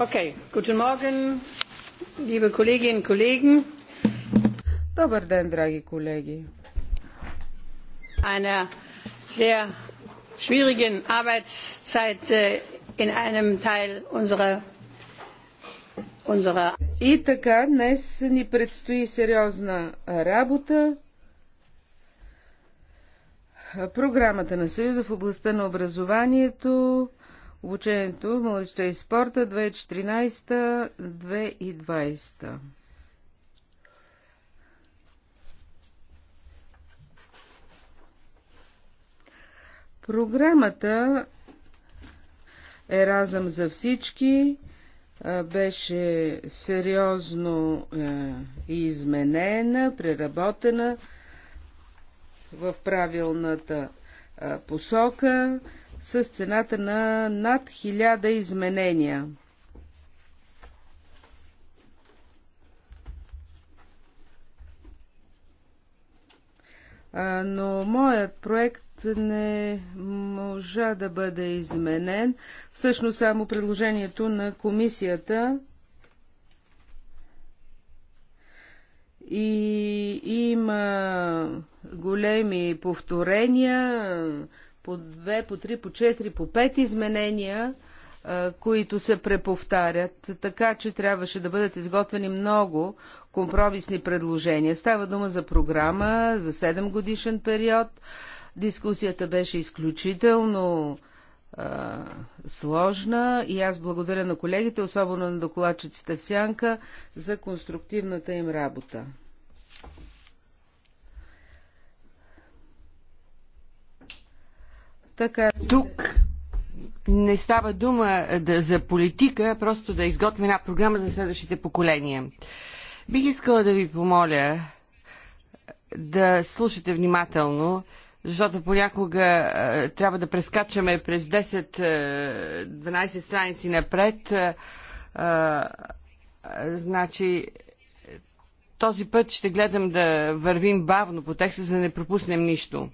Guten sehr schwierigen Arbeitszeit äh, in einem Teil unserer unserer И така, днес ни предстои сериозна работа. Програмата на Съюза в областта на образованието Обучението, младеща и спорта 2014-2020. Програмата Еразъм за всички беше сериозно изменена, преработена в правилната посока с цената на над 1000 изменения. но моят проект не можа да бъде изменен. Всъщност само предложението на комисията и има големи повторения, по две, по три, по четири, по пет изменения, които се преповтарят, така че трябваше да бъдат изготвени много компромисни предложения. Става дума за програма, за 7 годишен период. Дискусията беше изключително а, сложна и аз благодаря на колегите, особено на докладчиците в Сянка, за конструктивната им работа. Така... Тук не става дума е, да, за политика, просто да изготвим една програма за следващите поколения. Бих искала да ви помоля е, да слушате внимателно, защото понякога е, трябва да прескачаме през 10-12 е, страници напред. Е, е, значи, този път ще гледам да вървим бавно по текста, за да не пропуснем нищо.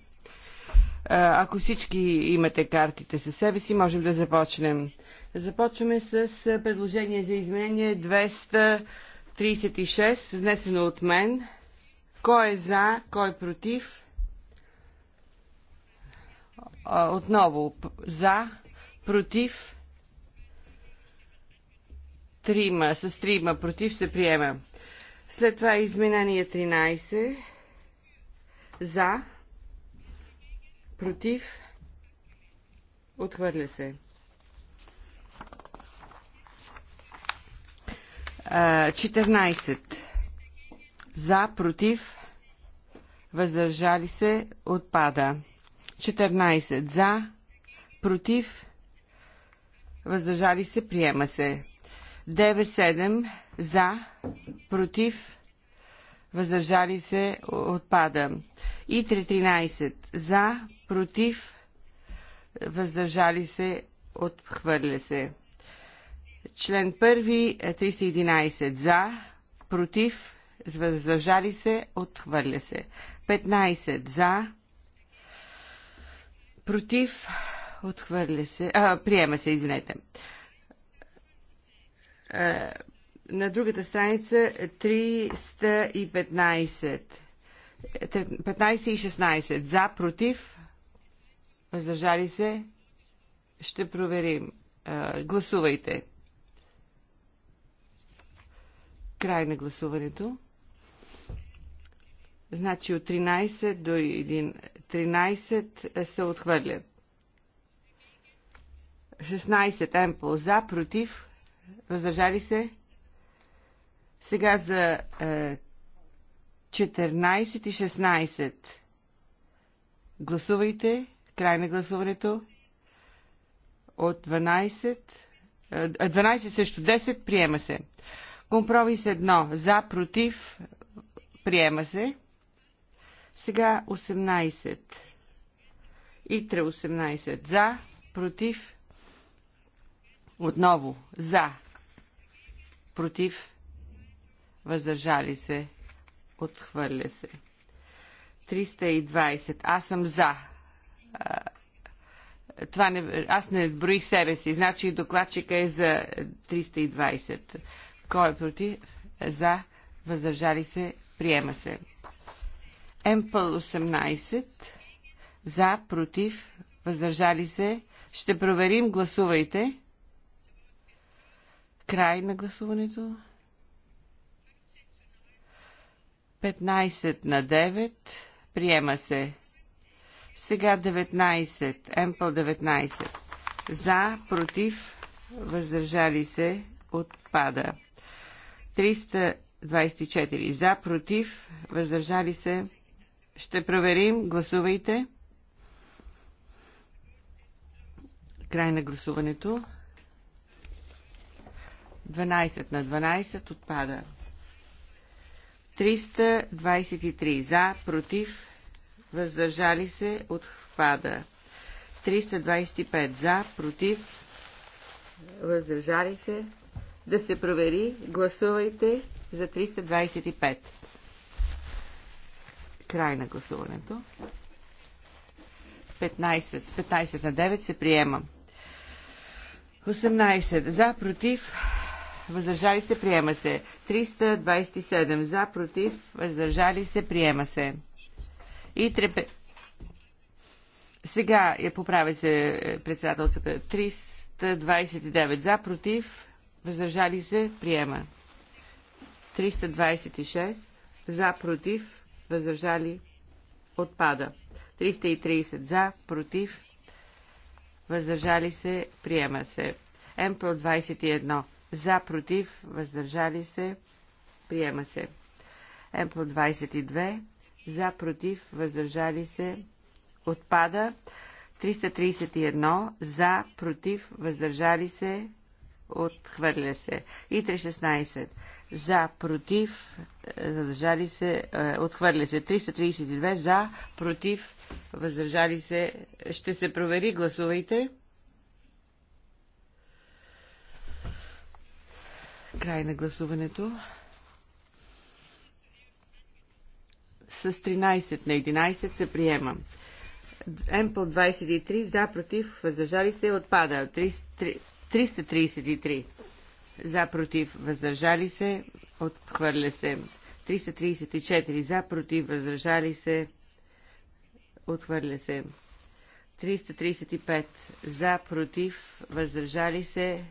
Ако всички имате картите със себе си, можем да започнем. Започваме с предложение за изменение 236, внесено от мен. Кой е за, кой е против? Отново за, против, трима, с трима против се приема. След това изменение 13. За. Против. Отхвърля се. А, 14. За, против, въздържали се, отпада. 14. За, против, въздържали се, приема се. 9-7 за, против, въздържали се, отпада. И 13 за, против, въздържали се, отхвърля се. Член 1, 311 е, за, против, въздържали се, отхвърля се. 15 за, против, отхвърля се, а, приема се, извинете. А, е, на другата страница 315. Е, 15 и 16. За, против, Въздържали се? Ще проверим. А, гласувайте. Край на гласуването. Значи от 13 до 1, 13 е, се отхвърлят. 16 емпл за, против, въздържали се. Сега за е, 14 и 16. Гласувайте. Край на гласуването. От 12. 12 е, е, срещу 10 приема се. Компромис 1. За, против, приема се. Сега 18. Итре 18. За, против. Отново. За, против, въздържали се, отхвърля се. 320. Аз съм за това не, аз не броих себе си. Значи докладчика е за 320. Кой е против? За. Въздържали се. Приема се. МПЛ 18. За. Против. Въздържали се. Ще проверим. Гласувайте. Край на гласуването. 15 на 9. Приема се. Сега 19, МПЛ 19. За, против, въздържали се, отпада. 324 за, против, въздържали се. Ще проверим. Гласувайте. Край на гласуването. 12 на 12 отпада. 323 за, против, въздържали се, отпада. 325 за, против, въздържали се. Да се провери. Гласувайте за 325. Край на гласуването. 15, с 15 на 9 се приема. 18 за, против, въздържали се, приема се. 327 за, против, въздържали се, приема се. И трепе... Сега я поправя се е, председателката. 329 за, против, въздържали се, приема. 326 за, против, въздържали, отпада. 330 за, против, въздържали се, приема се. мп 21 за, против, въздържали се, приема се. МП 22 за, против, въздържали се, отпада. 331 за, против, въздържали се, отхвърля се. И 316 за, против, въздържали се, е, отхвърля се. 332 за, против, въздържали се. Ще се провери, гласувайте. Край на гласуването. с 13 на 11 се приема. МПЛ 23 за, против, въздържали се, отпада. 333 за, против, въздържали се, отхвърля се. 334 за, против, въздържали се, отхвърля се. 335 за, против, въздържали се.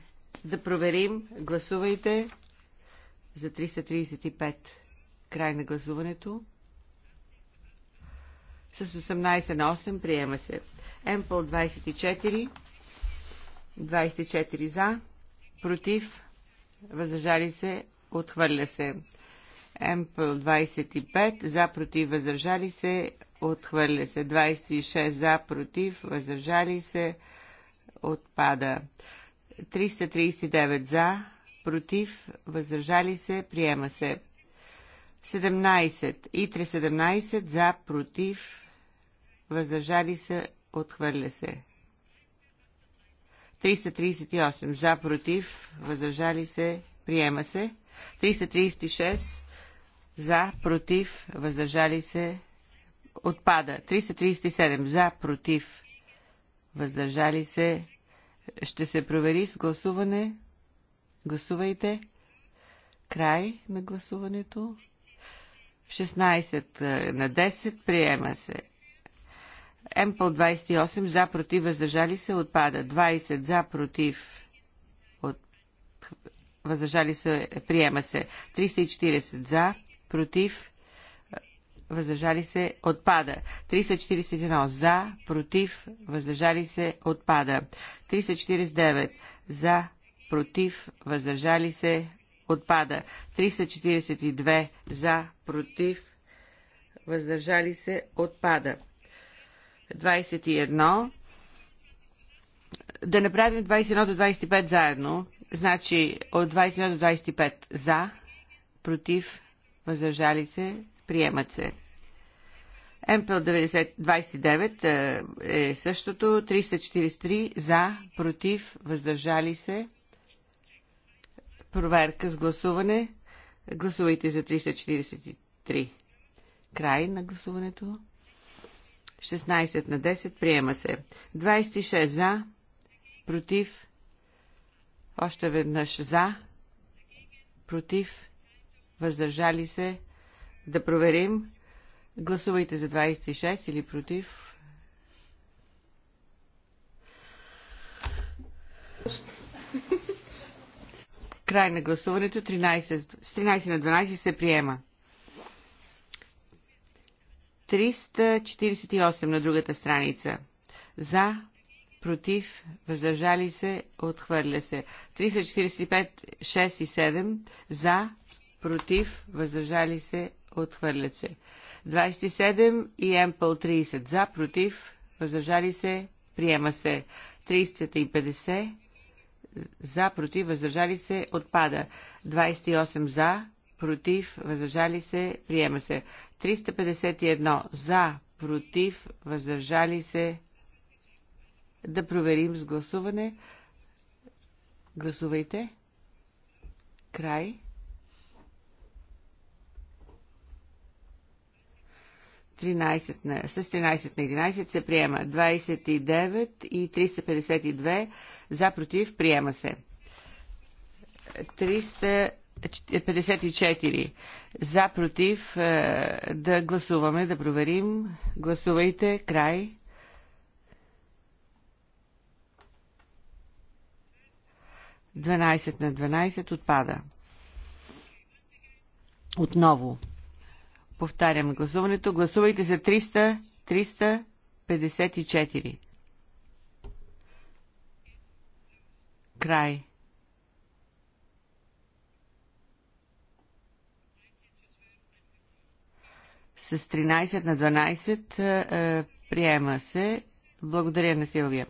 Да проверим. Гласувайте за 335. Край на гласуването с 18 на 8 приема се. Емпл 24, 24 за, против, въздържали се, отхвърля се. Емпл 25, за, против, въздържали се, отхвърля се. 26 за, против, въздържали се, отпада. 339 за, против, въздържали се, приема се. 17 и 317 за, против, въздържали се, отхвърля се. 338 за, против, въздържали се, приема се. 336 за, против, въздържали се, отпада. 337 за, против, въздържали се. Ще се провери с гласуване. Гласувайте. Край на гласуването. 16 е, на 10 приема се. МПЛ 28 за против въздържали се отпада. 20 за против от... въздържали се приема се. 340 за против въздържали се отпада. 341 за против въздържали се отпада. 349 за против въздържали се отпада. 342 за против въздържали се отпада. 21. Да направим 21 до 25 заедно. Значи от 21 до 25 за, против, въздържали се, приемат се. МПЛ 29 е, е същото. 343 за, против, въздържали се. Проверка с гласуване. Гласувайте за 343. Край на гласуването. 16 на 10. Приема се. 26 за. Против. Още веднъж за. Против. Въздържали се. Да проверим. Гласувайте за 26 или против. Край на гласуването 13, с 13 на 12 се приема. 348 на другата страница. За, против, въздържали се, отхвърля се. 345, 6 и 7. За, против, въздържали се, отхвърля се. 27 и МПЛ 30. За, против, въздържали се, приема се. 350 за, против, въздържали се, отпада. 28 за, против, въздържали се, приема се. 351 за, против, въздържали се. Да проверим с гласуване. Гласувайте. Край. 13 на, с 13 на 11 се приема. 29 и 352 за против приема се. 300 54 е за, против, е, да гласуваме, да проверим. Гласувайте, край. Дванайсет на 12 отпада. Отново. Повтаряме гласуването. Гласувайте за 300, 354. Край. с 13 на 12 е, е, приема се. Благодаря на Силвия.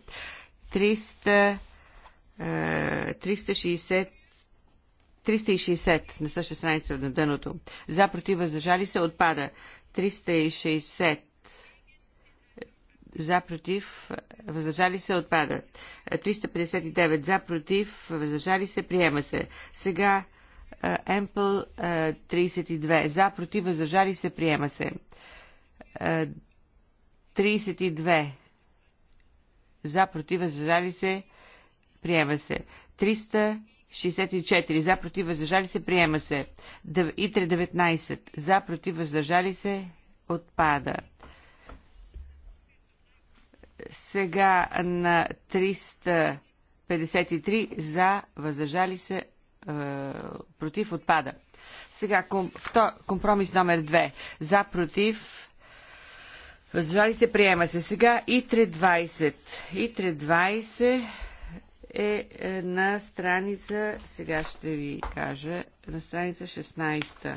300, 360 360 на същата страница на дъното. За против въздържали се отпада. 360 за против въздържали се отпада. 359 за против въздържали се приема се. Сега е, Емпл 32. Е, за, против, въздържали се, приема се. 32. Е, за, против, въздържали се, приема се. 364. За, против, въздържали се, приема се. Итре 19. За, против, въздържали се, отпада. Сега на 353 за, въздържали се, е, против отпада. Сега компромис номер 2. За против. Въздържали се, приема се. Сега ИТРЕ 20. ИТРЕ 20 е, е на страница, сега ще ви кажа, на страница 16.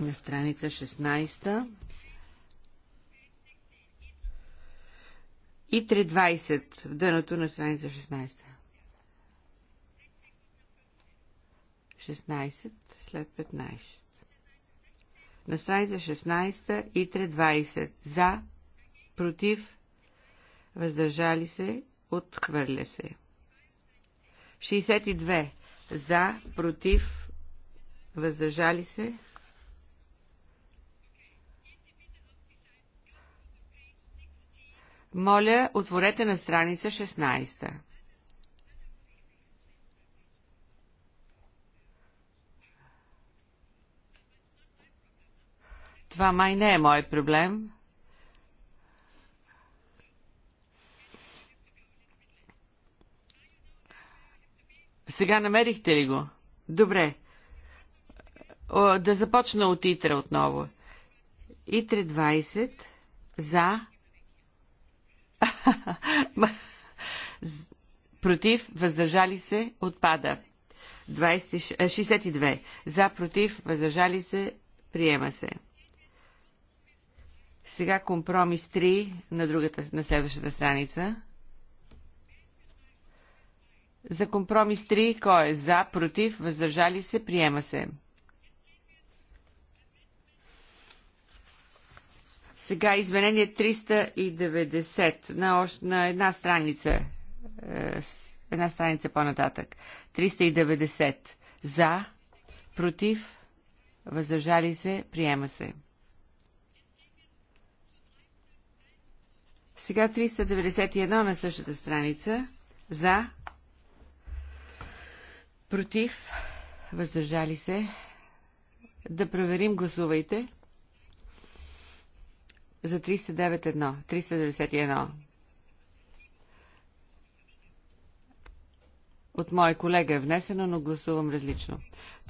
На страница 16. ИТРЕ 20 в дъното на страница 16. 16 след 15. На страница 16 и 320 за, против, въздържали се, отхвърля се. 62 за, против, въздържали се. Моля, отворете на страница 16. Това май не е мой проблем. Сега намерихте ли го? Добре. О, да започна от Итра отново. Итре 20 за против, въздържали се, отпада. 20, 62 за против, въздържали се, приема се. Сега компромис 3 на, другата, на следващата страница. За компромис 3, кой е за, против, въздържали се, приема се. Сега изменение 390 на, на една страница. Е, една страница по-нататък. 390. За, против, въздържали се, приема се. Сега 391 на същата страница. За. Против. Въздържали се. Да проверим. Гласувайте. За 391. 391. От мой колега е внесено, но гласувам различно.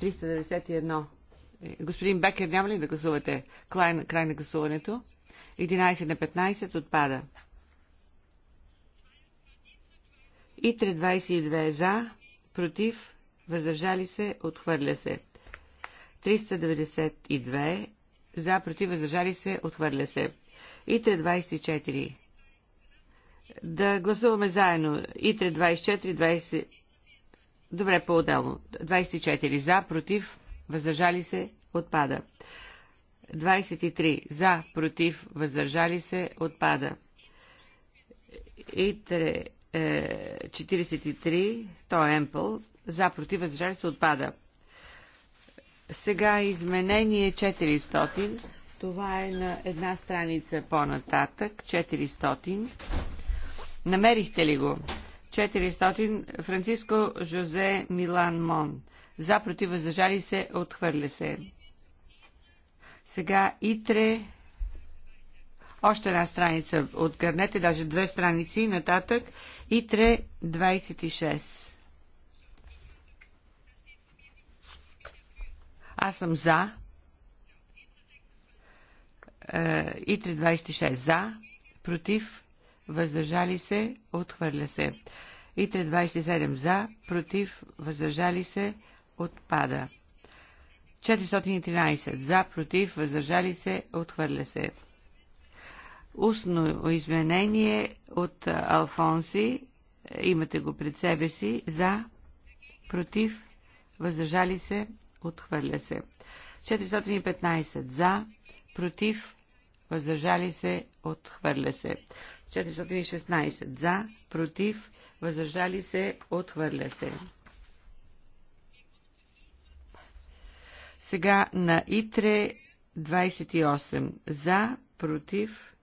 391. Е, господин Бекер, няма ли да гласувате край, край на гласуването? 11 на 15 отпада. И 22 за, против, въздържали се, отхвърля се. 392 за, против, въздържали се, отхвърля се. И 24. Да гласуваме заедно. И 24, 20... Добре, по-отделно. 24 за, против, въздържали се, отпада. 23 за, против, въздържали се, отпада. Итре 43, е, то е Емпъл, за, против, въздържали се, отпада. Сега изменение 400. Това е на една страница по-нататък. 400. Намерихте ли го? 400. Франциско Жозе Милан Мон. За, против, въздържали се, отхвърля се. Сега ИТРЕ, още една страница отгърнете, даже две страници нататък. ИТРЕ 26. Аз съм за. Е, ИТРЕ 26 за, против, въздържали се, отхвърля се. ИТРЕ 27 за, против, въздържали се, отпада. 413. За, против, въздържали се, отхвърля се. Устно изменение от Алфонси. Имате го пред себе си. За, против, въздържали се, отхвърля се. 415. За, против, въздържали се, отхвърля се. 416. За, против, въздържали се, отхвърля се. Сега на ИТРЕ 28. За, против,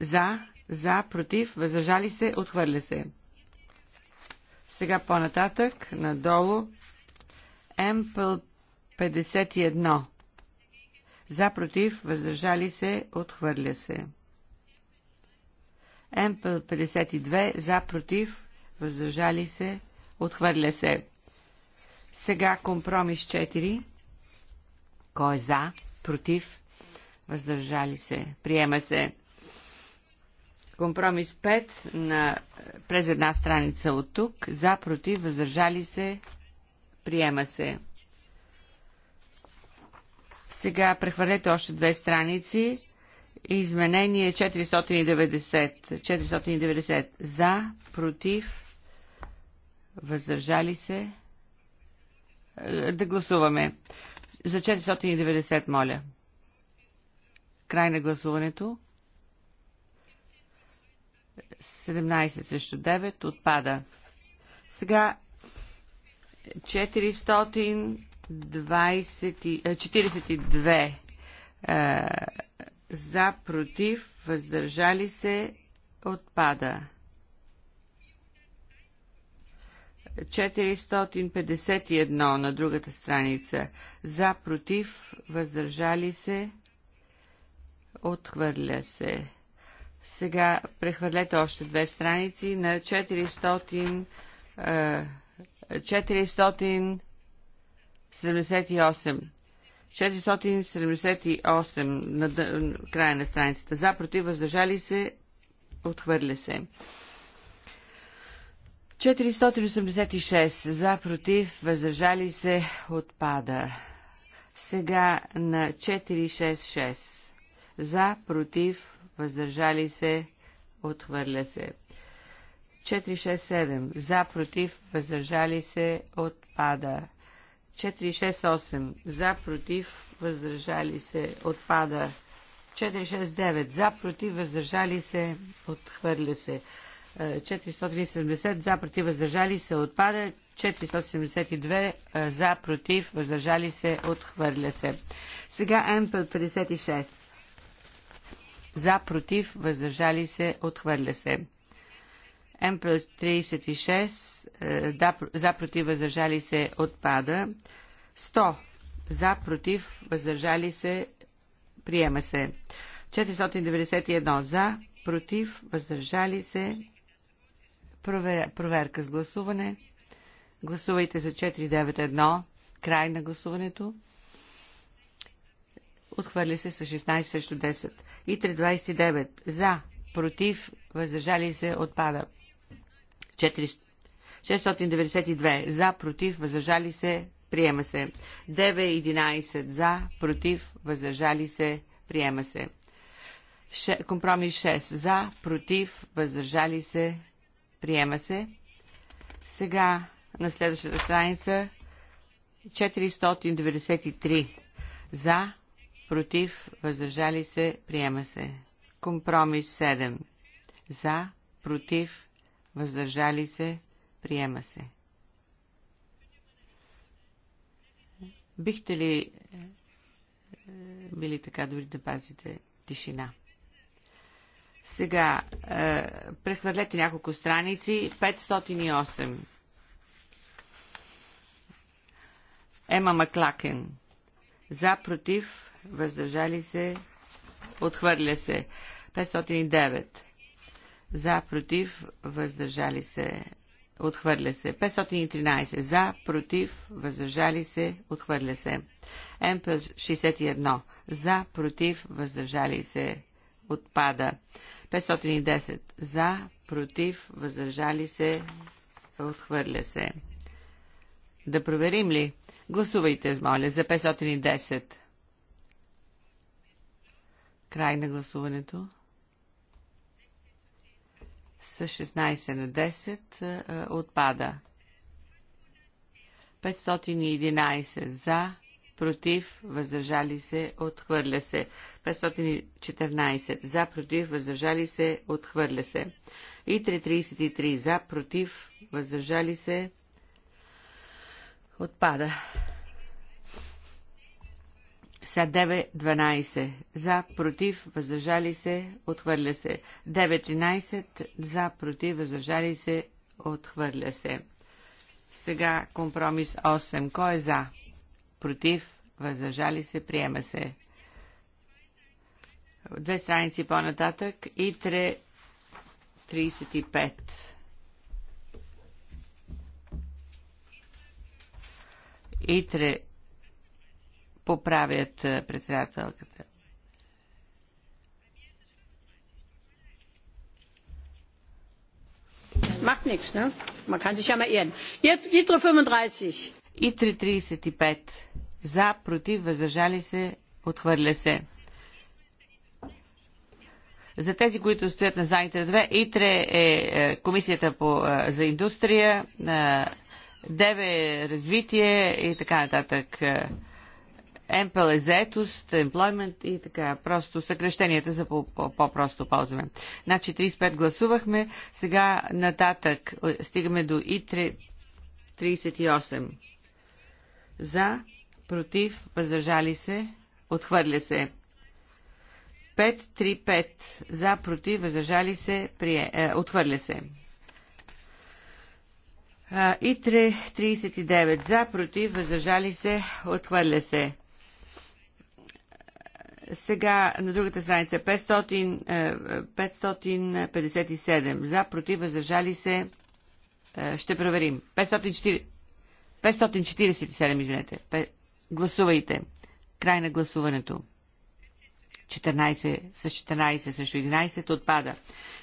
за, за, против, въздържали се, отхвърля се. Сега по-нататък, надолу, МПЛ 51. За, против, въздържали се, отхвърля се. МПЛ 52. За, против, въздържали се, отхвърля се. Сега компромис 4. Кой е за? Против? Въздържали се. Приема се. Компромис 5 на, през една страница от тук. За, против, въздържали се. Приема се. Сега прехвърлете още две страници. Изменение 490. 490. За, против, въздържали се. Е, да гласуваме. За 490, моля. Край на гласуването. 17 срещу 9 отпада. Сега е, е, за, против, въздържали се, отпада. 451 на другата страница. За, против, въздържали се, отхвърля се. Сега прехвърлете още две страници на 400, 478. 478 на края на страницата. За, против, въздържали се, отхвърля се. 486 за, против, въздържали се, отпада. Сега на 466 за, против, въздържали се, отхвърля се. 467 за, против, въздържали се, отпада. 468 за, против, въздържали се, отпада. 469 за, против, въздържали се, отхвърля се. 470 за, против, въздържали се, отпада. 472 за, против, въздържали се, отхвърля се. Сега МП 56. За, против, въздържали се, отхвърля се. мп 36, да, за, против, въздържали се, отпада. 100, за, против, въздържали се, приема се. 491, за, против, въздържали се, проверя, Проверка с гласуване. Гласувайте за 491. Край на гласуването. Отхвърли се с 16 срещу 10. И 329. За. Против. Въздържали се. Отпада. 4... 692. За. Против. Въздържали се. Приема се. 911. За. Против. Въздържали се. Приема се. Компромис 6. За. Против. Въздържали се. Приема се. Сега на следващата страница 493 за, против, въздържали се, приема се. Компромис 7 за, против, въздържали се, приема се. Бихте ли е, е, били така дори да пазите тишина? Сега, е, прехвърлете няколко страници. 508. Ема Маклакен. За, против, въздържали се, отхвърля се. 509. За, против, въздържали се, отхвърля се. 513. За, против, въздържали се, отхвърля се. МП 61. За, против, въздържали се, отпада. 510 за, против, въздържали се, отхвърля се. Да проверим ли? Гласувайте, моля, за 510. Край на гласуването. С 16 на 10 е, отпада. 511 за, против, въздържали се, отхвърля се. 514 за, против, въздържали се, отхвърля се. И 333 за, против, въздържали се, отпада. Са 9-12 за, против, въздържали се, отхвърля се. 9-13 за, против, въздържали се, отхвърля се. Сега компромис 8. Кой е за? против, въздържали се, приема се. Две страници по-нататък и 3, 35. Итре поправят председателката. Macht никс, не? Ма kann sich ja mal irren. Jetzt 35. И 3.35. За, против, въздържали се, отхвърля се. За тези, които стоят на заните 2, ИТРЕ е, е комисията по, е, за индустрия, е, ДЕВЕ развитие и така нататък. МПЛ е заетост, employment и така. Просто съкрещенията за по-просто -по ползваме. Значи 35 гласувахме, сега нататък стигаме до ИТРЕ 38. За, против, въздържали се, отхвърля се. 5-3-5. За, против, въздържали се, прие, е, отхвърля се. И 39 за, против, въздържали се, отхвърля се. Сега на другата страница 500, 557 е, за, против, въздържали се, е, ще проверим. 540. 547, извинете. Гласувайте. Край на гласуването. 14 с 14 срещу 11 отпада.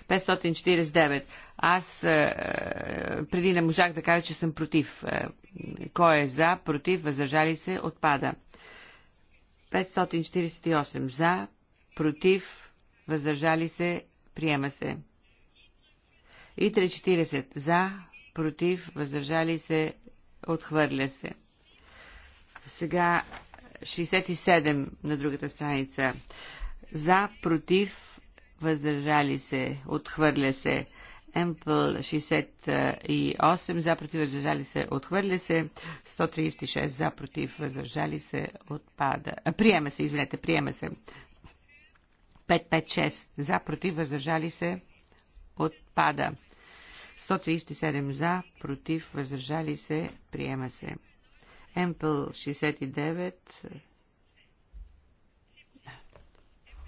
549. Аз е, е, преди не можах да кажа, че съм против. Е, кой е за, против, въздържали се, отпада. 548. За, против, въздържали се, приема се. И 340. За, против, въздържали се, Отхвърля се. Сега 67 на другата страница. За, против, въздържали се, отхвърля се. Емпл 68 за против въздържали се отхвърля се, 136 за против въздържали се отпада. А, приема се, извинете, приема се. 556 за против въздържали се отпада. 137 за, против, въздържали се, приема се. Емпъл 69,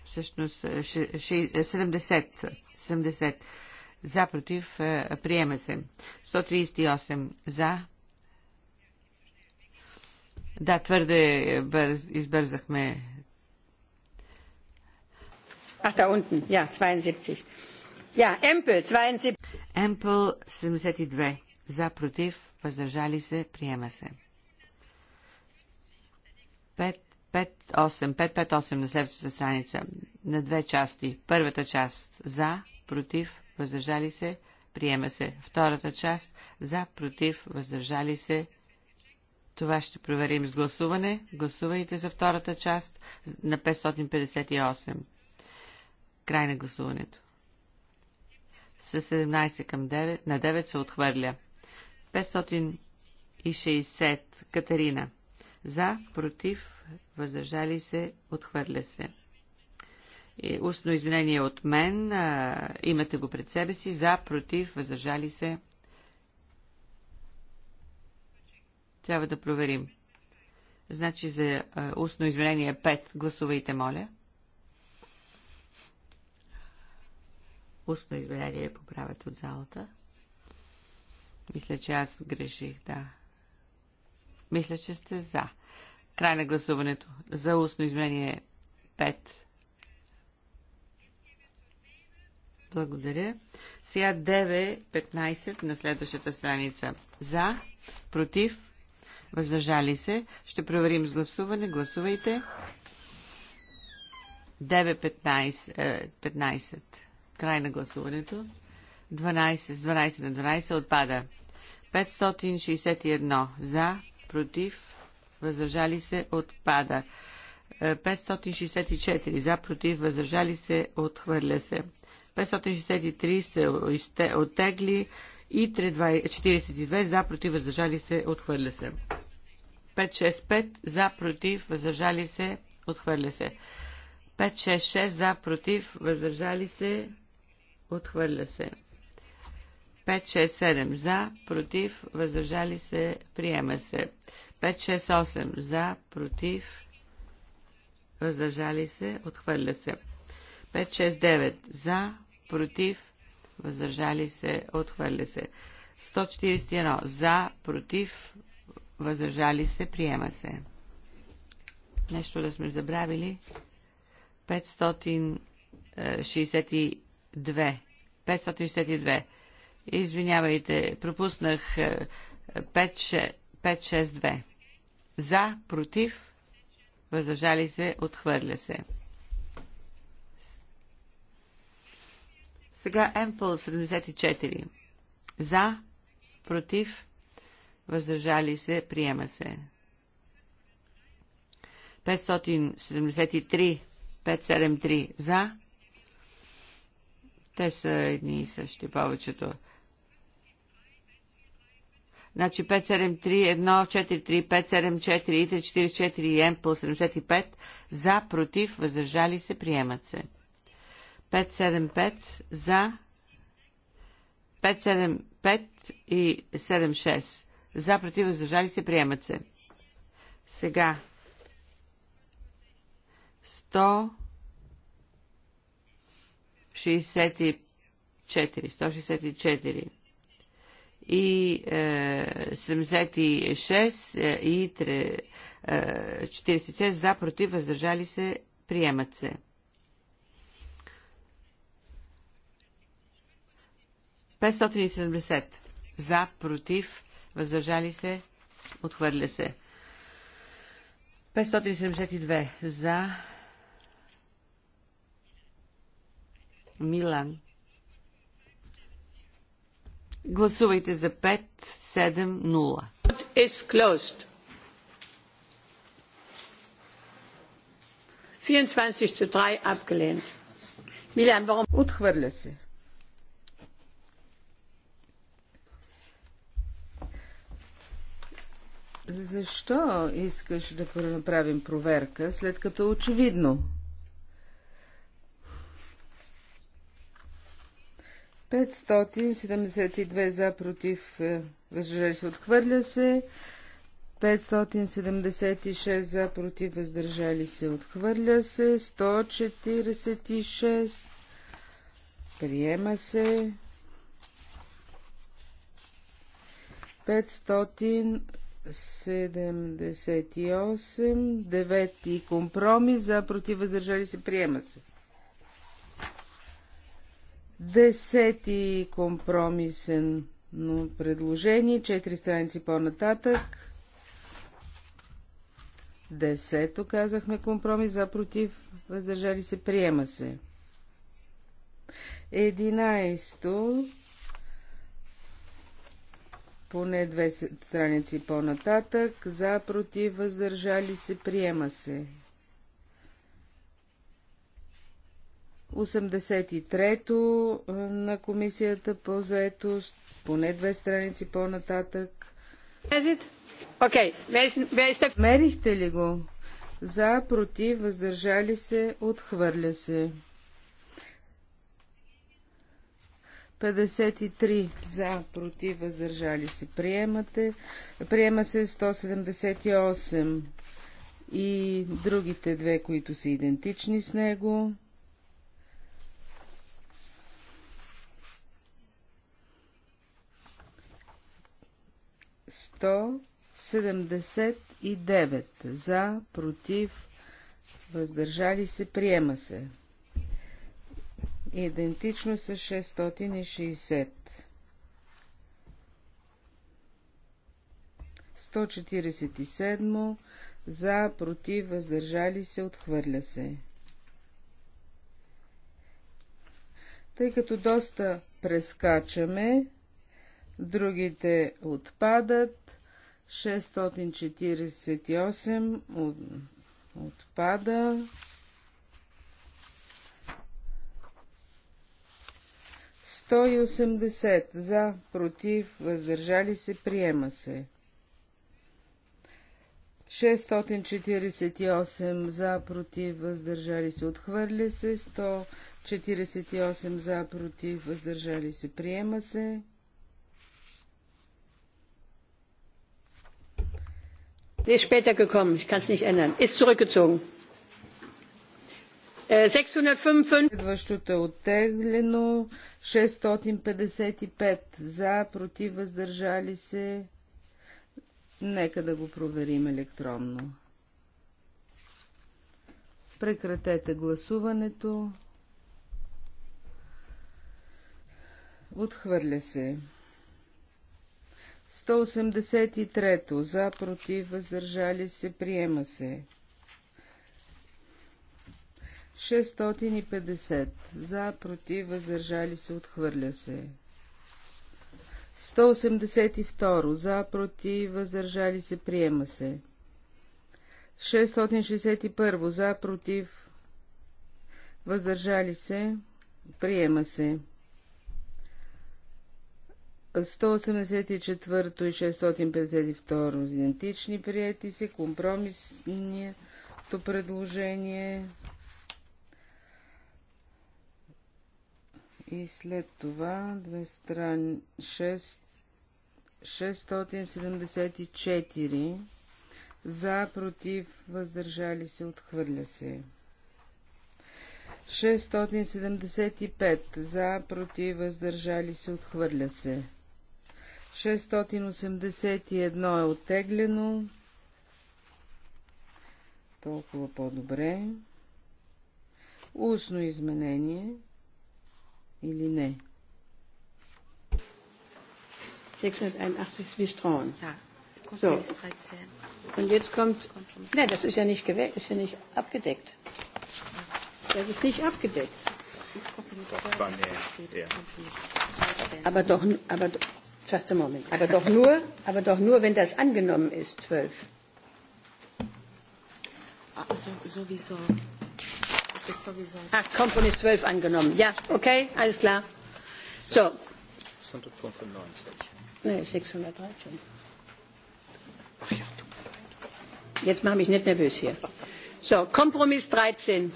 всъщност 70, 70 за, против, е, приема се. 138 за. Да, твърде бърз, избързахме. Ах, да, унтен. Я, 72. Ja, Empel, 72. Емпъл 72. За, против, въздържали се, приема се. 5, 5, 8, на следващата страница. На две части. Първата част. За, против, въздържали се, приема се. Втората част. За, против, въздържали се, това ще проверим с гласуване. Гласувайте за втората част на 558. Край на гласуването с 17 към 9, на 9 се отхвърля. 560 Катерина. За, против, въздържали се, отхвърля се. И устно извинение от мен. А, имате го пред себе си. За, против, въздържали се. Трябва да проверим. Значи за а, устно извинение 5 гласувайте, моля. устно изменение поправят от залата. Мисля, че аз греших, да. Мисля, че сте за. Край на гласуването. За устно изменение 5. Благодаря. Сега 9.15 на следващата страница. За, против, въздържали се. Ще проверим с гласуване. Гласувайте. 9.15. 15. Край на гласуването. 12 с 12 на 12 отпада. 561 за, против, въздържали се, отпада. 564 е, за, против, въздържали се, отхвърля се. 563 се оттегли и 42 за, против, въздържали се, отхвърля се. 565 за, против, въздържали се, отхвърля се. 566 за, против, въздържали се, Отхвърля се. 5-6-7 за, против, въздържали се, приема се. 5-6-8 за, против, въздържали се, отхвърля се. 5-6-9 за, против, въздържали се, отхвърля се. 141 за, против, въздържали се, приема се. Нещо да сме забравили. 568 562. 562. Извинявайте, пропуснах 562. Е, за, против, въздържали се, отхвърля се. Сега МПЛ 74. За, против, въздържали се, приема се. 573, 573 за, те са едни и същи повечето. Значи 573, 1, 4, 3, 5, 7, 4, и 44 и М по 75 за, против, въздържали се, приемат се. 575 за, 575 и 76 за, против, въздържали се, приемат се. Сега 100 64, 164 и е, 76 е, и 3, е, 46 за, против, въздържали се, приемат се. 570 за, против, въздържали се, отхвърля се. 572 за, Милан. Гласувайте за 5-7-0. Is closed. 24 3 abgelehnt. warum... Отхвърля се. Защо искаш да направим проверка, след като е очевидно 572 е, за, против, въздържали се, отхвърля се. 576 за, против, въздържали се, отхвърля се. 146. Приема се. 578. Девети компромис за, против, въздържали се, приема се. Десети компромисен предложение, четири страници по-нататък. Десето казахме компромис за против, въздържали се, приема се. Единайсто, поне две страници по-нататък, за против, въздържали се, приема се. 83-то на комисията по заетост, поне две страници по-нататък. Okay. Мерихте ли го? За, против, въздържали се, отхвърля се. 53 за, против, въздържали се. Приемате. Приема се 178 и другите две, които са идентични с него. 179 за, против, въздържали се, приема се. Идентично с 660. 147 за, против, въздържали се, отхвърля се. Тъй като доста прескачаме, другите отпадат, 648 от, отпада. 180 за, против, въздържали се, приема се. 648 за, против, въздържали се, отхвърля се. 148 за, против, въздържали се, приема се. Nee, ist später gekommen. Ich kann es nicht ändern. Ist zurückgezogen. 655. Äh, Следващото е оттеглено. 655 за, против, въздържали се. Нека да го проверим електронно. Прекратете гласуването. Отхвърля се. 183. За, против, въздържали се, приема се. 650. За, против, въздържали се, отхвърля се. 182. За, против, въздържали се, приема се. 661. За, против, въздържали се, приема се. 184 и 652 идентични прияти се, компромисното предложение и след това две страни 6, 674 за, против, въздържали се, отхвърля се. 675 за, против, въздържали се, отхвърля се. 681 е оттеглено. Толкова по-добре. Устно изменение или не? 681 вистрон. So. Und jetzt kommt. Nein, das ist ja nicht gewählt, ist ja nicht abgedeckt. Das ist nicht abgedeckt. Aber doch, aber doch. Just a moment. Aber doch nur, aber doch nur, wenn das angenommen ist, 12. Also, Sowieso. Ist sowieso. Ach, Kompromiss 12 angenommen. Ja, okay, alles klar. So. 695. Nein, 613. Jetzt mache ich mich nicht nervös hier. So, Kompromiss 13.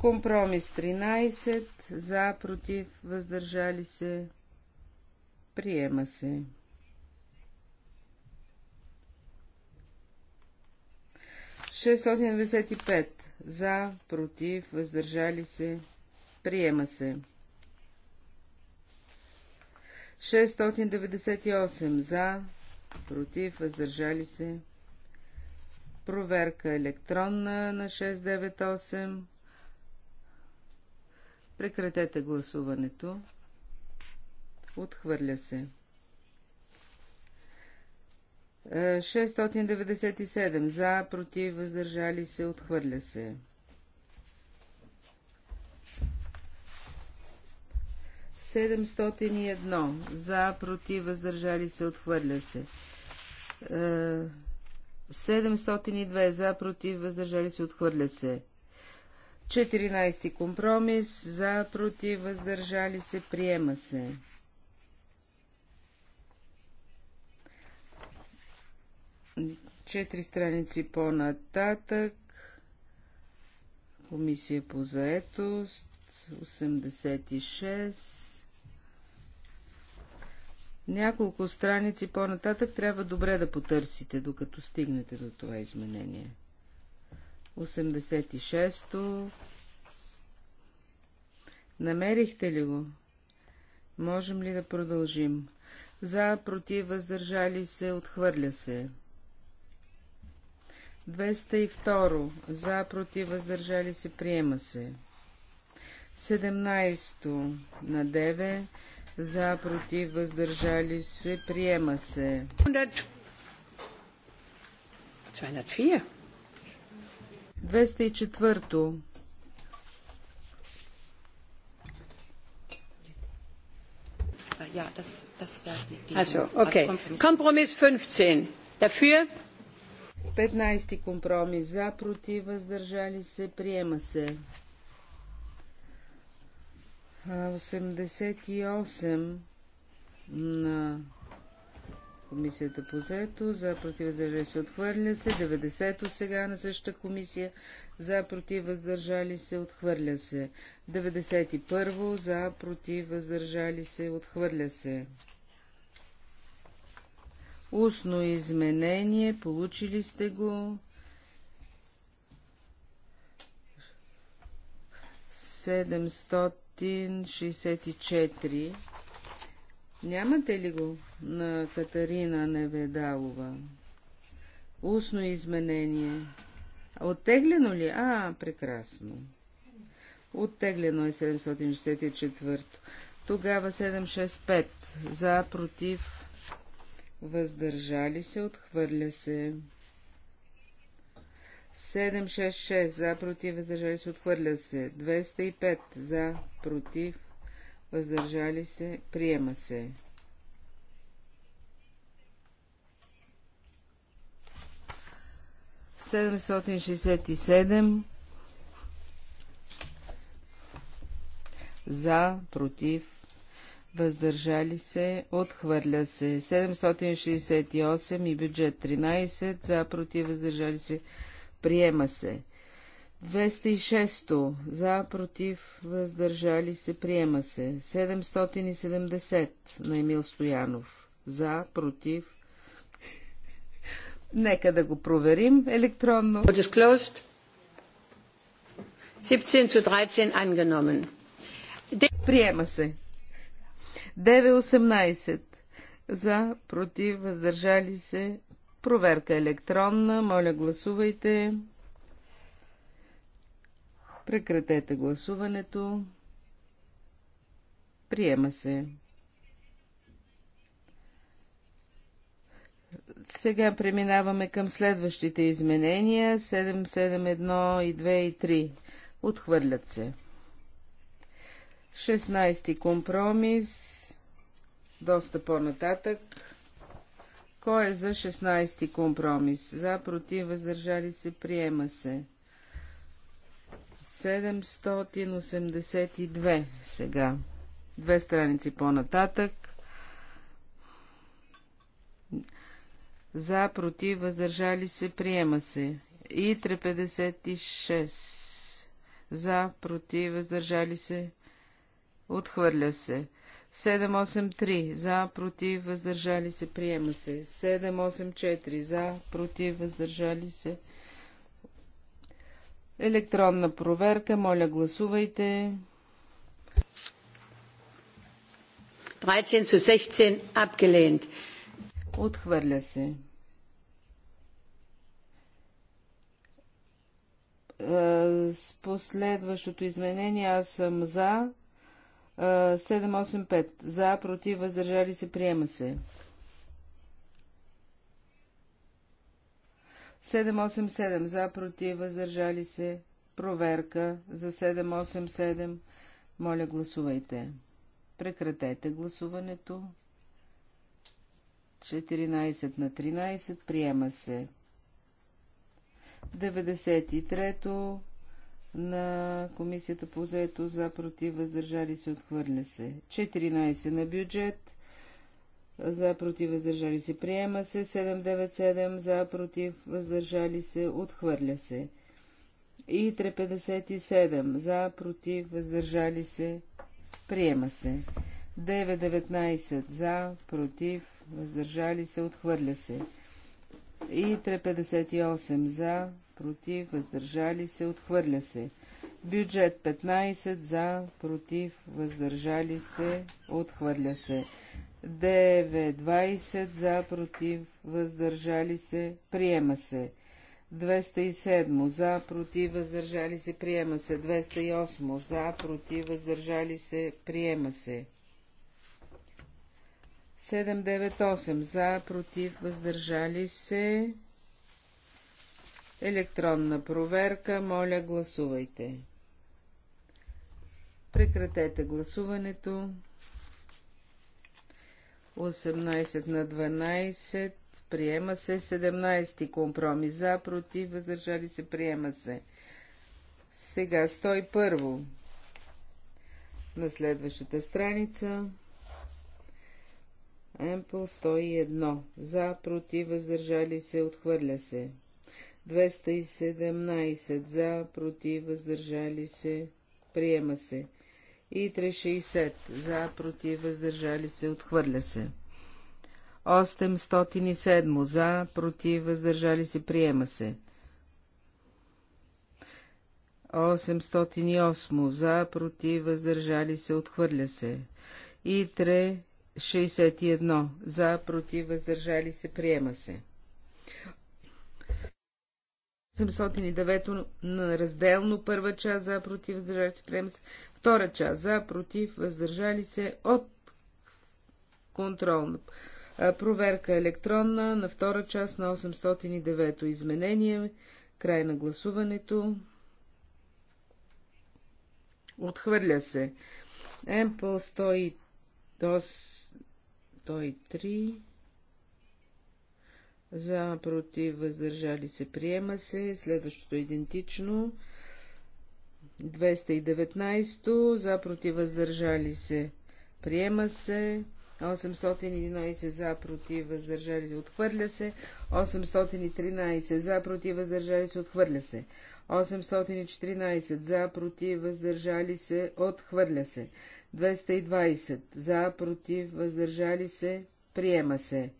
Kompromiss 13 за, против, въздържали се, Приема се. Шестотин за, против, въздържали се, приема се. 698 за, против, въздържали се. Проверка електронна на 698. Прекратете гласуването. Отхвърля се. 697 е, за, против, въздържали се, отхвърля се. 701 за, против, въздържали се, отхвърля се. 702 е, за, против, въздържали се, отхвърля се. 14 компромис за, против, въздържали се, приема се. Четири страници по-нататък. Комисия по заетост. 86. Няколко страници по-нататък трябва добре да потърсите, докато стигнете до това изменение. 86-то. Намерихте ли го? Можем ли да продължим? За, против, въздържали се, отхвърля се. 202. За, против, въздържали се, приема се. 17 на 9. За, против, въздържали се, приема се. 204. 204. Ja, das, das wäre die. Also, okay. Kompromiss 15. Dafür? 15 компромис за, против, въздържали се, приема се. 88 на комисията по заето, за против въздържали се отхвърля се, 90-то сега на същата комисия, за против въздържали се отхвърля се, 91-во за против въздържали се отхвърля се. Устно изменение, получили сте го. Седемстотин Нямате ли го на Катарина Неведалова? Устно изменение. Оттеглено ли? А, прекрасно. Оттеглено е 764. Тогава 765. За, против, въздържали се, отхвърля се. 766 за, против, въздържали се, отхвърля се. 205 за, против, въздържали се, приема се. Седемстотин за, против, въздържали се, отхвърля се. 768 и бюджет 13, за, против, въздържали се, приема се. 206 за, против, въздържали се, приема се. 770 на Емил Стоянов, за, против. Нека да го проверим електронно. 17 13 angenommen. Приема се. 9.18 за, против, въздържали се. Проверка електронна. Моля, гласувайте. Прекратете гласуването. Приема се. Сега преминаваме към следващите изменения 771 и 2 и 3. Отхвърлят се. 16 компромис доста по-нататък. Кой е за 16-ти компромис? За, против, въздържали се, приема се. 782 сега. Две страници по-нататък. За, против, въздържали се, приема се. И 356. За, против, въздържали се, отхвърля се. 783 за, против, въздържали се, приема се. 784 за, против, въздържали се. Електронна проверка, моля гласувайте. 13 16 абгелент. Отхвърля се. Е, с последващото изменение аз съм за, 785 за, против, въздържали се, приема се. 787 за, против, въздържали се, проверка за 787. Моля, гласувайте. Прекратете гласуването. 14 на 13 приема се. 93 на Комисията по заето за против въздържали се отхвърля се. 14 на бюджет за против въздържали се приема се. 797 за против въздържали се отхвърля се. И 357 за против въздържали се приема се. 919 за против въздържали се отхвърля се. И 358 за, против, въздържали се, отхвърля се. Бюджет 15 за, против, въздържали се, отхвърля се. 920 20 за, против, въздържали се, приема се. 207 за, против, въздържали се, приема се. 208 за, против, въздържали се, приема се. 798 за, против, въздържали се. Електронна проверка, моля гласувайте. Прекратете гласуването. 18 на 12. Приема се 17 компромис за, против, въздържали се, приема се. Сега 101 на следващата страница. Емпл 101. За, против, въздържали се, отхвърля се. 217. За, против, въздържали се, приема се. И 360. За, против, въздържали се, отхвърля се. 807. За, против, въздържали се, приема се. 808. За, против, въздържали се, отхвърля се. И 3 61. За, против, въздържали се, приема се. 809 на разделно първа част за, против, въздържали се, приема се. Втора част за, против, въздържали се от контролна. Проверка електронна на втора част на 809 то изменение. Край на гласуването. Отхвърля се. Емпъл 108 103 за, против, въздържали се, приема се. Следващото е идентично. 219 за, против, въздържали се, приема се. 811 за, против, въздържали се, отхвърля се. 813 за, против, въздържали се, отхвърля се. 814 за, против, въздържали се, отхвърля се. 220. За, против, въздържали се, приема се.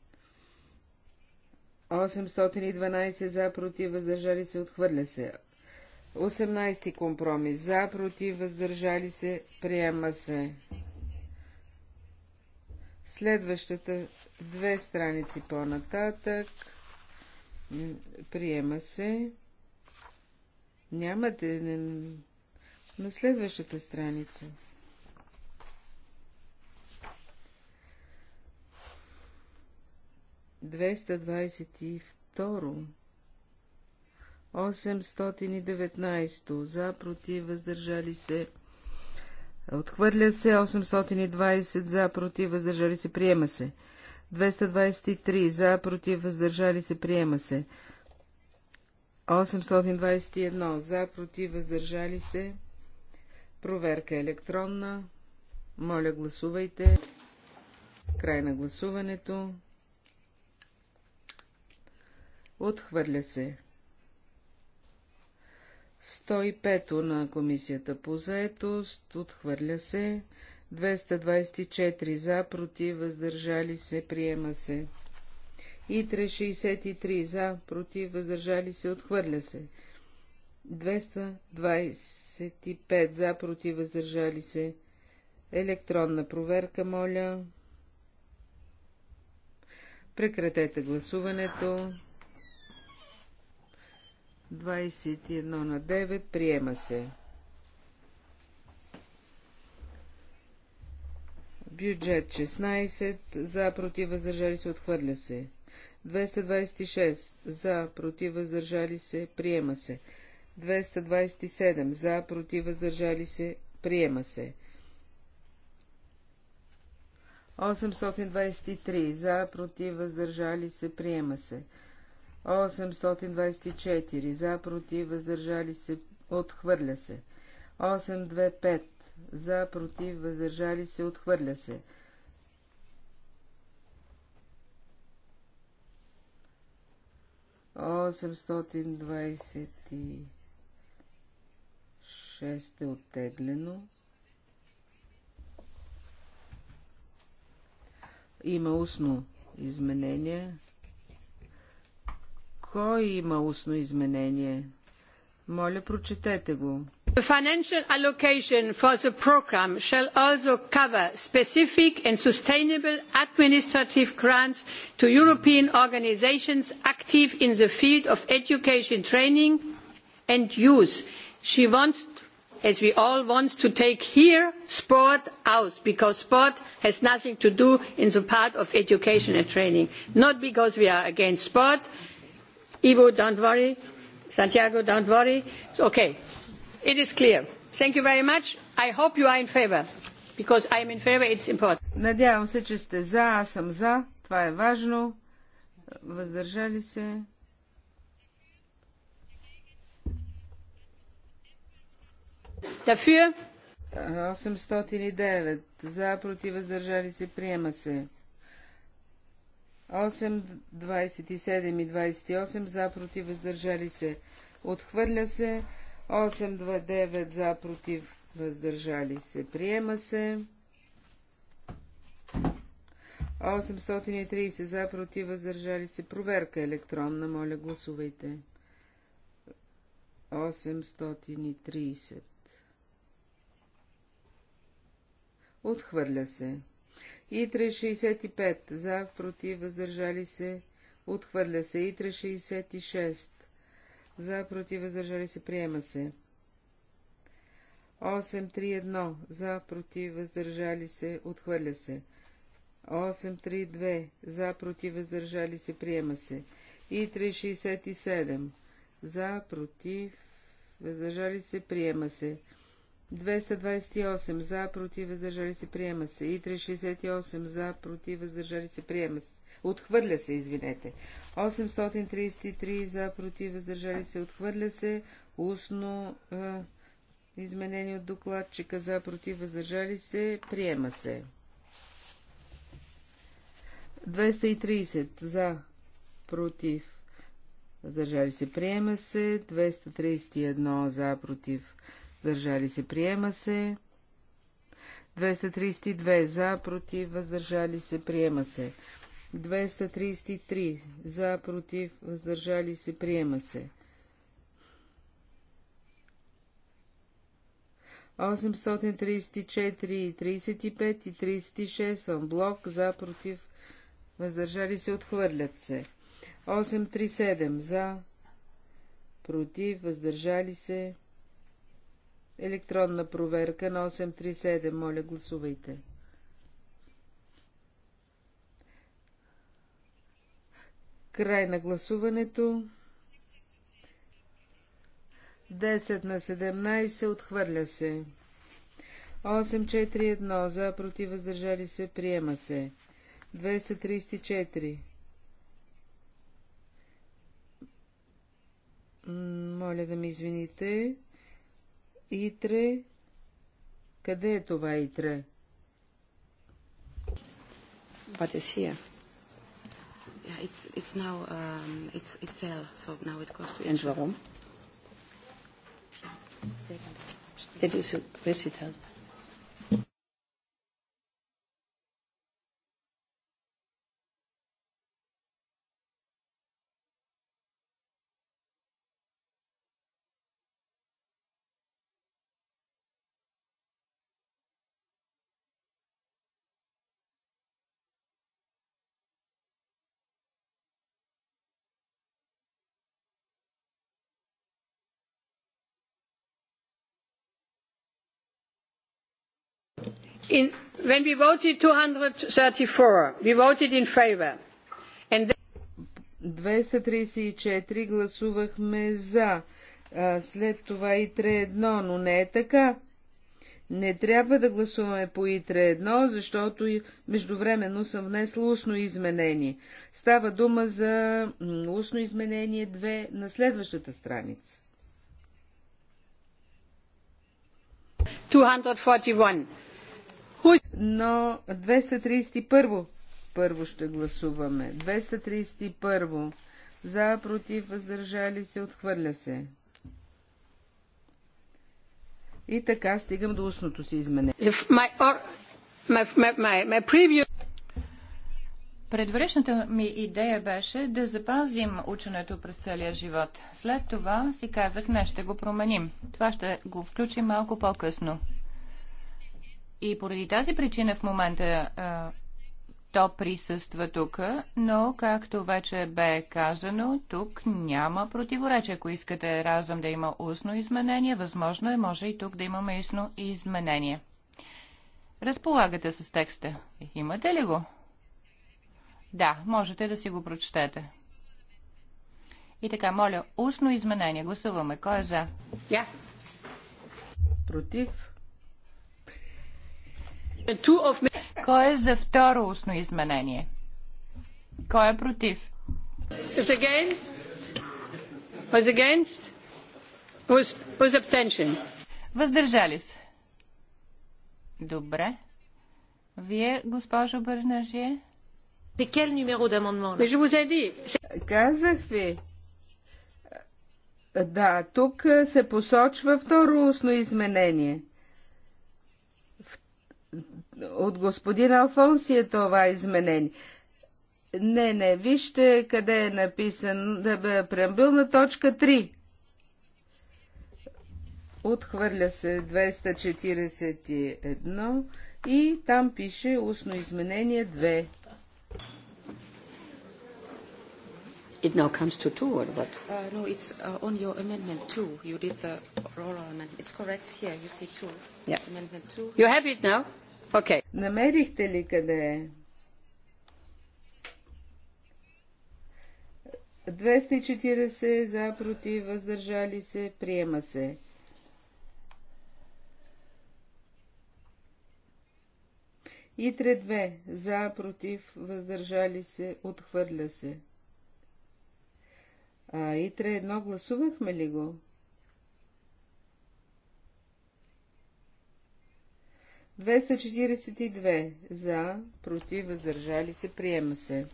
812 за, против, въздържали се, отхвърля се. 18 компромис. За, против, въздържали се, приема се. Следващата две страници по-нататък. Приема се. Нямате на следващата страница. 819 за, против, въздържали се. Отхвърля се 820 за, против, въздържали се, приема се. 223 за, против, въздържали се, приема се. 821 за, против, въздържали се. Проверка електронна. Моля, гласувайте. Край на гласуването. Отхвърля се. 105 на комисията по заетост. Отхвърля се. 224 за, против, въздържали се, приема се. Итре 63 за, против, въздържали се, отхвърля се. 225 за, против, въздържали се. Електронна проверка, моля. Прекратете гласуването. 21 на 9. Приема се. Бюджет 16. За, против, въздържали се. Отхвърля се. 226. За, против, въздържали се. Приема се. 227. За, против, въздържали се. Приема се. 823. За, против, въздържали се. Приема се. 824 за, против, въздържали се, отхвърля се. 825 за, против, въздържали се, отхвърля се. 826 е оттеглено. Има устно изменение. Кой има устно изменение? Моля, прочетете го. The financial allocation for the programme shall also cover specific and sustainable administrative grants to European organisations active in the field of education training and youth. She wants, as we all want, to take here sport out because sport has nothing to do in the part of education and training. Not because we are against sport, Ivo, don't worry. Santiago, don't worry. It's okay. It is clear. Thank you very much. I hope you are in favor. Because I am in favor, it's important. Надявам се, че сте за. Аз съм за. Това е важно. Въздържали се. Дафюр. 809. За, против, въздържали се, приема се. 8, 27 и 28 за, против, въздържали се. Отхвърля се. 8, 2, 9 за, против, въздържали се. Приема се. 830 за, против, въздържали се. Проверка електронна, моля, гласувайте. 830. Отхвърля се. И 365 за, против, въздържали се, отхвърля се. И 366 за, против, въздържали се, приема се. 831 за, против, въздържали се, отхвърля се. 832 за, против, въздържали се, приема се. И 367 за, против, въздържали се, приема се. 228 за, против, въздържали се, приема се. И 368 за, против, въздържали се, приема се. Отхвърля се, извинете. 833 за, против, въздържали се, отхвърля се. Устно е, изменение от докладчика за, против, въздържали се, приема се. 230 за, против, въздържали се, приема се. 231 за, против, въздържали се, приема се. 232 за, против, въздържали се, приема се. 233 за, против, въздържали се, приема се. 834 и 35 и 36 блок за, против, въздържали се, отхвърлят се. 837 за, против, въздържали се, Електронна проверка на 837. Моля, гласувайте. Край на гласуването. 10 на 17 отхвърля се. 841 за против въздържали се приема се. 234. Моля да ми извините. Итре. Къде е това Итре? What is here? Yeah, it's, it's now, um, it's, it fell, so now it goes to And warum? Did you see where visit her? when we voted 234, we voted in favor. And 234 гласувахме за. А, след това ИТРЕ едно, но не е така. Не трябва да гласуваме по ИТРЕ едно, защото междувременно съм внесла устно изменение. Става дума за устно изменение 2 на следващата страница. 241 но 231 първо ще гласуваме. 231 за, против, въздържали се, отхвърля се. И така стигам до устното си изменение. Previous... ми идея беше да запазим ученето през целия живот. След това си казах, не, ще го променим. Това ще го включим малко по-късно. И поради тази причина в момента а, е, то присъства тук, но, както вече бе казано, тук няма противоречие. Ако искате разъм да има устно изменение, възможно е, може и тук да имаме устно изменение. Разполагате с текста. Имате ли го? Да, можете да си го прочетете. И така, моля, устно изменение. Гласуваме. Кой е за? Я. Yeah. Против. Кой е за второ устно изменение? Кой е против? Въздържали се. Добре. Вие, госпожо Бърнажие? Казах ви. Да, тук се посочва второ устно изменение от господин Алфонси е това изменение. Не, не, вижте къде е написан да бе преамбил на точка 3. Отхвърля се 241 и там пише устно изменение 2. It now comes to two or what? Uh, no, it's uh, on your amendment two. You did the oral amendment. It's correct here. You see two. Yeah. Amendment two. You have it now. Okay. Намерихте ли къде е? 240 за, против, въздържали се, приема се. Итре 2 за, против, въздържали се, отхвърля се. А, Итре едно, гласувахме ли го? 242 за, против, въздържали се, приема се.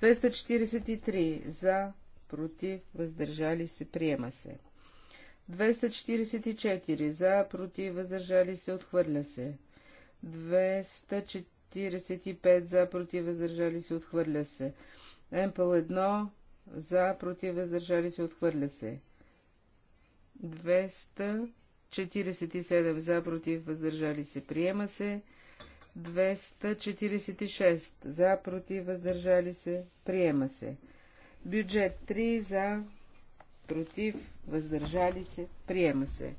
243 за, против, въздържали се, приема се. 244 за, против, въздържали се, отхвърля се. 245 за, против, въздържали се, отхвърля се. МПЛ 1 за, против, въздържали се, отхвърля се. 200 47 за, против, въздържали се, приема се. 246 за, против, въздържали се, приема се. Бюджет 3 за, против, въздържали се, приема се.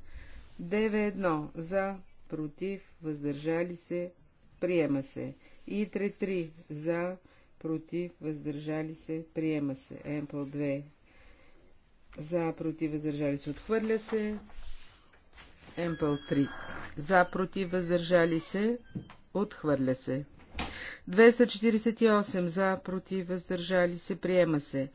9.1 за, против, въздържали се, приема се. И 3.3 за, против, въздържали се, приема се. Емпл 2 за, против, въздържали се, отхвърля се. Емпъл 3. За, против, въздържали се, отхвърля се. 248 за, против, въздържали се, приема се.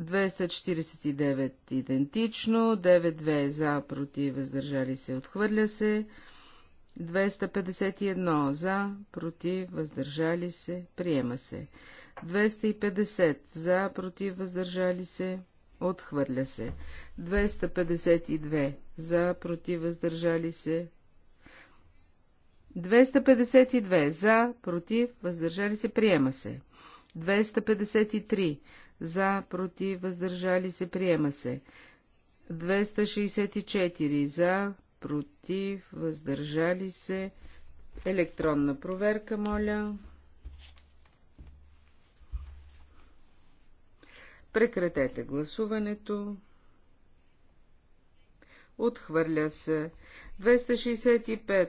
249 идентично, 92 за, против, въздържали се, отхвърля се. 251 за, против, въздържали се, приема се. 250 за, против, въздържали се, Отхвърля се. 252. За, против, въздържали се. 252. За, против, въздържали се, приема се. 253. За, против, въздържали се, приема се. 264. За, против, въздържали се. Електронна проверка, моля. Прекратете гласуването. Отхвърля се. 265.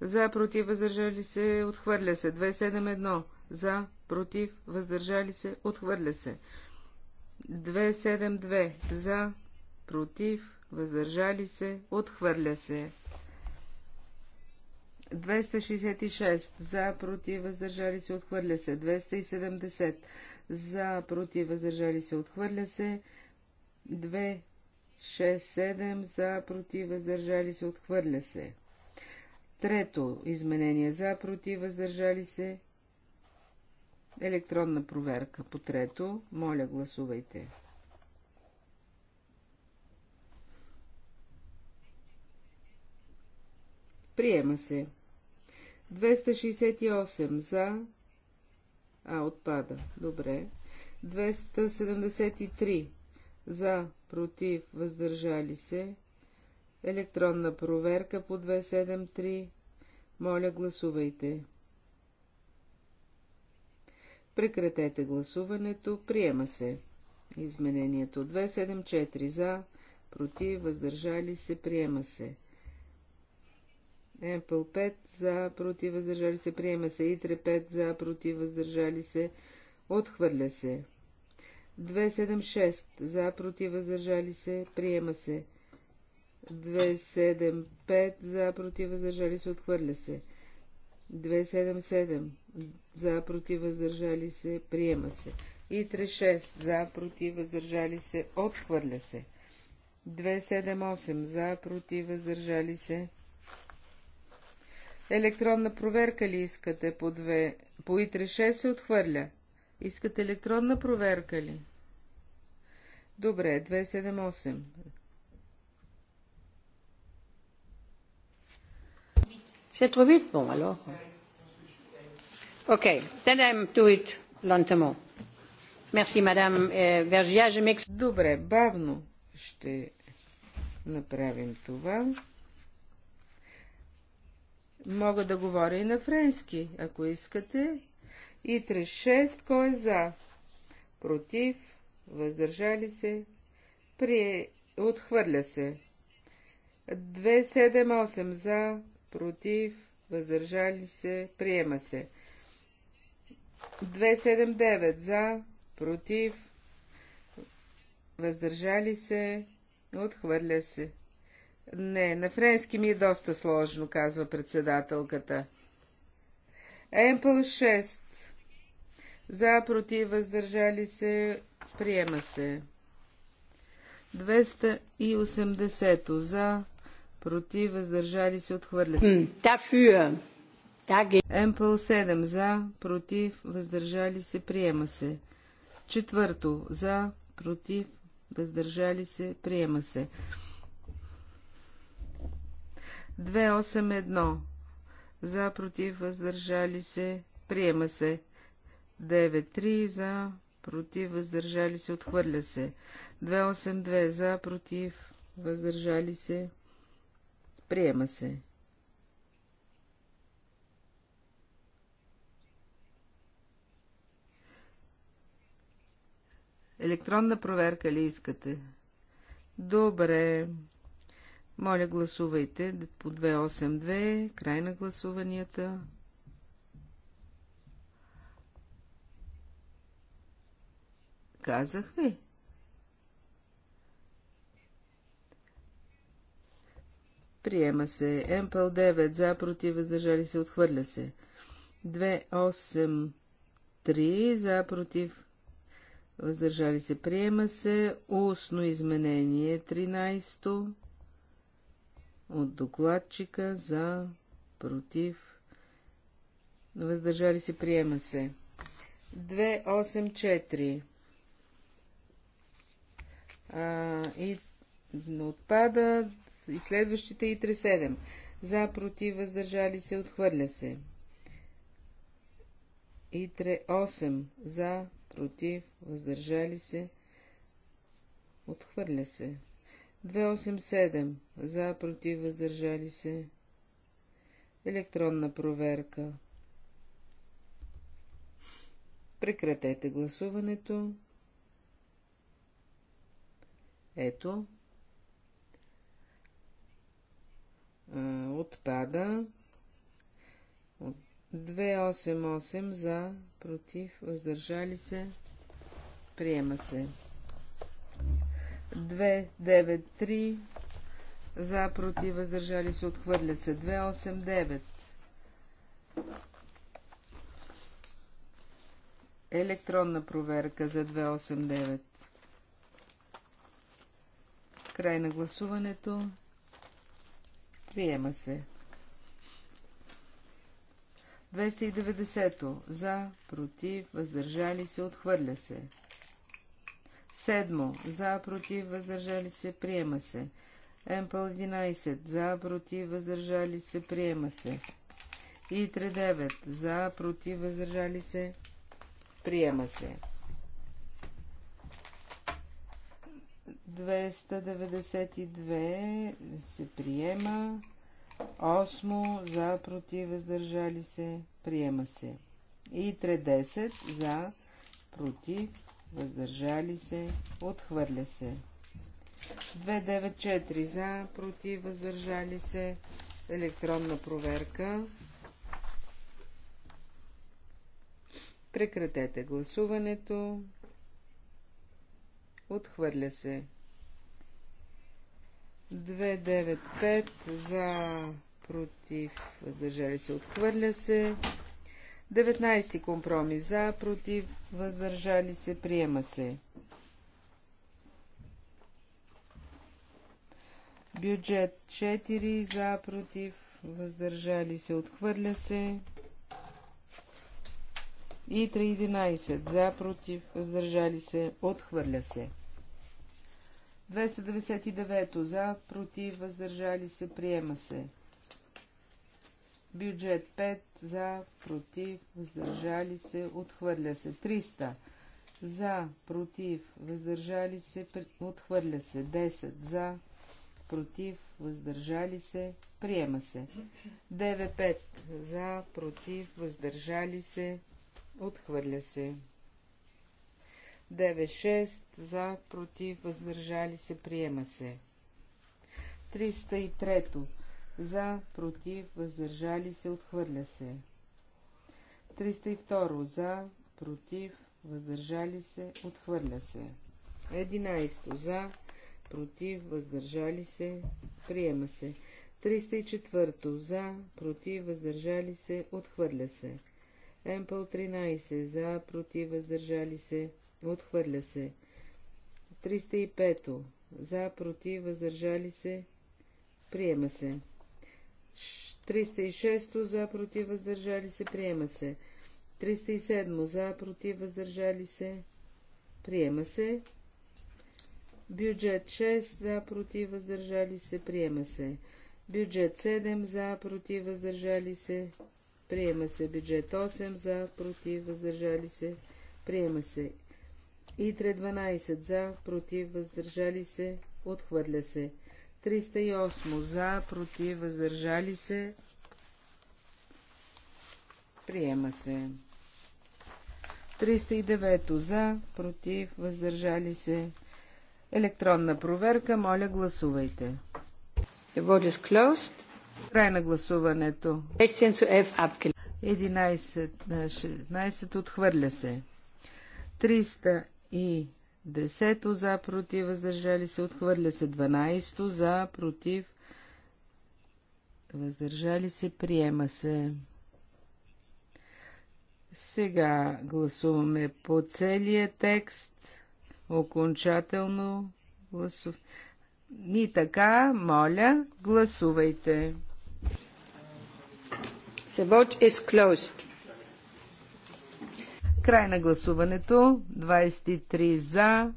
За, против, въздържали се. Отхвърля се. 271. За, против, въздържали се. Отхвърля се. 272. За, против, въздържали се. Отхвърля се. 266. За, против, въздържали се. Отхвърля се. 270 за, против, въздържали се, отхвърля се. 2, 6, 7 за, против, въздържали се, отхвърля се. Трето изменение за, против, въздържали се. Електронна проверка по трето. Моля, гласувайте. Приема се. 268 за, а, отпада. Добре. 273 за, против, въздържали се. Електронна проверка по 273. Моля, гласувайте. Прекратете гласуването. Приема се. Изменението 274 за, против, въздържали се, приема се. Емпъл 5 за против въздържали се, приема се. Итре 5 за против въздържали се, отхвърля се. 276 за против въздържали се, приема се. 275 за против въздържали се, отхвърля се. 277 за против въздържали се, приема се. И 36 за против въздържали се, отхвърля се. 278 за против въздържали се, Електронна проверка ли искате по две? По ИТРЕ 6 се отхвърля. Искате електронна проверка ли? Добре, 278. Ще това vite, по мало. Окей, then I'm do it lentement. Merci, madame Vergia, je m'excuse. Добре, бавно ще направим това. Мога да говоря и на френски, ако искате. И 6, кой е за? Против, въздържали се, прие, отхвърля се. 278 за, против, въздържали се, приема се. 279 за, против, въздържали се, отхвърля се. Не, на френски ми е доста сложно, казва председателката. Емпл 6. За, против, въздържали се, приема се. 280 за, против, въздържали се, отхвърля се. Дафюр. Емпл 7 за, против, въздържали се, приема се. Четвърто за, против, въздържали се, приема се. 281. За, против, въздържали се, приема се. 93 за, против, въздържали се, отхвърля се. 282 за, против, въздържали се, приема се. Електронна проверка ли искате? Добре. Моля, гласувайте по 282, край на гласуванията. Казах ви. Приема се. МПЛ 9 за, против, въздържали се, отхвърля се. 283 за, против, въздържали се, приема се. Устно изменение 13 от докладчика за, против, въздържали се, приема се. 284 а, и отпада и следващите и 37. За, против, въздържали се, отхвърля се. И 38. 8. За, против, въздържали се, отхвърля се. 287 за, против, въздържали се. Електронна проверка. Прекратете гласуването. Ето. Отпада. 288 за, против, въздържали се. Приема се. 293 за, против, въздържали се, отхвърля се. 289. Електронна проверка за 289. Край на гласуването. Приема се. 290 за, против, въздържали се, отхвърля се. Седмо. За, против, въздържали се, приема се. МПЛ 11. За, против, въздържали се, приема се. Итре 9 За, против, въздържали се, приема се. 292 се приема. 8. За, против, въздържали се, приема се. И 10 За, против, въздържали се, отхвърля се. 294 за, против, въздържали се, електронна проверка. Прекратете гласуването. Отхвърля се. 295 за, против, въздържали се, отхвърля се. 19 компромис за, против, въздържали се, приема се. Бюджет 4 за, против, въздържали се, отхвърля се. И 311 за, против, въздържали се, отхвърля се. 299 за, против, въздържали се, приема се. Бюджет 5 за, против, въздържали се, отхвърля се. 300 за, против, въздържали се, отхвърля се. 10 за, против, въздържали се, приема се. 9-5 за, против, въздържали се, отхвърля се. 9-6 за, против, въздържали се, приема се. 303 за, против, въздържали се, отхвърля се. 302 за, против, въздържали се, отхвърля се. 11 за, против, въздържали се, приема се. 304 за, против, въздържали се, отхвърля се. Емпъл 13 за, против, въздържали се, отхвърля се. 305 за, против, въздържали се, приема се. 306 за, против, въздържали се, приема се. 307 за, против, въздържали се, приема се. Бюджет 6 за, против, въздържали се, приема се. Бюджет 7 за, против, въздържали се, приема се. Бюджет 8 за, против, въздържали се, приема се. Итре 12 за, против, въздържали се, отхвърля се. 308 за, против, въздържали се, приема се. 309 за, против, въздържали се. Електронна проверка, моля гласувайте. The vote is closed. Край на гласуването. 11 на 16 отхвърля се. 300 и Десето за, против, въздържали се, отхвърля се 12 за, против, въздържали се, приема се. Сега гласуваме по целия текст, окончателно гласуваме. И така, моля, гласувайте. The vote is closed. Край на гласуването. 23 за,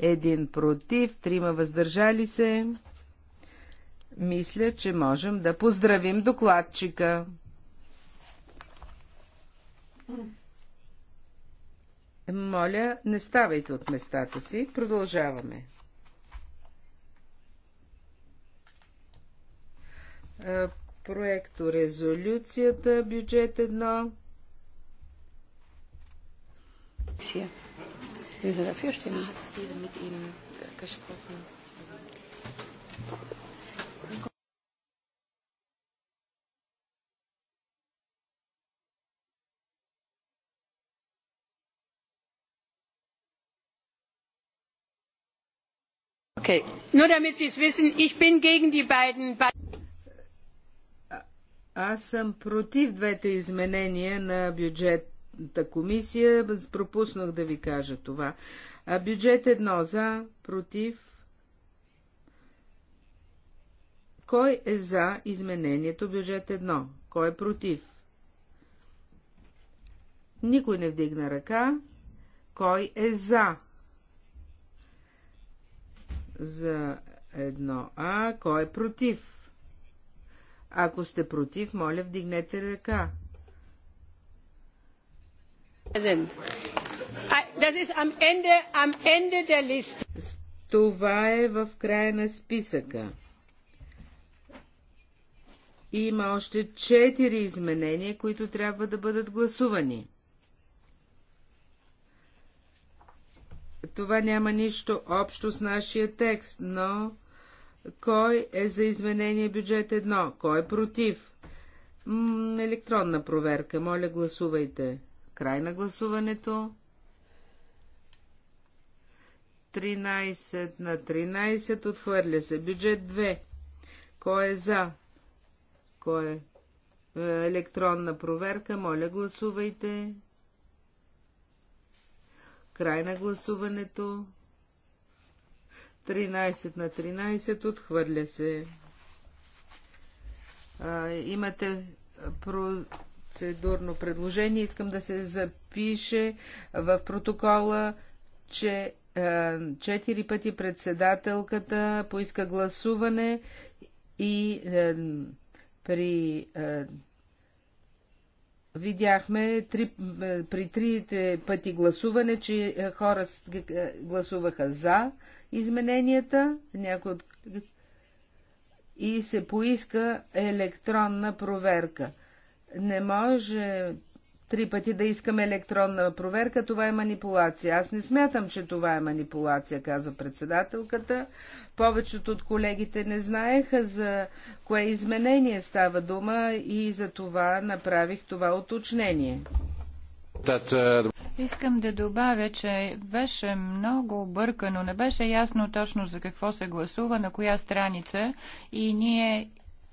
1 против, 3 въздържали се. Мисля, че можем да поздравим докладчика. Моля, не ставайте от местата си. Продължаваме. Проекто резолюцията, бюджет 1. Hier. Will er dafür stimmen? Hat Steven mit Ihnen gesprochen? Okay. Nur damit Sie es wissen, ich bin gegen die beiden. Аз съм против двете изменения на бюджет комисия, пропуснах да ви кажа това. А бюджет едно за, против. Кой е за изменението бюджет едно? Кой е против? Никой не вдигна ръка. Кой е за? За едно А. Кой е против? Ако сте против, моля, вдигнете ръка. Това е в края на списъка. Има още четири изменения, които трябва да бъдат гласувани. Това няма нищо общо с нашия текст, но кой е за изменение бюджет 1, кой е против? М електронна проверка, моля гласувайте. Край на гласуването. 13 на 13 отхвърля се. Бюджет 2. Кой е за? Кой е? е? Електронна проверка. Моля, гласувайте. Край на гласуването. 13 на 13 отхвърля се. А, имате про процедурно предложение. Искам да се запише в протокола, че е, четири пъти председателката поиска гласуване и е, при е, видяхме три, е, при трите пъти гласуване, че е, хора гласуваха за измененията, някои от... и се поиска електронна проверка. Не може три пъти да искаме електронна проверка, това е манипулация. Аз не смятам, че това е манипулация, каза председателката. Повечето от колегите не знаеха за кое изменение става дума и за това направих това уточнение. Uh, Искам да добавя, че беше много объркано. Не беше ясно точно за какво се гласува, на коя страница и ние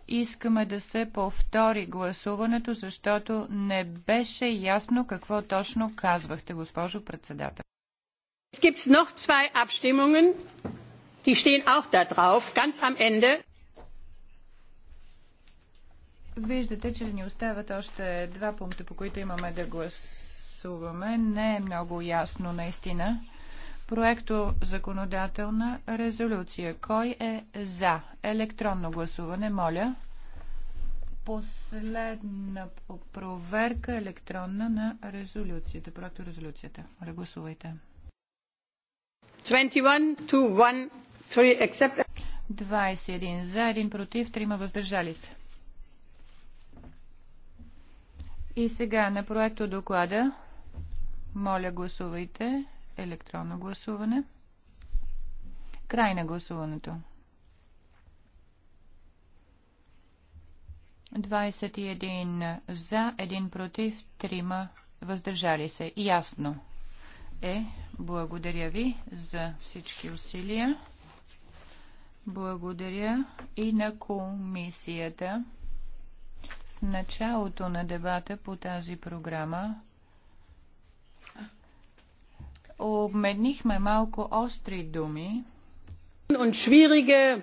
искаме да се повтори гласуването, защото не беше ясно какво точно казвахте, госпожо председател. Es gibt noch zwei Abstimmungen, die stehen auch da drauf, ganz am Ende. Виждате, че ни остават още два пункта, по които имаме да гласуваме. Не е много ясно наистина проекто законодателна резолюция. Кой е за електронно гласуване? Моля. Последна проверка електронна на резолюцията, проекто резолюцията. Моля, гласувайте. 21 за, 1 против, 3 въздържали се. И сега на проекто доклада. Моля, гласувайте електронно гласуване. Край на гласуването. 21 за, 1 против, 3 въздържали се. Ясно е. Благодаря ви за всички усилия. Благодаря и на комисията. В началото на дебата по тази програма обменихме малко остри думи. Und schwierige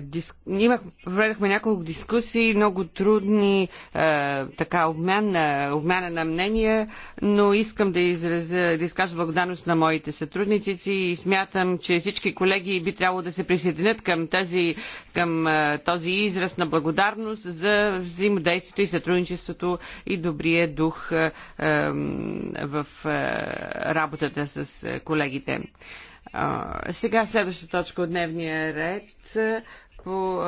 диск... имах, проведахме няколко дискусии, много трудни, е, така, обмян на, обмяна на мнения, но искам да изразя, да изкажа благодарност на моите сътрудници и смятам, че всички колеги би трябвало да се присъединят към, тази, към е, този израз на благодарност за взаимодействието и сътрудничеството и добрия дух е, в работата с колегите сега следващата точка от дневния ред, по,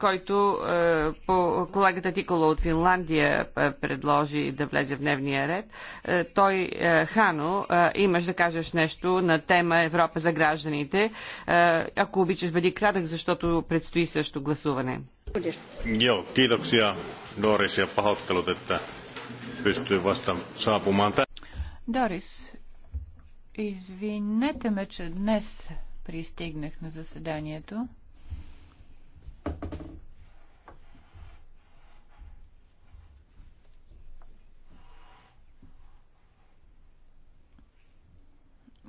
който по колегата Тикола от Финландия предложи да влезе в дневния ред. той, Хано, имаш да кажеш нещо на тема Европа за гражданите. ако обичаш, бъди кратък, защото предстои също гласуване. Joo, Извинете ме, че днес пристигнах на заседанието.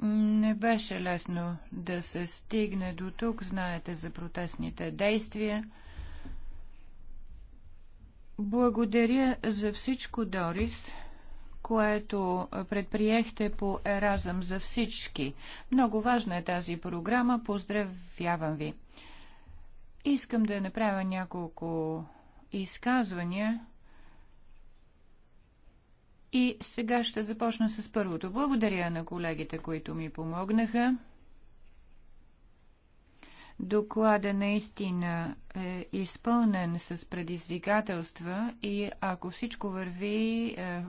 Не беше лесно да се стигне до тук. Знаете за протестните действия. Благодаря за всичко, Дорис което предприехте по Еразъм за всички. Много важна е тази програма. Поздравявам ви. Искам да направя няколко изказвания. И сега ще започна с първото. Благодаря на колегите, които ми помогнаха. Доклада наистина е изпълнен с предизвикателства и ако всичко върви е,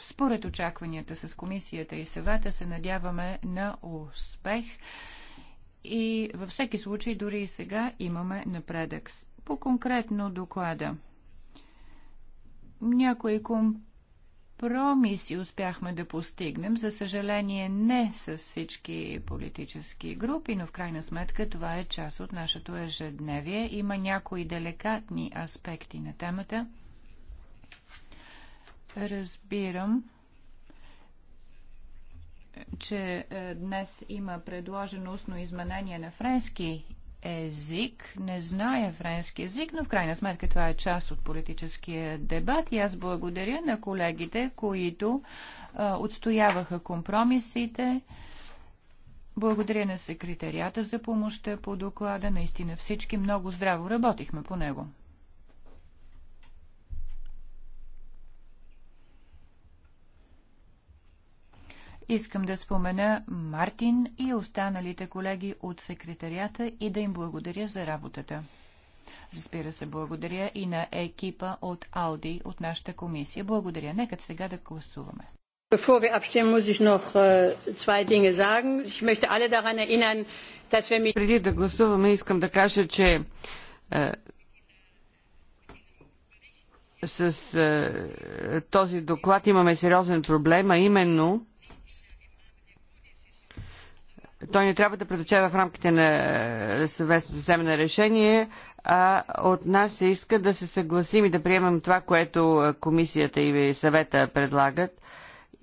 според очакванията с комисията и съвета, се надяваме на успех. И във всеки случай, дори и сега, имаме напредък. По конкретно доклада. Някои компании компромиси успяхме да постигнем. За съжаление, не с всички политически групи, но в крайна сметка това е част от нашето ежедневие. Има някои деликатни аспекти на темата. Разбирам, че е, днес има предложено устно изменение на френски език. Не зная френски език, но в крайна сметка това е част от политическия дебат и аз благодаря на колегите, които а, отстояваха компромисите. Благодаря на секретарията за помощта по доклада. Наистина всички много здраво работихме по него. Искам да спомена Мартин и останалите колеги от секретарията и да им благодаря за работата. Разбира се, благодаря и на екипа от Алди, от нашата комисия. Благодаря. Нека сега да гласуваме. Bevor wir abstimmen, muss ich noch äh, zwei Dinge sagen. Ich möchte alle daran erinnern, dass wir mit... Преди да гласуваме, искам да кажа, че е, с е, този доклад имаме сериозен проблем, а именно той не трябва да предучава в рамките на е, съвместното вземане решение, а от нас се иска да се съгласим и да приемем това, което е, комисията и е, съвета предлагат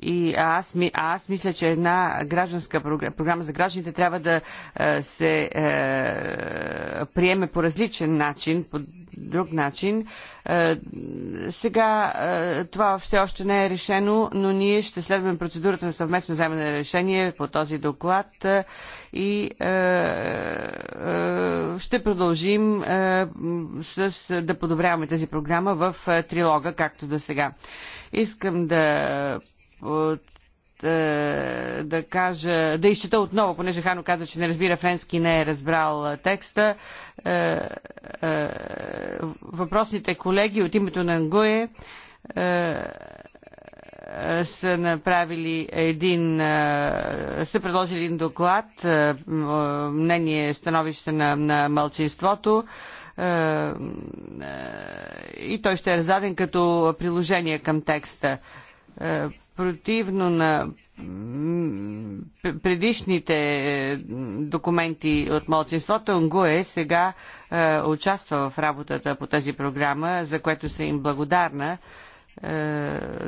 и аз, аз мисля, че една гражданска програма, програма за гражданите трябва да е, се а, е, приеме по различен начин, по друг начин. А, е, сега а, това все още не е решено, но ние ще следваме процедурата на съвместно вземане на решение по този доклад и а, а, ще продължим а, с, да подобряваме тази програма в трилога, както до сега. Искам да от е, да кажа, да изчета отново, понеже Хано каза, че не разбира френски, не е разбрал е, текста. Е, въпросните колеги от името на Ангуе са направили един, са предложили един доклад, мнение, становище на, на мълчинството и той ще е раздаден като приложение към текста противно на предишните е, документи от младсинството, Нгуе сега е, участва в работата по тази програма, за което съм им благодарна, е,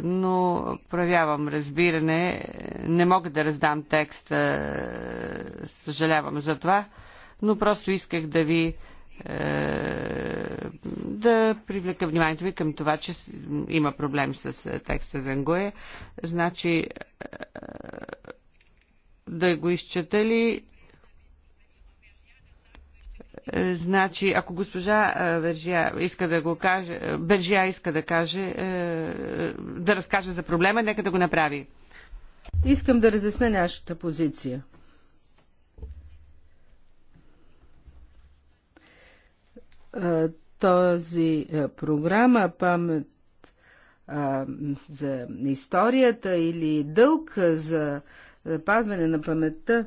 но проявявам разбиране. Не мога да раздам текста, е, съжалявам за това, но просто исках да ви е, да привлека вниманието ви към това, че има проблем с е, текста за Ангое. Значи, е, да го изчета ли? Значи, ако госпожа Бержия иска да го каже, Бержия иска да каже, да разкаже за проблема, нека да го направи. Искам да разясня нашата позиция. този програма памет за историята или дълг за запазване на паметта,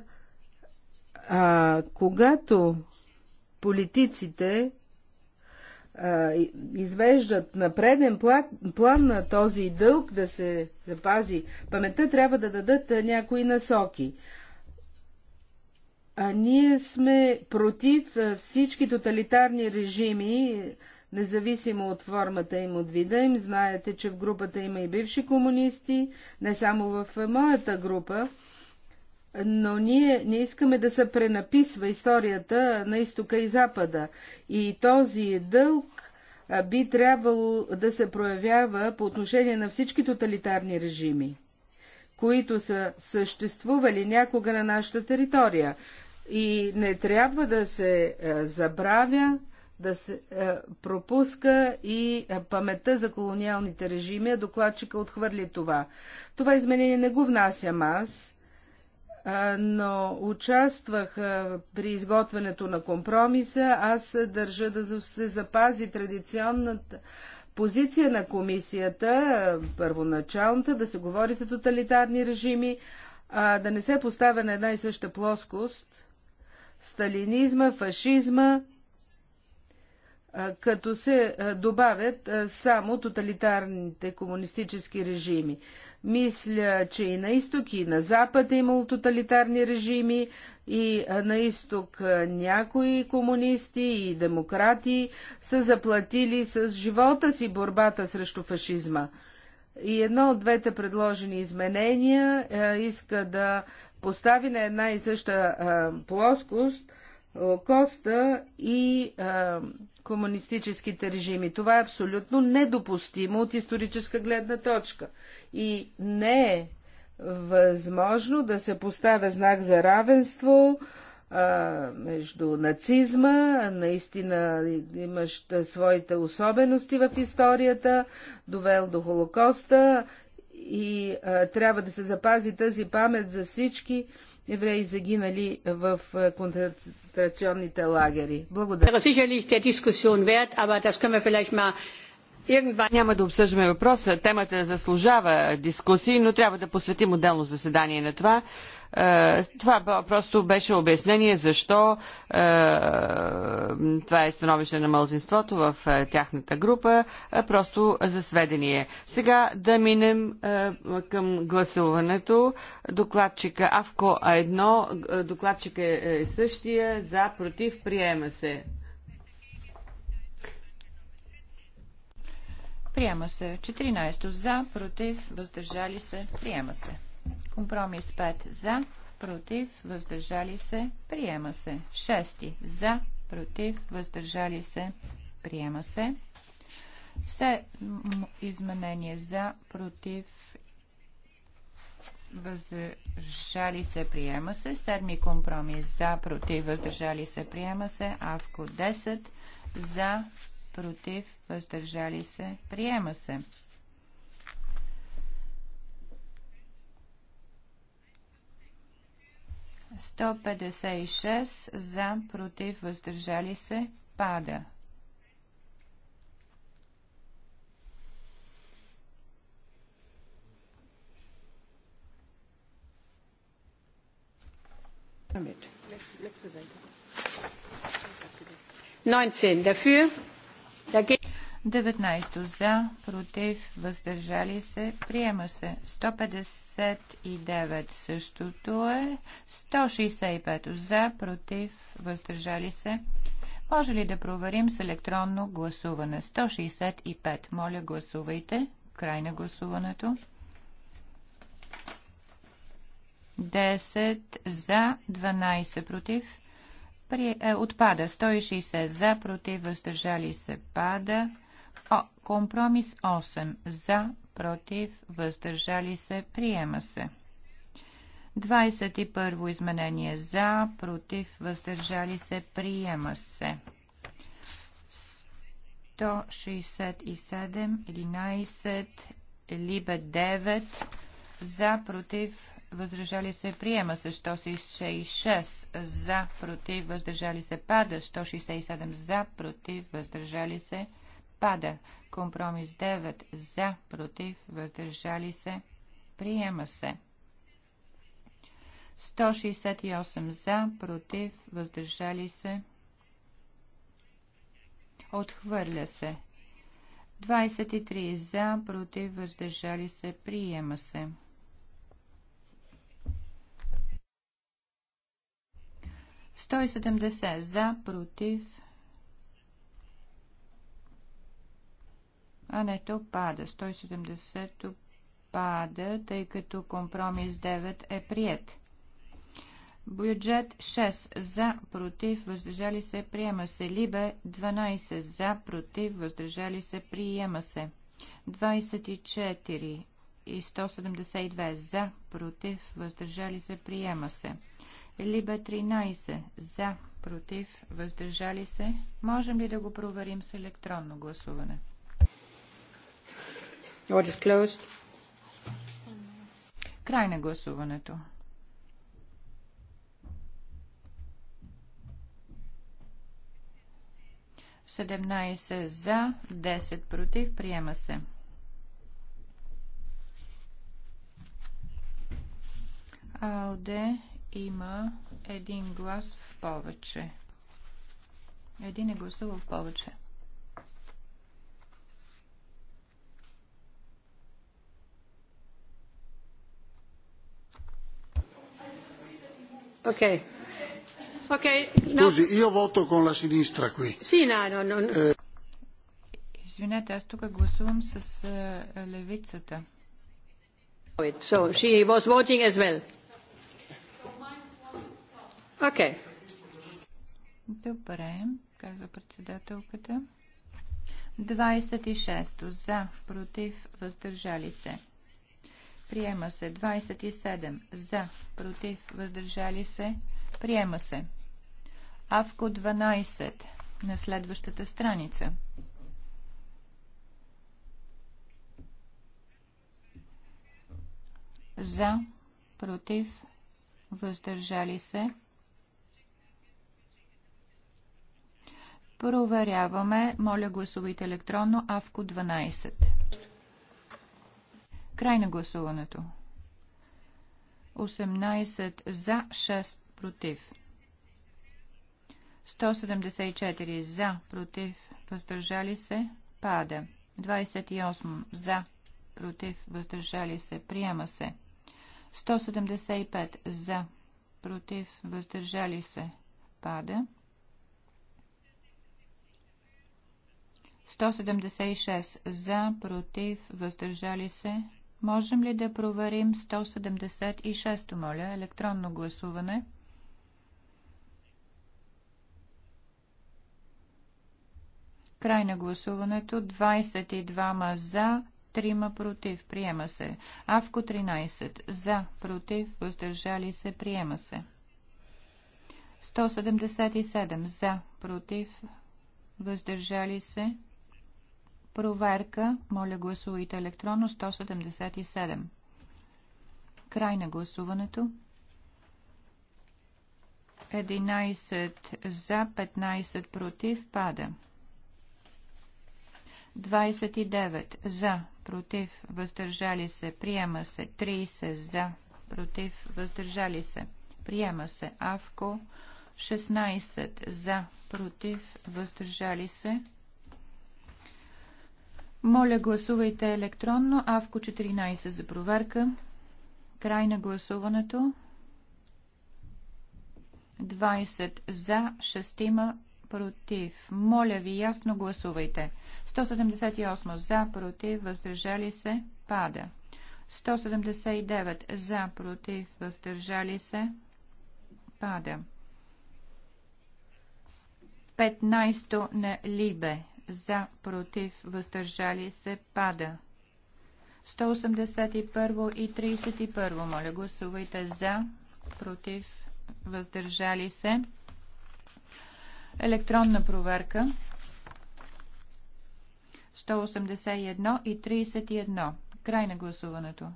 а когато политиците а, извеждат на преден план, план на този дълг да се запази паметта, трябва да дадат някои насоки. А ние сме против всички тоталитарни режими, независимо от формата им, от вида им. Знаете, че в групата има и бивши комунисти, не само в моята група, но ние не искаме да се пренаписва историята на изтока и запада. И този дълг би трябвало да се проявява по отношение на всички тоталитарни режими които са съществували някога на нашата територия и не трябва да се е, забравя, да се е, пропуска и е, памета за колониалните режими, а докладчика отхвърли това. Това изменение не го внасям аз, но участвах при изготвянето на компромиса. Аз държа да се запази традиционната позиция на комисията, първоначалната, да се говори за тоталитарни режими, а да не се поставя на една и съща плоскост сталинизма, фашизма, като се добавят само тоталитарните комунистически режими. Мисля, че и на изток, и на запад е имало тоталитарни режими, и на изток някои комунисти и демократи са заплатили с живота си борбата срещу фашизма. И едно от двете предложени изменения иска да постави на една и съща плоскост Холокоста и а, комунистическите режими. Това е абсолютно недопустимо от историческа гледна точка. И не е възможно да се поставя знак за равенство а, между нацизма, наистина имащ своите особености в историята, довел до Холокоста и а, трябва да се запази тази памет за всички евреи загинали в концентрационните лагери. Благодаря. Няма да обсъждаме въпроса. Темата заслужава дискусии, но трябва да посветим отделно заседание на това. Е, това просто беше обяснение защо е, това е становище на мълзинството в е, тяхната група, просто за сведение. Сега да минем към гласуването. Докладчика Авко А1, докладчика е същия, за, против, приема се. Приема се. 14 за, против, въздържали се. Приема се. Компромис 5 за, против, въздържали се. Приема се. 6 за, против, въздържали се. Приема се. Все изменение за, против, въздържали се, приема се. Седми компромис за, против, въздържали се, приема се. Авко 10 за, против, въздържали се, приема се. Сто петдесет и шест за, против, въздържали се, пада. Nineteen, dafür. 19 за, против, въздържали се, приема се. 159 същото е. 165 за, против, въздържали се. Може ли да проверим с електронно гласуване? 165. Моля, гласувайте. Край на гласуването. 10 за, 12 против. При, е, отпада 160 за, против, въздържали се, пада. Компромис 8. За, против, въздържали се, приема се. 21 изменение за, против, въздържали се, приема се. 167, 11, либе 9, за, против, въздържали се, приема се. 166, за, против, въздържали се, пада. 167, за, против, въздържали се, приема се. Отпада. Компромис 9. За, против, въздържали се. Приема се. 168 за, против, въздържали се. Отхвърля се. 23 за, против, въздържали се. Приема се. 170 за, против, А не, то пада. 170 пада, тъй като компромис 9 е прият. Бюджет 6 за, против, въздържали се, приема се. Либе 12 за, против, въздържали се, приема се. 24 и 172 за, против, въздържали се, приема се. Либе 13 за, против, въздържали се. Можем ли да го проверим с електронно гласуване? What is closed? Край на гласуването. Седемнайсет за, 10 против. Приема се. Алде има един глас в повече. Един е гласувал в повече. Ok. Ok. No. Scusi, io voto con la sinistra qui. Sì, no, no, no. Eh. Извинете, аз тук гласувам с е, левицата. So she was voting as well. Okay. Добре, казва председателката. 26 за, против, въздържали се. Приема се. 27. За. Против. Въздържали се. Приема се. Авко 12. На следващата страница. За. Против. Въздържали се. Проверяваме. Моля гласувайте електронно. Авко 12. Край на гласуването. 18 за, 6 против. 174 за, против, въздържали се, пада. 28 за, против, въздържали се, приема се. 175 за, против, въздържали се, пада. 176 за, против, въздържали се, Можем ли да проверим 176-то, моля, електронно гласуване? Край на гласуването. 22 за, 3 против. Приема се. Авко 13. За, против, въздържали се. Приема се. 177. За, против, въздържали се. Проверка. Моля гласувайте електронно 177. Край на гласуването. 11 за, 15 против. Пада. 29 за, против, въздържали се, приема се. 30 за, против, въздържали се, приема се. Авко. 16 за, против, въздържали се, моля, гласувайте електронно. Авко 14 за проверка. Край на гласуването. 20 за, 6 против. Моля ви, ясно гласувайте. 178 за, против, въздържали се, пада. 179 за, против, въздържали се, пада. 15 на Либе за, против, въздържали се, пада. 181 и 31. Моля, гласувайте за, против, въздържали се. Електронна проверка. 181 и 31. Край на гласуването.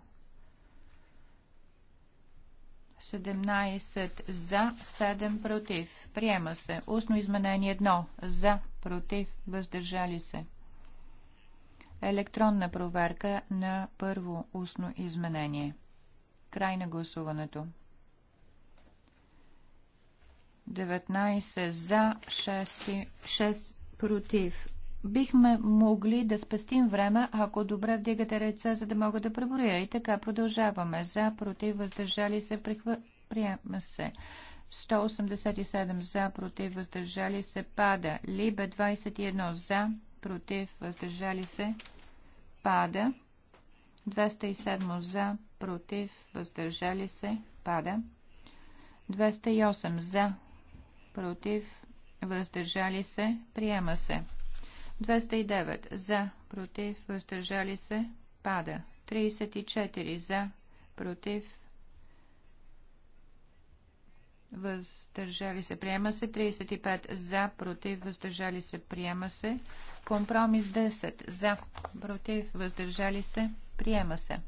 17 за, 7 против. Приема се. Устно изменение 1 за, против, въздържали се. Електронна проверка на първо устно изменение. Край на гласуването. 19 за, 6, 6 против бихме могли да спестим време, ако добре вдигате ръце, за да мога да преброя. И така продължаваме. За, против, въздържали се, прихва... приема се. 187 за, против, въздържали се, пада. Либе 21 за, против, въздържали се, пада. 207 за, против, въздържали се, пада. 208 за, против, въздържали се, приема се. 209 за, против, въздържали се, пада. 34 за, против, въздържали се, приема се. 35 за, против, въздържали се, приема се. Компромис 10 за, против, въздържали се, приема се.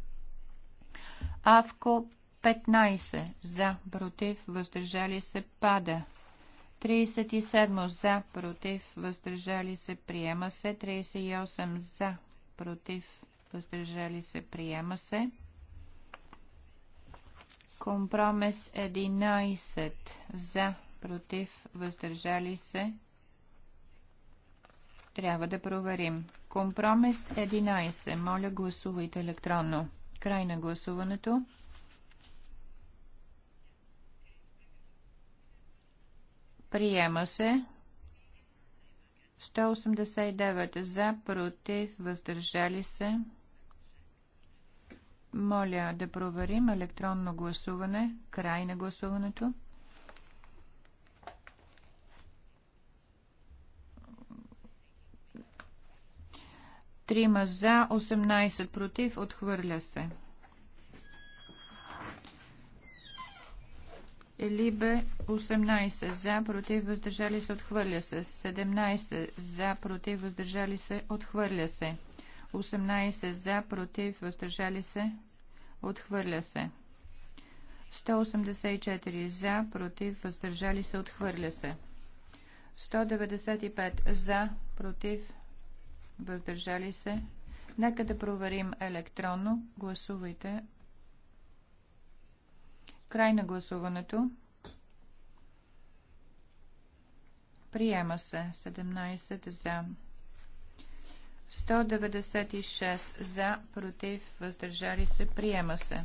Авко 15 за, против, въздържали се, пада. 37 за, против, въздържали се, приема се. 38 за, против, въздържали се, приема се. Компромис 11 за, против, въздържали се. Трябва да проверим. Компромис 11. Моля, гласувайте електронно. Край на гласуването. Приема се. 189 за, против, въздържали се. Моля да проверим електронно гласуване. Край на гласуването. Трима за, 18 против, отхвърля се. Либе 18 за, против, въздържали се, отхвърля се. 17 за, против, въздържали се, отхвърля се. 18 за, против, въздържали се, отхвърля се. 184 за, против, въздържали се, отхвърля се. 195 за, против, въздържали се. Нека да проверим електронно. Гласувайте Край на гласуването. Приема се 17 за. 196 за, против, въздържали се, приема се.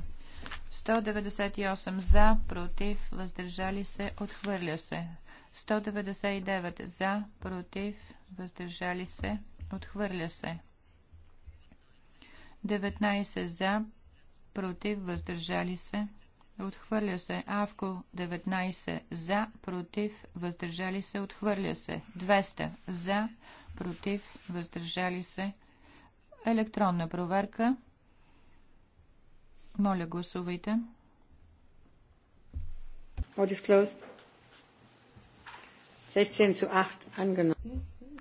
198 за, против, въздържали се, отхвърля се. 199 за, против, въздържали се, отхвърля се. 19 за, против, въздържали се, Отхвърля се. Авко 19 за, против, въздържали се. Отхвърля се. 200 за, против, въздържали се. Електронна проверка. Моля, гласувайте.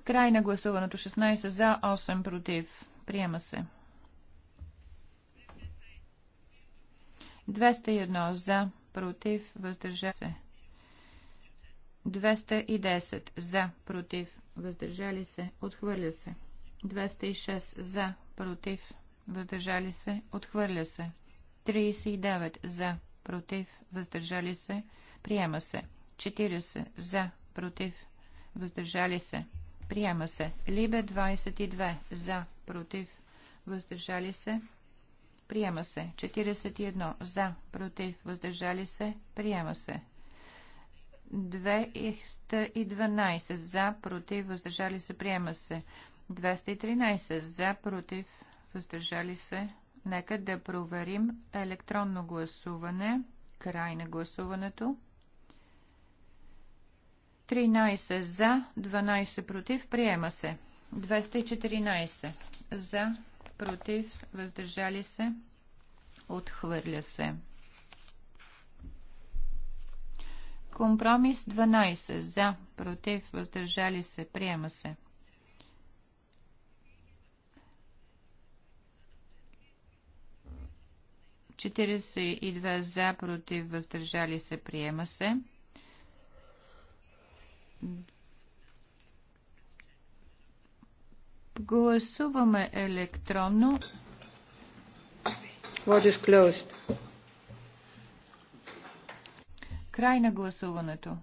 Край на гласуването. 16 за, 8 против. Приема се. 201 за, против, въздържали се. 210 за, против, въздържали се, отхвърля се. 206 за, против, въздържали се, отхвърля се. 39 за, против, въздържали се, приема се. 40 за, против, въздържали се, приема се. Либе 22 за, против, въздържали се, Приема се. 41. За. Против. Въздържали се. Приема се. 212. За. Против. Въздържали се. Приема се. 213. За. Против. Въздържали се. Нека да проверим електронно гласуване. Край на гласуването. 13 за, 12 против. Приема се. 214 за, против, въздържали се, отхвърля се. Компромис 12. За, против, въздържали се, приема се. Четиридесет и две за, против, въздържали се, приема се. Гласуваме електронно. What is closed? Край на гласуването.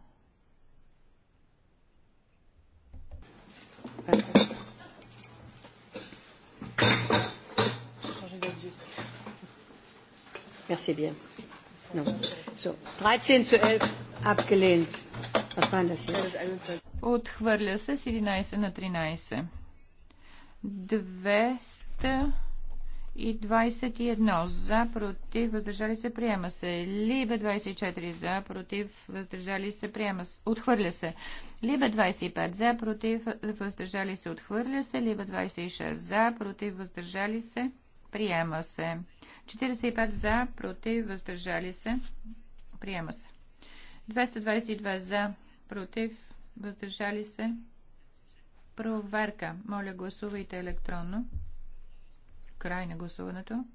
Merci bien. No. So, 13 zu 11 abgelehnt. Was waren das hier? Отхвърля се с 11 на 13. 221 за, против, въздържали се, приема се. Либе 24 за, против, въздържали се, приема се. Отхвърля се. Либе 25 за, против, въздържали се, отхвърля се. Либе 26 за, против, въздържали се, приема се. 45 за, против, въздържали се, приема се. 222 за, против, въздържали се, Проверка. Моля, гласувайте електронно. Край на гласуването.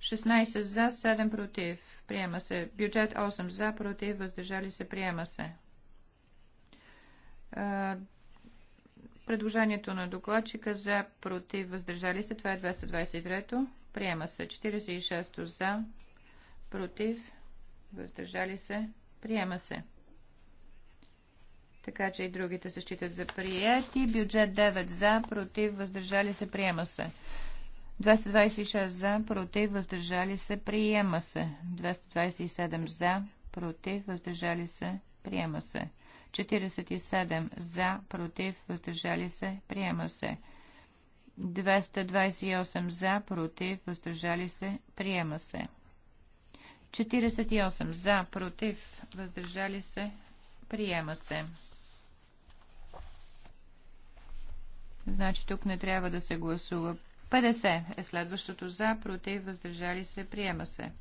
Шестнайсет за, седем против. Приема се. Бюджет 8 за, против, въздържали се. Приема се. Предложението на докладчика за, против, въздържали се. Това е 223-то. Приема се. 46-то за, против, въздържали се. Приема се. Така че и другите се считат за приети. Бюджет 9 за, против, въздържали се, приема се. 226 за, против, въздържали се, приема се. 227 за, против, въздържали се, приема се. 47 за, против, въздържали се, приема се. 228 за, против, въздържали се, приема се. 48 за, против, въздържали се, приема се. Значи тук не трябва да се гласува. 50 е следващото за, против, въздържали се, приема се.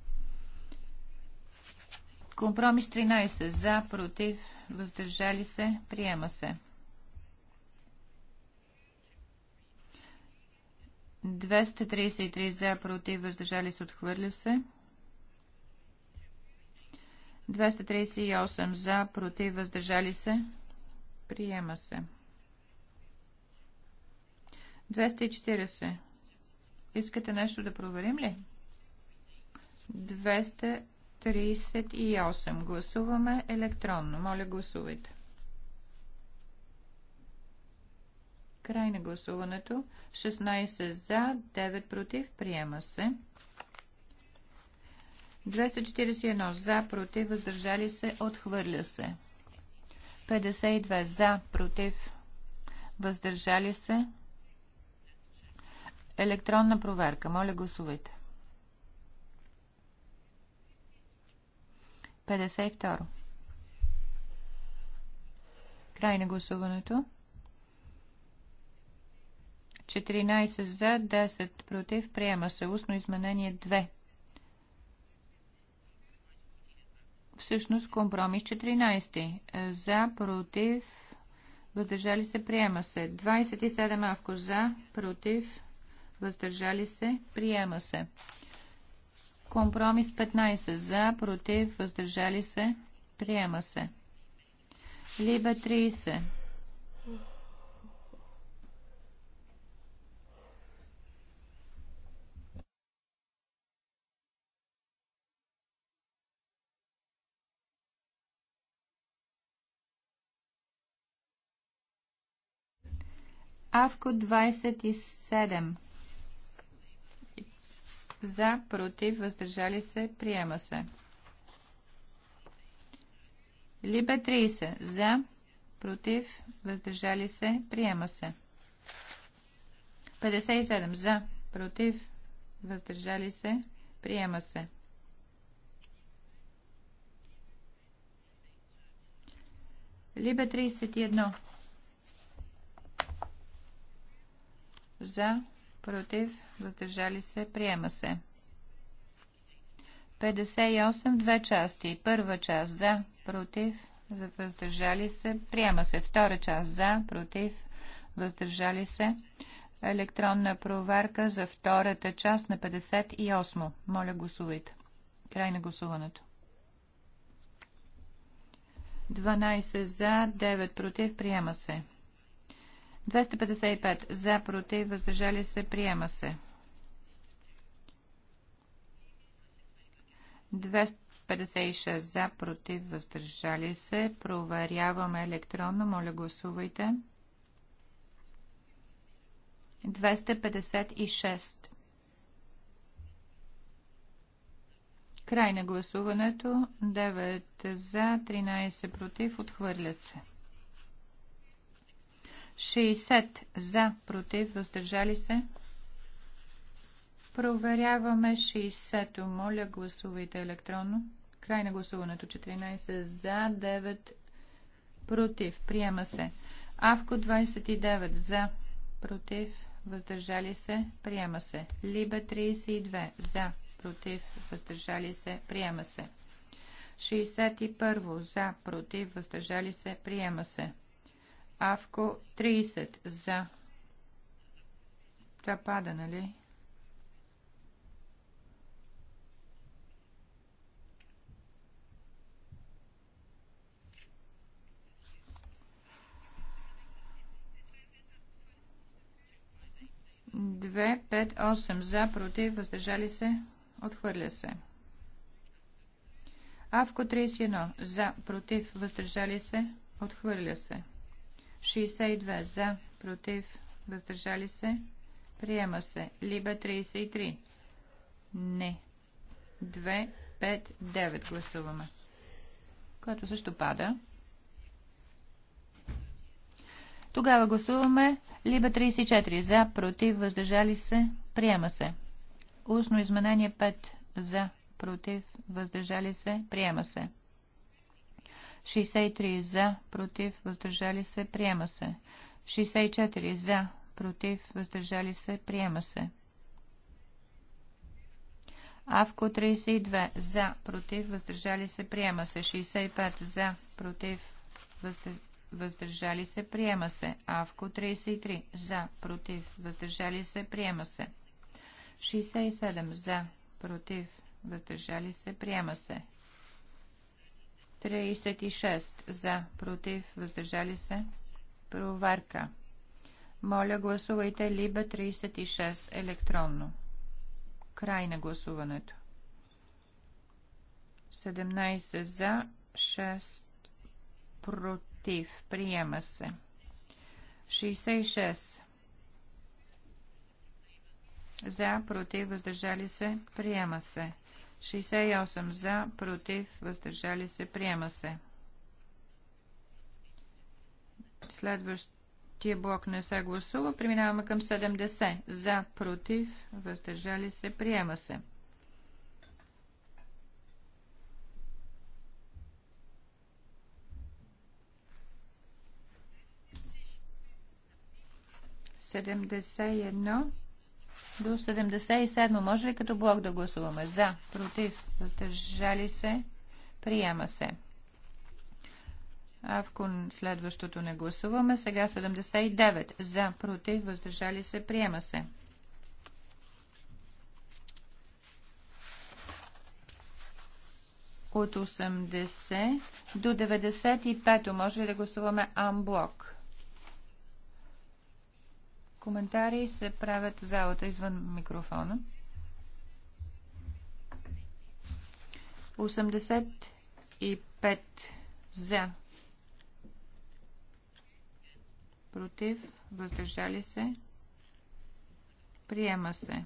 Компромис 13 за, против, въздържали се, приема се. 233 за, против, въздържали се, отхвърля се. 238 за, против, въздържали се. Приема се. 240. Искате нещо да проверим ли? 238. Гласуваме електронно. Моля, гласувайте. Край на гласуването. 16 за, 9 против. Приема се. 241 за, против, въздържали се, отхвърля се. 52 за, против, въздържали се. Електронна проверка. Моля, гласувайте. 52. Край на гласуването. 14 за, 10 против. Приема се устно изменение 2. всъщност компромис 14. За, против, въздържали се, приема се. 27 авко за, против, въздържали се, приема се. Компромис 15 за, против, въздържали се, приема се. Либе 30 Авко 27. За, против, въздържали се, приема се. Либе 30. За, против, въздържали се, приема се. 57. За, против, въздържали се, приема се. 31. за, против, въздържали се, приема се. 58 две части. Първа част за, против, въздържали се, приема се. Втора част за, против, въздържали се. Електронна проверка за втората част на 58. Моля, гласувайте. Край на гласуването. 12 за, 9 против, приема се. 255 за, против, въздържали се, приема се. 256 за, против, въздържали се. Проверяваме електронно. Моля, гласувайте. 256. Край на гласуването. 9 за, 13 против. Отхвърля се. 60 за, против, въздържали се. Проверяваме 60-то. Моля, гласувайте електронно. Край на гласуването. 14 за, 9 против. Приема се. Авко 29 за, против, въздържали се. Приема се. Либе 32 за, против, въздържали се. Приема се. 61 за, против, въздържали се. Приема се. Авко 30 за. Това пада, нали? Две, пет, осем за, против, въздържали се, отхвърля се. Авко 31 за, против, въздържали се, отхвърля се. 62 за, против, въздържали се, приема се. Либа 33. Не. 2, 5, 9 гласуваме. Което също пада. Тогава гласуваме Либа 34 за, против, въздържали се, приема се. Устно изменение 5 за, против, въздържали се, приема се. 63 за, против, въздържали се, приема се. 64 за, против, въздържали се, приема се. Авко 32 за, против, въздържали се, приема се. 65 за, против, въздържали се, приема се. Авко 33 за, против, въздържали се, приема се. 67 за, против, въздържали се, приема се. 36 за, против, въздържали се. Проверка. Моля, гласувайте либо 36 електронно. Край на гласуването. 17 за, 6 против. Приема се. 66 за, против, въздържали се. Приема се. 68 за, против, въздържали се, приема се. Следващия блок не се гласува. Преминаваме към 70. За, против, въздържали се, приема се. Седемдесет едно до 77. Може ли като блок да гласуваме? За, против, въздържали се, приема се. Ако следващото не гласуваме. Сега 79. За, против, въздържали се, приема се. От 80 до 95 може ли да гласуваме амблок? Коментари се правят в залата извън микрофона. 85 за. Против. Въздържали се. Приема се.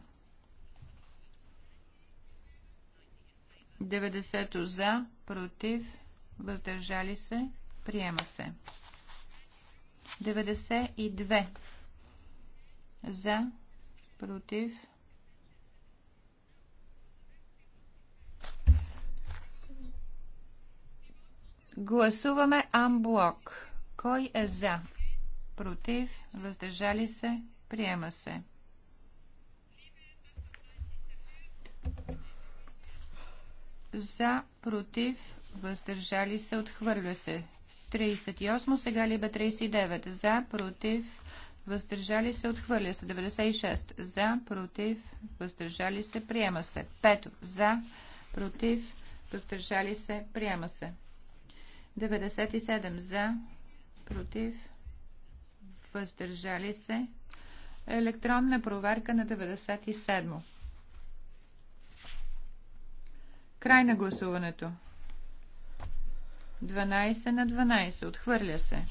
90 за. Против. Въздържали се. Приема се. 92 за, против, Гласуваме амблок. Кой е за? Против? Въздържали се? Приема се. За, против, въздържали се, отхвърля се. 38, сега либе 39? За, против, въздържали се, отхвърля се. 96 за, против, въздържали се, приема се. 5 за, против, въздържали се, приема се. 97 за, против, въздържали се. Електронна проверка на 97. Край на гласуването. 12 на 12. Отхвърля се.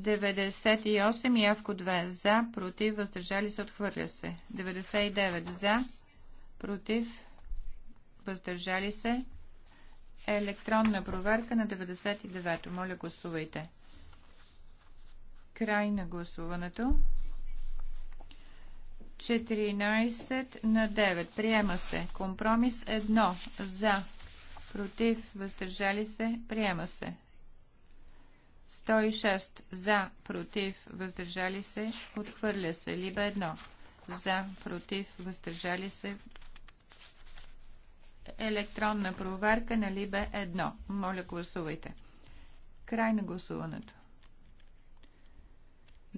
98 и Авко 2 е за, против, въздържали се, отхвърля се. 99 за, против, въздържали се. Електронна проверка на 99-то. Моля, гласувайте. Край на гласуването. 14 на 9. Приема се. Компромис 1. За. Против. Въздържали се. Приема се. 106 за, против, въздържали се, отхвърля се. Либо 1 за, против, въздържали се. Електронна проверка на Либе 1. Моля, гласувайте. Край на гласуването.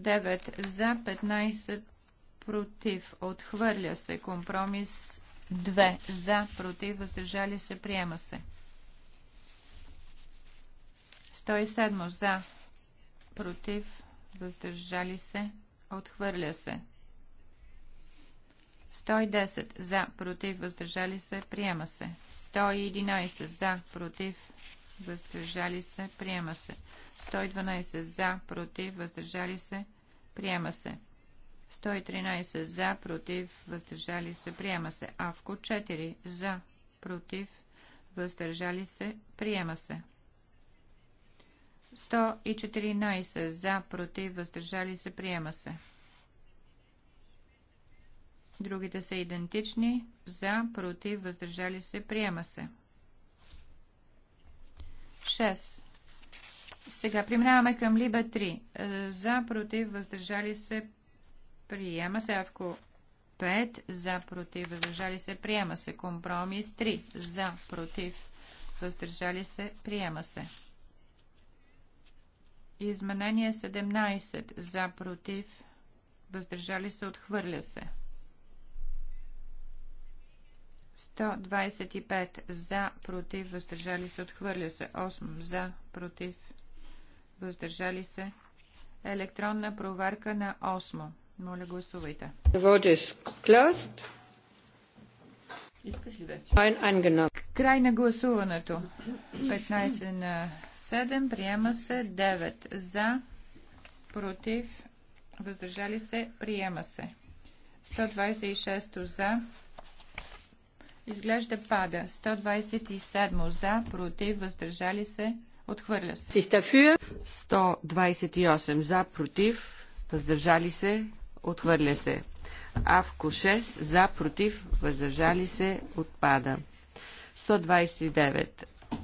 9 за, 15 против, отхвърля се. Компромис 2 за, против, въздържали се, приема се. 107 за, против, въздържали се, отхвърля се. 110 за, против, въздържали се, приема се. 111 за, против, въздържали се, приема се. 112 за, против, въздържали се, приема се. 113 за, против, въздържали се, приема се. Авко 4 за, против, въздържали се, приема се. 114 за, против, въздържали се, приема се. Другите са идентични. За, против, въздържали се, приема се. 6. Сега преминаваме към Либа 3. Е, за, против, въздържали се, приема се. Авко 5. За, против, въздържали се, приема се. Компромис 3. За, против, въздържали се, приема се. Изменение 17. За, против, въздържали се, отхвърля се. 125. За, против, въздържали се, отхвърля се. 8. За, против, въздържали се. Електронна проверка на 8. Моля, гласувайте. Искаш ли вече? Край на гласуването. 15 на 7. Приема се. 9. За. Против. Въздържали се. Приема се. 126 за. Изглежда пада. 127 за. Против. Въздържали се. Отхвърля се. 128 за. Против. Въздържали се. Отхвърля се. Авко 6 за. Против. Въздържали се. Отпада. 129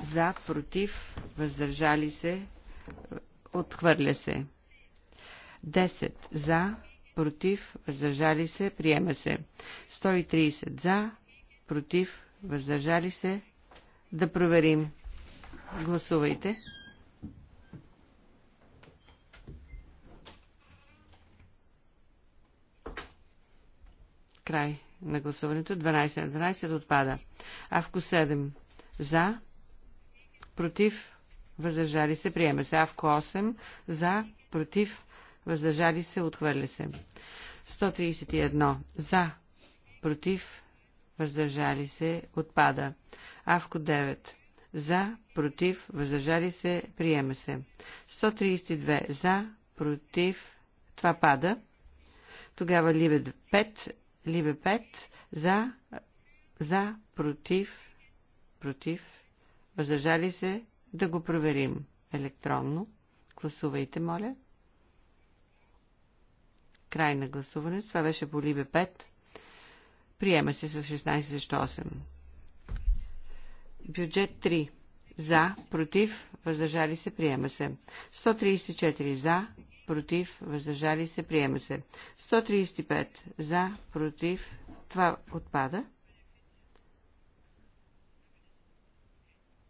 за, против, въздържали се, отхвърля се. 10 за, против, въздържали се, приема се. 130 за, против, въздържали се. Да проверим. Гласувайте. Край на гласуването. 12 на 12 отпада. Авко 7 за, против, въздържали се, приема се. Авко 8, за, против, въздържали се, отхвърля се. 131, за, против, въздържали се, отпада. Авко 9, за, против, въздържали се, приема се. 132, за, против, това пада. Тогава либе 5, либе 5, за, за, против, против, въздържали се, да го проверим електронно. Гласувайте, моля. Край на гласуването. Това беше по Либе 5. Приема се с 16 защо 8. Бюджет 3. За, против, въздържали се, приема се. 134 за, против, въздържали се, приема се. 135 за, против, това отпада.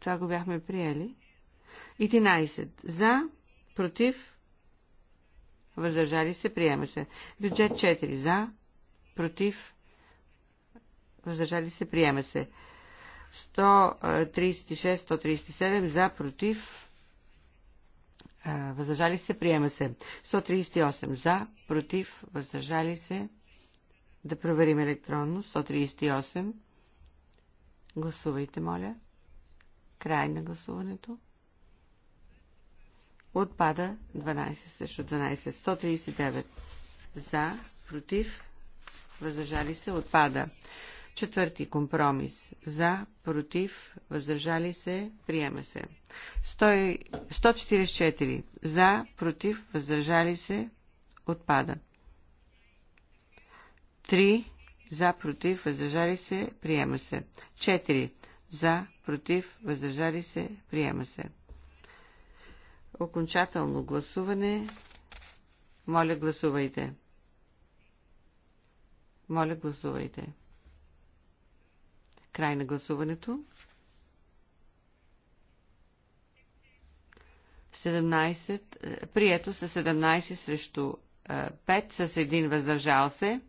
Това го бяхме приели. 11. За, против, въздържали се, приема се. Бюджет 4. За, против, въздържали се, приема се. 136-137 за, против, въздържали се, приема се. 138 за, против, въздържали се. Да проверим електронно. 138. Гласувайте, моля. Край на гласуването. Отпада 12 срещу 12. 139 за, против, въздържали се, отпада. Четвърти компромис. За, против, въздържали се, приема се. 100, 144. За, против, въздържали се, отпада. 3. За, против, въздържали се, приема се. 4 за, против, въздържали се, приема се. Окончателно гласуване. Моля, гласувайте. Моля, гласувайте. Край на гласуването. 17, е, прието с 17 срещу 5, е, с един въздържал се.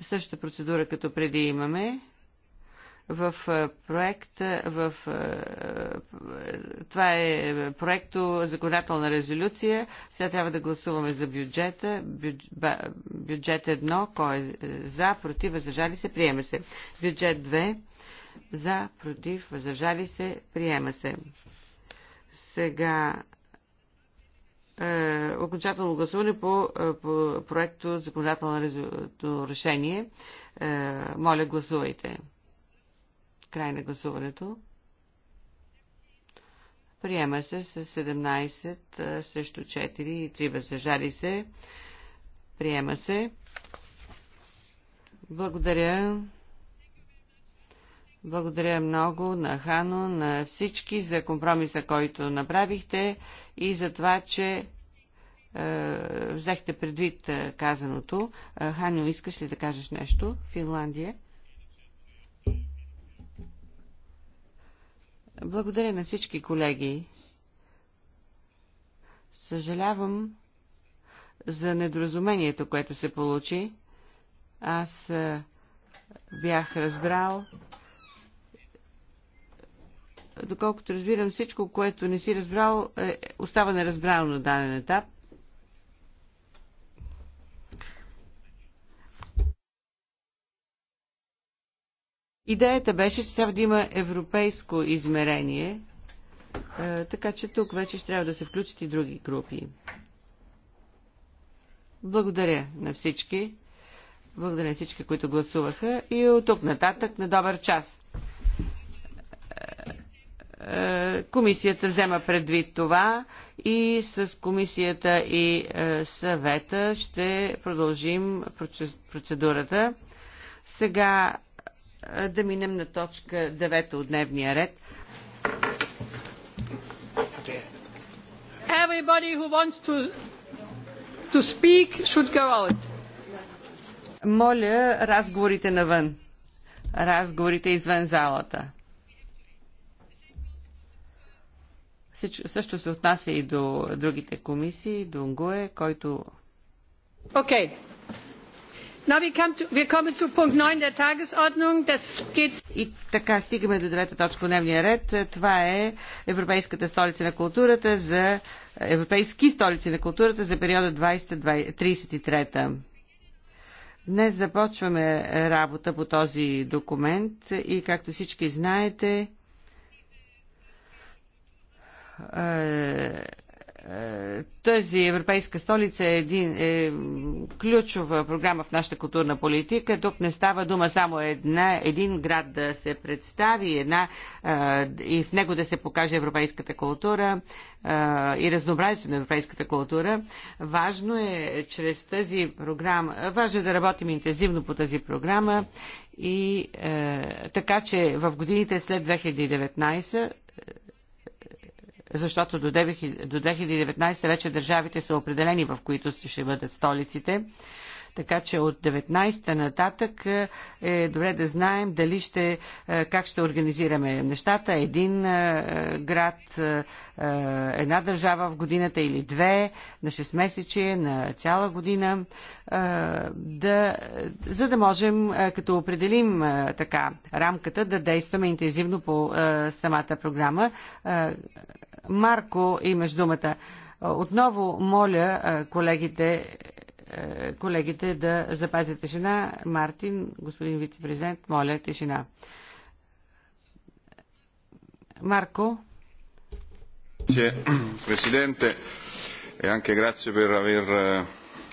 Същата процедура като преди имаме в е, проекта, в, е, е, това е проекто законодателна резолюция. Сега трябва да гласуваме за бюджета. бюджет 1, кой е за, против, въздържали се, приема се. Бюджет 2, за, против, въздържали се, приема се. Сега е, окончателно гласуване по, по проекто законодателно решение. Е, моля, гласувайте. Край на гласуването. Приема се с 17 срещу 4 и 3 въздържали се. Приема се. Благодаря. Благодаря много на Хано, на всички за компромиса, който направихте и за това, че е, взехте предвид казаното. Хано, искаш ли да кажеш нещо? Финландия. Благодаря на всички колеги. Съжалявам за недоразумението, което се получи. Аз бях разбрал. Доколкото разбирам, всичко, което не си разбрал, е, остава неразбрано на даден етап. Идеята беше, че трябва да има европейско измерение, е, така че тук вече ще трябва да се включат и други групи. Благодаря на всички. Благодаря на всички, които гласуваха. И от тук нататък на добър час. Е, е, комисията взема предвид това и с комисията и съвета ще продължим процедурата. Сега да минем на точка 9 от дневния ред. Everybody who wants to, to speak should go out. Моля разговорите навън. Разговорите извън залата. Също се отнася и до другите комисии, до НГУЕ, който... Окей. Okay. И така стигаме до девета точка по дневния ред. Това е Европейската столица на културата за Европейски столици на културата за периода 2033. Днес започваме работа по този документ и както всички знаете, е тази европейска столица е, един, е ключова програма в нашата културна политика. Тук не става дума само една, един град да се представи една, е, и в него да се покаже европейската култура е, и разнообразието на европейската култура. Важно е чрез тази програма, важно е да работим интензивно по тази програма и е, така, че в годините след 2019 защото до 2019 вече държавите са определени, в които ще бъдат столиците. Така че от 19-та нататък е, е добре да знаем дали ще, е, как ще организираме нещата. Един е, град, една държава в годината или две, на 6 месече, на цяла година, да, за да можем, като определим така рамката, да действаме интензивно по самата програма Марко, имаш думата. Отново моля колегите, колегите да запазят тишина. Мартин, господин вице-президент, моля тишина. Марко. e anche grazie per aver eh,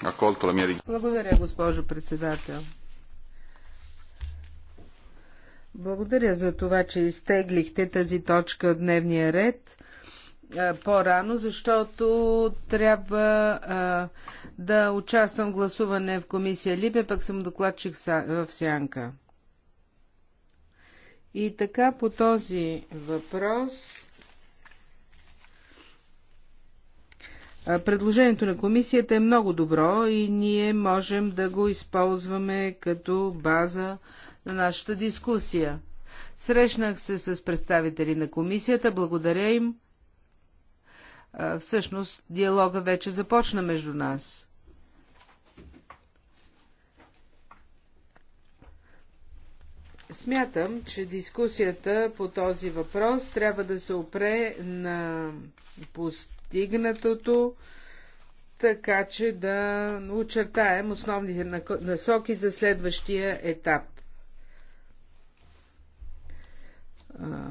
accolto la mia richiesta. Благодаря, госпожо председател. Благодаря за това, че изтеглихте тази точка от дневния ред. Е, по-рано, защото трябва а, е, да участвам в гласуване в комисия Либе, пък съм докладчик е, в Сянка. И така по този въпрос. Предложението на комисията е много добро и ние можем да го използваме като база на нашата дискусия. Срещнах се с представители на комисията, благодаря им Всъщност диалога вече започна между нас. Смятам, че дискусията по този въпрос трябва да се опре на постигнатото, така че да очертаем основните насоки за следващия етап.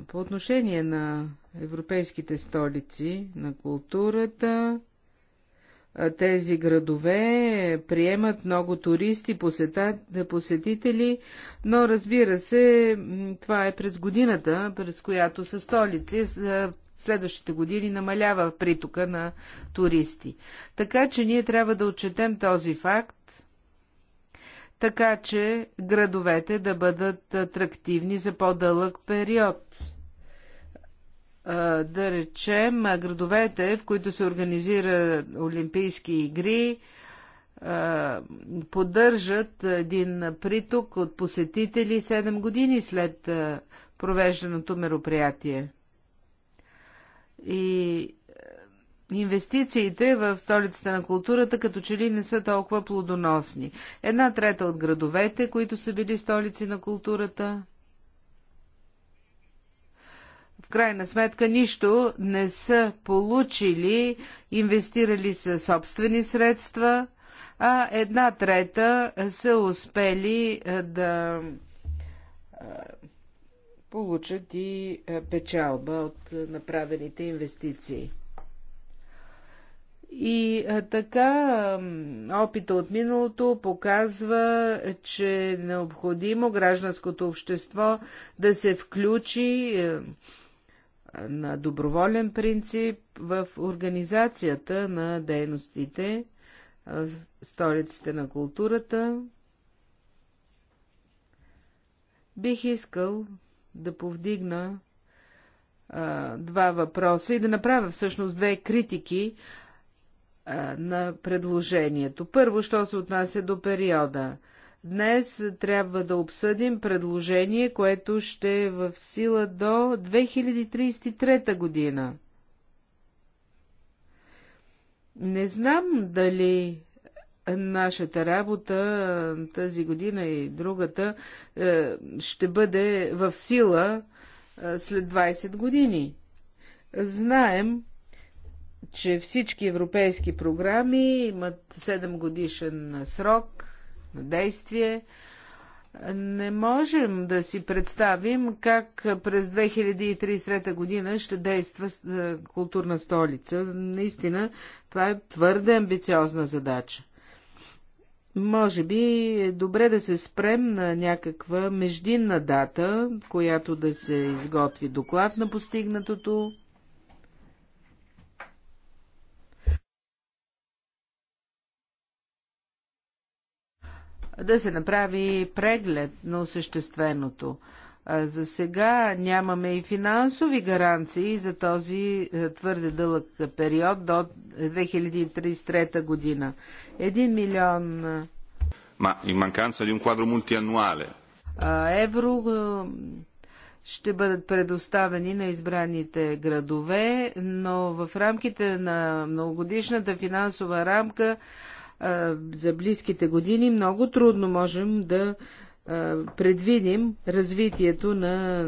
По отношение на европейските столици на културата, тези градове приемат много туристи, посета, посетители, но разбира се, това е през годината, през която са столици. Следващите години намалява притока на туристи. Така че ние трябва да отчетем този факт така че градовете да бъдат атрактивни за по-дълъг период. Да речем, градовете, в които се организира Олимпийски игри, поддържат един приток от посетители 7 години след провежданото мероприятие. И Инвестициите в столицата на културата като че ли не са толкова плодоносни. Една трета от градовете, които са били столици на културата, в крайна сметка нищо не са получили, инвестирали са собствени средства, а една трета са успели да получат и печалба от направените инвестиции. И така опита от миналото показва, че е необходимо гражданското общество да се включи е, на доброволен принцип в организацията на дейностите в столиците на културата. Бих искал да повдигна а, два въпроса и да направя всъщност две критики на предложението. Първо, що се отнася до периода. Днес трябва да обсъдим предложение, което ще е в сила до 2033 година. Не знам дали нашата работа тази година и другата е, ще бъде в сила е, след 20 години. Знаем, че всички европейски програми имат 7 годишен срок на действие. Не можем да си представим как през 2033 година ще действа е, културна столица. Наистина, това е твърде амбициозна задача. Може би е добре да се спрем на някаква междинна дата, която да се изготви доклад на постигнатото, да се направи преглед на осъщественото. За сега нямаме и финансови гаранции за този е, твърде дълъг период до 2033 година. Един милион Ma е, in mancanza di un quadro multiannuale. Евро е, ще бъдат предоставени на избраните градове, но в рамките на многогодишната финансова рамка за близките години много трудно можем да предвидим развитието на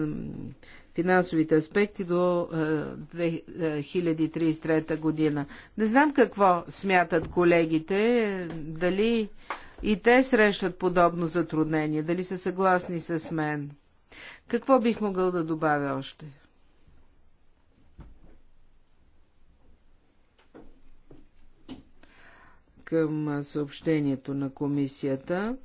финансовите аспекти до 2033 година. Не знам какво смятат колегите, дали и те срещат подобно затруднение, дали са съгласни с мен. Какво бих могъл да добавя още? към съобщението на комисията.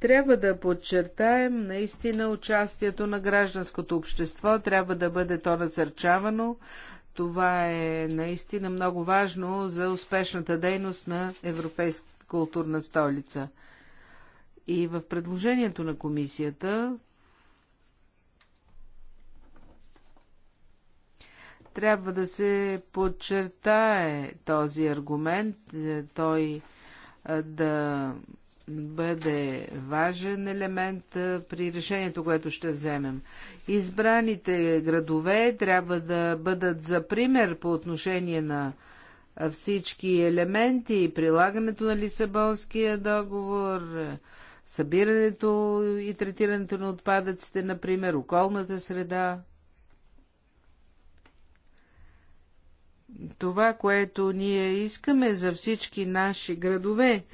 Трябва да подчертаем наистина участието на гражданското общество, трябва да бъде то насърчавано. Това е наистина много важно за успешната дейност на Европейска културна столица. И в предложението на комисията Трябва да се подчертае този аргумент, е, той е, да бъде важен елемент е, при решението, което ще вземем. Избраните градове трябва да бъдат за пример по отношение на всички елементи, прилагането на Лисабонския договор, събирането и третирането на отпадъците, например, околната среда, това, което ние искаме за всички наши градове.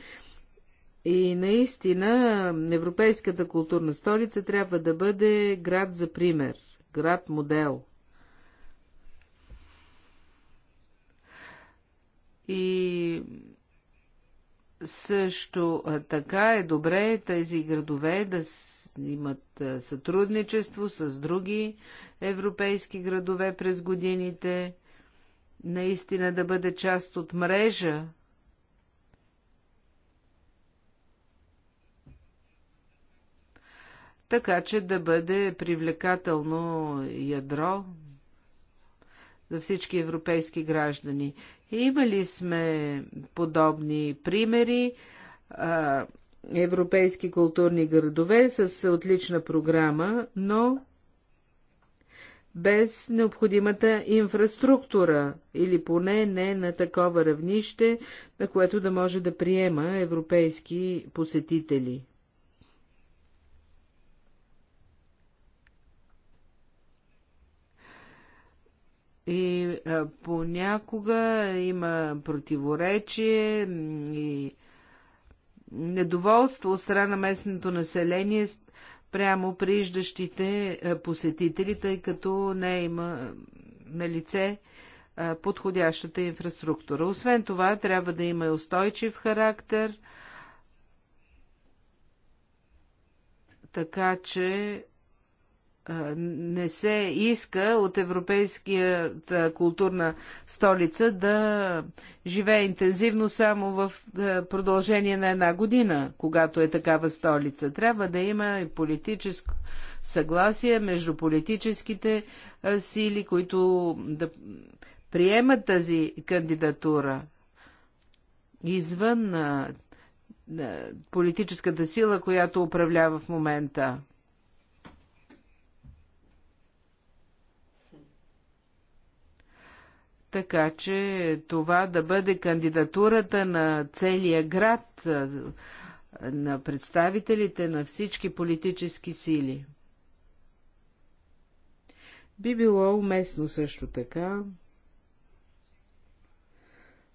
И наистина Европейската културна столица трябва да бъде град за пример, град модел. И също така е добре тези градове да имат сътрудничество с други европейски градове през годините наистина да бъде част от мрежа, така че да бъде привлекателно ядро за всички европейски граждани. Имали сме подобни примери. Европейски културни градове с отлична програма, но без необходимата инфраструктура или поне не на такова равнище, на което да може да приема европейски посетители. И а, понякога има противоречие и недоволство от страна местното население Прямо приждащите е, посетители, тъй като не има е, на лице е, подходящата инфраструктура. Освен това, трябва да има и устойчив характер, така че не се иска от европейската културна столица да живее интензивно само в продължение на една година, когато е такава столица. Трябва да има и политическо съгласие между политическите сили, които да приемат тази кандидатура. Извън политическата сила, която управлява в момента. така че това да бъде кандидатурата на целия град, на представителите на всички политически сили. Би било уместно също така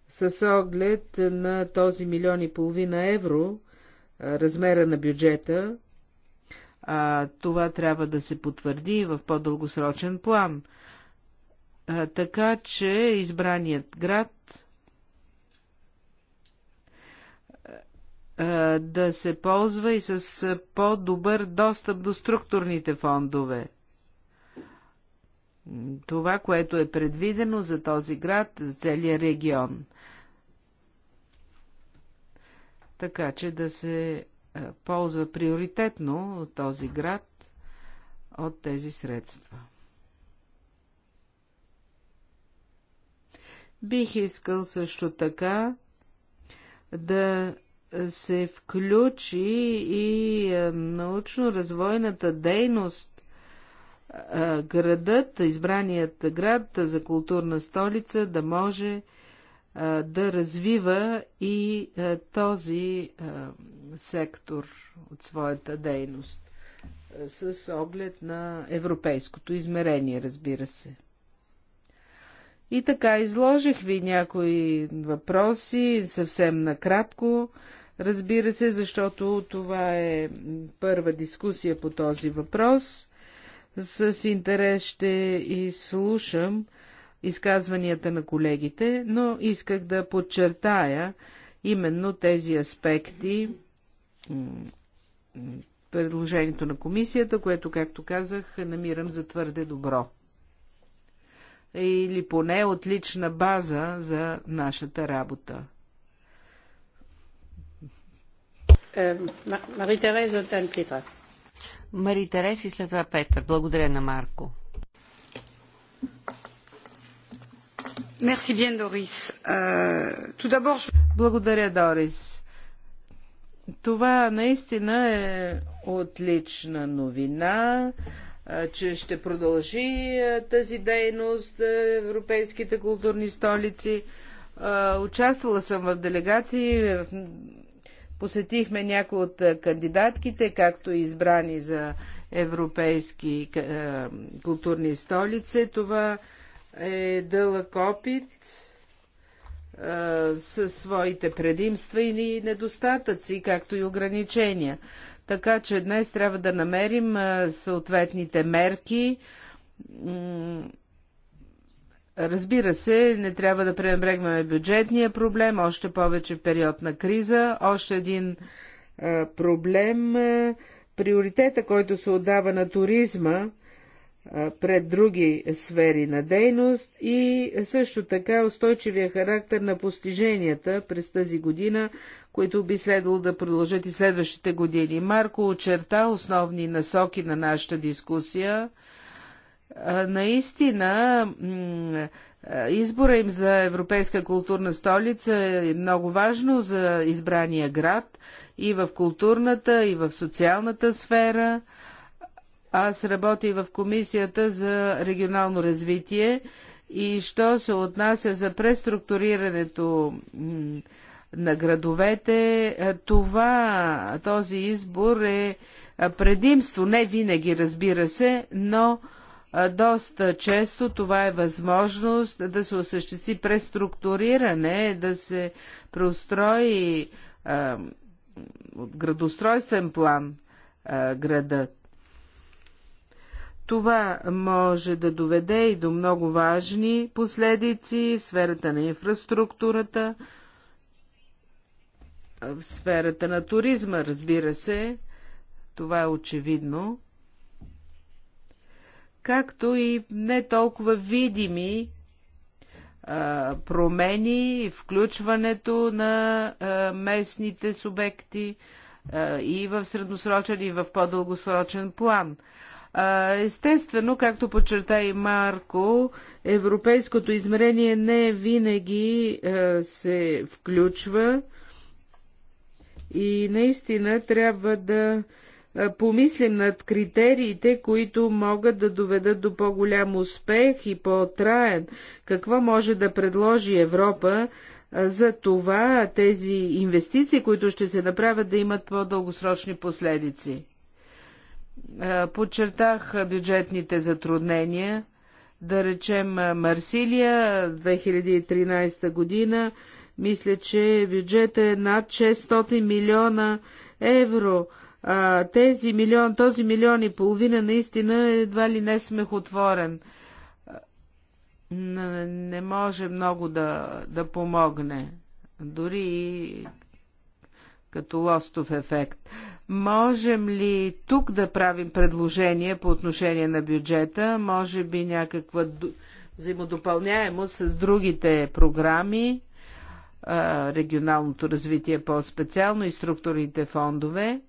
с оглед на този милион и половина евро, размера на бюджета, а това трябва да се потвърди в по-дългосрочен план – а, така че избраният град а, да се ползва и с по-добър достъп до структурните фондове. Това, което е предвидено за този град, за целият регион. Така че да се ползва приоритетно този град от тези средства. Бих искал също така да се включи и е, научно-развойната дейност. Е, градът, избраният град за културна столица да може е, да развива и този сектор от своята дейност с оглед на европейското измерение, разбира се. И така изложих ви някои въпроси, съвсем накратко, разбира се, защото това е първа дискусия по този въпрос. С интерес ще изслушам изказванията на колегите, но исках да подчертая именно тези аспекти предложението на комисията, което, както казах, намирам за твърде добро или поне отлична база за нашата работа. Е, Мари-Терез от Петра. Мари-Терез и след това Петър. Благодаря на Марко. Е, Благодаря, Дорис. Това наистина е отлична новина че ще продължи тази дейност европейските културни столици. Участвала съм в делегации, посетихме някои от кандидатките, както и избрани за европейски културни столици. Това е дълъг опит със своите предимства и недостатъци, както и ограничения. Така че днес трябва да намерим съответните мерки. Разбира се, не трябва да пренебрегваме бюджетния проблем, още повече в период на криза. Още един проблем приоритета, който се отдава на туризма пред други сфери на дейност и също така устойчивия характер на постиженията през тази година, които би следвало да продължат и следващите години. Марко очерта основни насоки на нашата дискусия. Наистина, избора им за Европейска културна столица е много важно за избрания град и в културната, и в социалната сфера – аз работя в Комисията за регионално развитие и що се отнася за преструктурирането на градовете, е, това, този избор е, е предимство, не винаги, разбира се, но е, доста често това е възможност да се осъществи преструктуриране, да се преустрои градостройствен план градът. Това може да доведе и до много важни последици в сферата на инфраструктурата, в сферата на туризма, разбира се, това е очевидно, както и не толкова видими а, промени, включването на а, местните субекти а, и в средносрочен, и в по-дългосрочен план. А, Естествено, както подчерта и Марко, европейското измерение не винаги се включва и наистина трябва да помислим над критериите, които могат да доведат до по-голям успех и по-траен. Какво може да предложи Европа за това тези инвестиции, които ще се направят, да имат по-дългосрочни последици? Е, подчертах бюджетните затруднения, да речем е, Марсилия 2013 година. Мисля, че бюджетът е над 600 милиона евро. А, тези милион, този милион и половина наистина едва ли не смехотворен. Е, не може много да, да помогне. Дори и като лостов ефект. Можем ли тук да правим предложение по отношение на бюджета? Може би някаква взаимодопълняемост с другите програми, регионалното развитие по-специално и структурните фондове.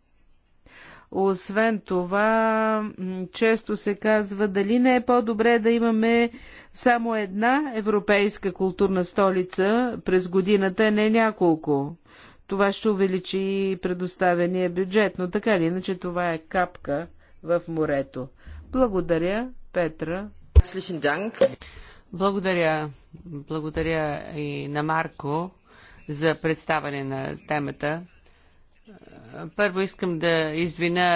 Освен това, често се казва дали не е по-добре да имаме само една европейска културна столица през годината, не няколко това ще увеличи предоставения бюджет, но така ли иначе това е капка в морето. Благодаря, Петра. Благодаря, благодаря и на Марко за представане на темата. Първо искам да извина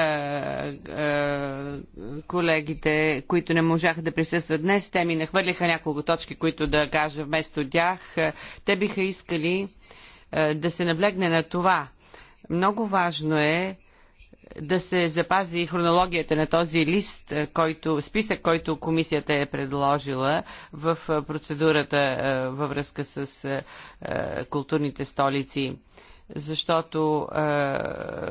колегите, които не можаха да присъстват днес. Те ми нахвърлиха няколко точки, които да кажа вместо тях. Те биха искали е, да се наблегне на това. Много важно е да се запази хронологията на този лист, е, който, списък, който комисията е предложила в е, процедурата във връзка с културните столици защото е,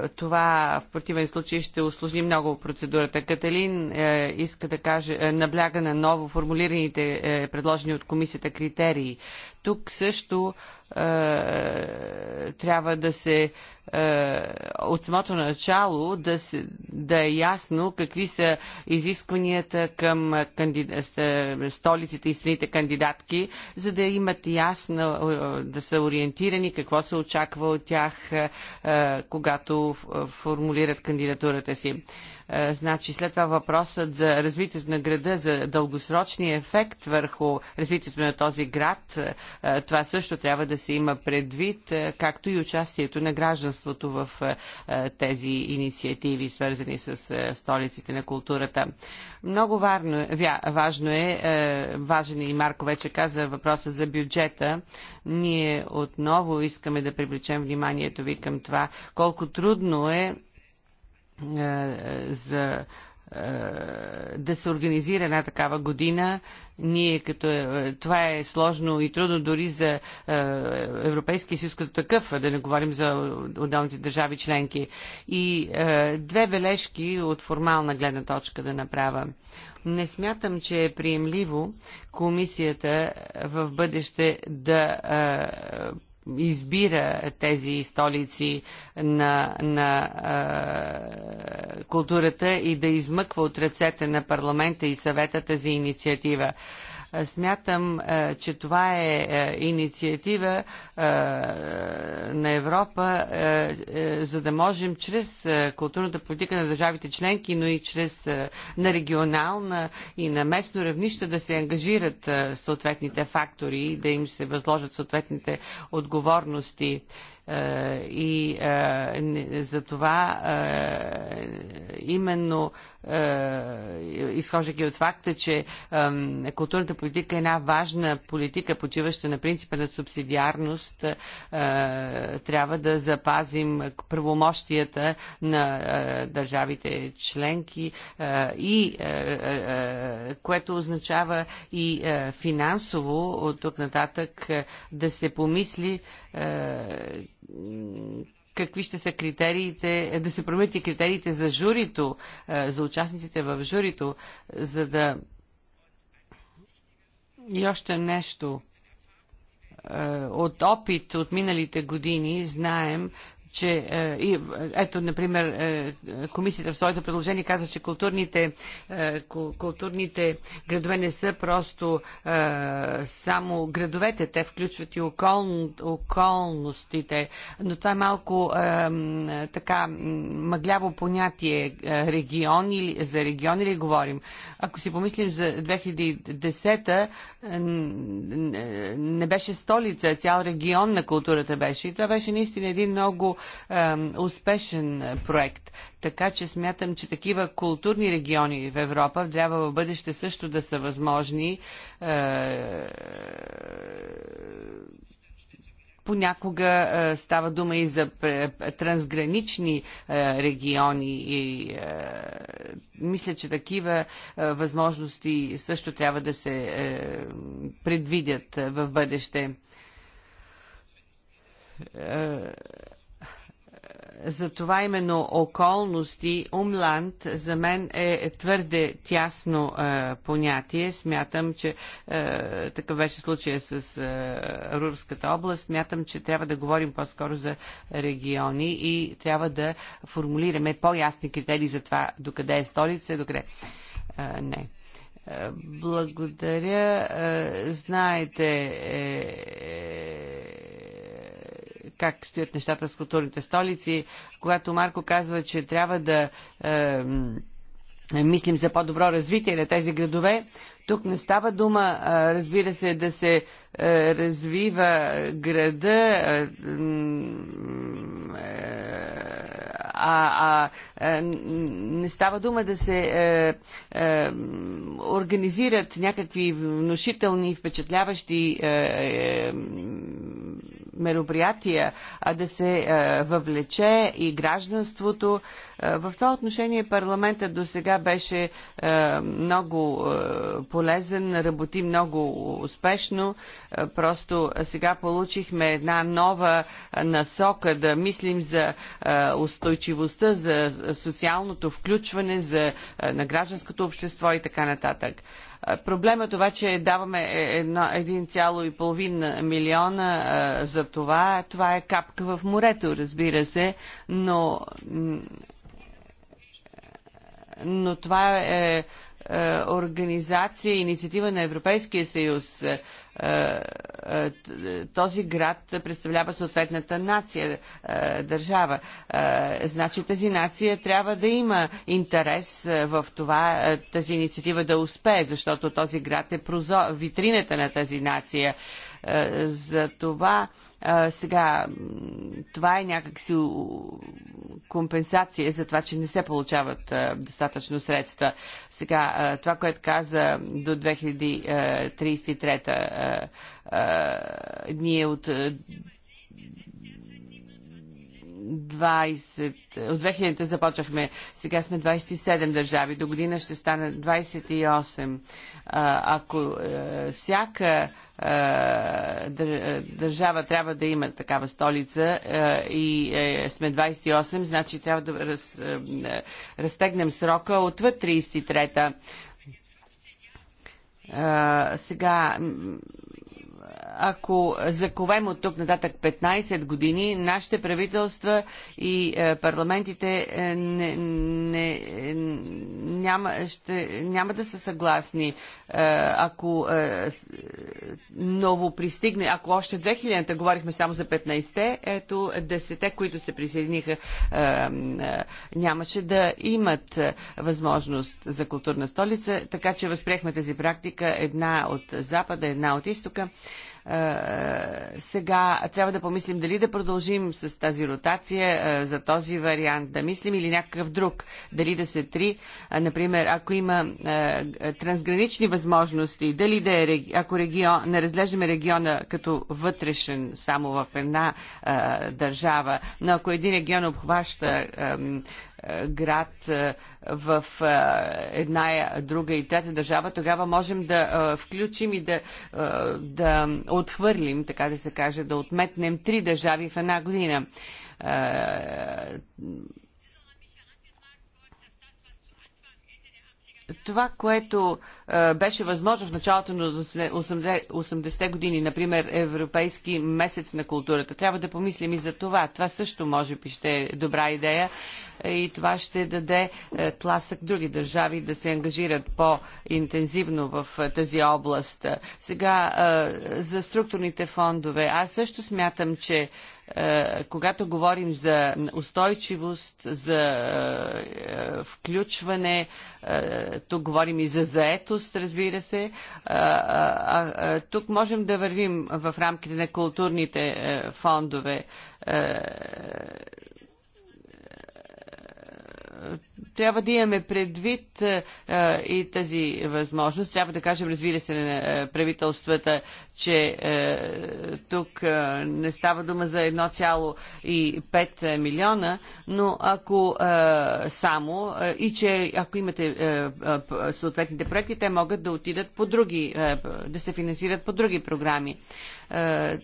това в противен случай ще усложни много процедурата. Каталин е, иска да каже, е, набляга на ново формулираните, е, предложени от комисията критерии. Тук също е, трябва да се е, от самото начало да, се, да е ясно какви са изискванията към кандида, е, столиците и страните кандидатки, за да имат ясно, да са ориентирани какво се очаква от тях, когато формулират кандидатурата си. Е, значи след това въпросът за развитието на града, за дългосрочния ефект върху развитието на този град, е, това също трябва да се има предвид, е, както и участието на гражданството в тези инициативи, свързани с столиците на културата. Много важно, важно е, важен и Марко вече каза въпроса за бюджета. Ние отново искаме да привлечем вниманието ви към това, колко трудно е е, за е, да се организира една такава година. Ние като е, това е сложно и трудно дори за Европейския съюз като такъв, да не говорим за отделните държави членки. И две бележки от формална гледна точка да направя. Не смятам, че е приемливо комисията в бъдеще да избира тези столици на, на е, културата и да измъква от ръцете на парламента и съвета тази инициатива. Смятам, е, че това е, е инициатива е, на Европа, за да можем чрез културната политика на държавите членки, но и чрез на регионална и на местно равнище да се ангажират съответните фактори и да им се възложат съответните отговорности и за това именно е, изхождайки от факта, че културната политика е една важна политика, почиваща на принципа на субсидиарност, е, трябва да запазим правомощията на е, държавите членки и което означава и финансово от тук нататък да се помисли какви ще са критериите, да се променят и критериите за журито, е, за участниците в журито, за да. И още нещо. Е, от опит от миналите години знаем, че е, ето, например, е, комисията в своето предложение каза, че културните, е, културните градове не са просто само градовете, те включват и окол, околностите, но това е малко така мъгляво понятие регион или за регион или говорим. Ако си помислим за 2010-та, не беше столица, цял регион на културата беше и това беше наистина един много успешен проект. Така че смятам, че такива културни региони в Европа трябва в бъдеще също да са възможни. Е, понякога е, става дума и за трансгранични е, региони и мисля, че такива възможности също трябва да се предвидят в бъдеще за това именно околности, умланд, за мен е твърде тясно е, понятие. Смятам, че е, такъв беше случая с е, Рурската област. Смятам, че трябва да говорим по-скоро за региони и трябва да формулираме по-ясни критерии за това докъде е столица докъде е, не. Е, благодаря. Е, знаете, е, е, как стоят нещата с културните столици. Когато Марко казва, че трябва да е, мислим за по-добро развитие на тези градове, тук не става дума, разбира се, да се е, развива града, е, е, а, а не става дума да се е, е, организират някакви внушителни, впечатляващи е, мероприятия, а да се е, въвлече и гражданството. Е, в това отношение парламентът до сега беше е, много полезен, работи много успешно. Просто сега получихме една нова насока да мислим за устойчивостта, за социалното включване, за, на гражданското общество и така нататък. Проблемът е това, че даваме 1,5 е, милиона за това, това е капка в морето, разбира се, но, но това е, е организация, инициатива на Европейския съюз този град представлява съответната нация, е, държава. Е, значи тази нация трябва да има интерес е, в това тази инициатива да успее, защото този град е прозор, витрината на тази нация. Е, за това е, сега това е някакси компенсация за това, че не се получават е, достатъчно средства. Сега това, което каза до 2033 ние от 20, от 2000 започнахме, сега сме 27 държави, до година ще стане 28. Ако е, всяка е, е, държава трябва да има такава столица и сме 28, значи трябва да раз, разтегнем срока отвъд 33-та. Сега ако заковем от тук нататък 15 години, нашите правителства и е, парламентите е, не, не, няма, ще, няма да са съгласни, е, ако ново пристигне, ако още 2000-та говорихме само за 15-те, ето 10-те, които се присъединиха, нямаше да имат възможност за културна столица, така че възприехме тази практика една от Запада, една от Изтока. Е, сега трябва да помислим дали да продължим с тази ротация, е, за този вариант да мислим или някакъв друг. Дали да се три, е, например, ако има трансгранични възможности, дали да е, ако регион, не разглеждаме региона като вътрешен само в една държава, но ако един регион обхваща град е, в е, една, друга и трета държава, тогава можем да е, включим и да, да отхвърлим, така да се каже, да отметнем три държави в една година това, което а, е, беше възможно в началото на 80-те години, например Европейски месец на културата, трябва да помислим и за това. Това също може би ще е добра идея е, и това ще даде а, е, тласък други държави да се ангажират по-интензивно в а, тази област. Сега за структурните фондове. Аз също смятам, че е, когато говорим за устойчивост, за е, включване, е, тук говорим и за заетост, разбира се, тук можем да вървим в рамките на културните фондове трябва да имаме предвид е, е, и тази възможност. Трябва да кажем, разбира се, на е, правителствата, че тук не става дума за 1,5 милиона, но ако само и че ако имате съответните проекти, те могат да отидат по други, да се финансират по други програми. Е,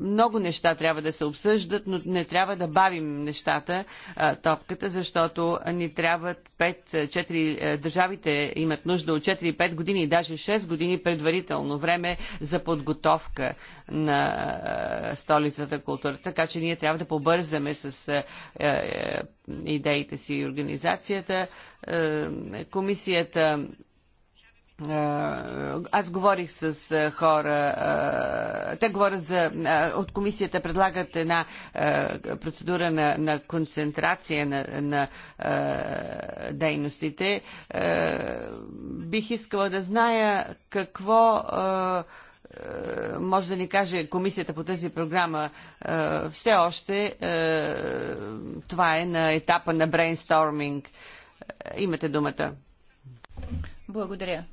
много неща трябва да се обсъждат, но не трябва да бавим нещата, е, топката, защото ни трябват 5-4 е, държавите имат нужда от 4-5 години и даже 6 години предварително време за подготовка на столицата култура. Така че ние трябва да побързаме с идеите си и организацията. Комисията аз говорих с хора, те говорят за, от комисията предлагат една процедура на, на концентрация на, на дейностите. Бих искала да зная какво може да ни каже комисията по тази програма все още това е на етапа на брейнсторминг. Имате думата. Благодаря.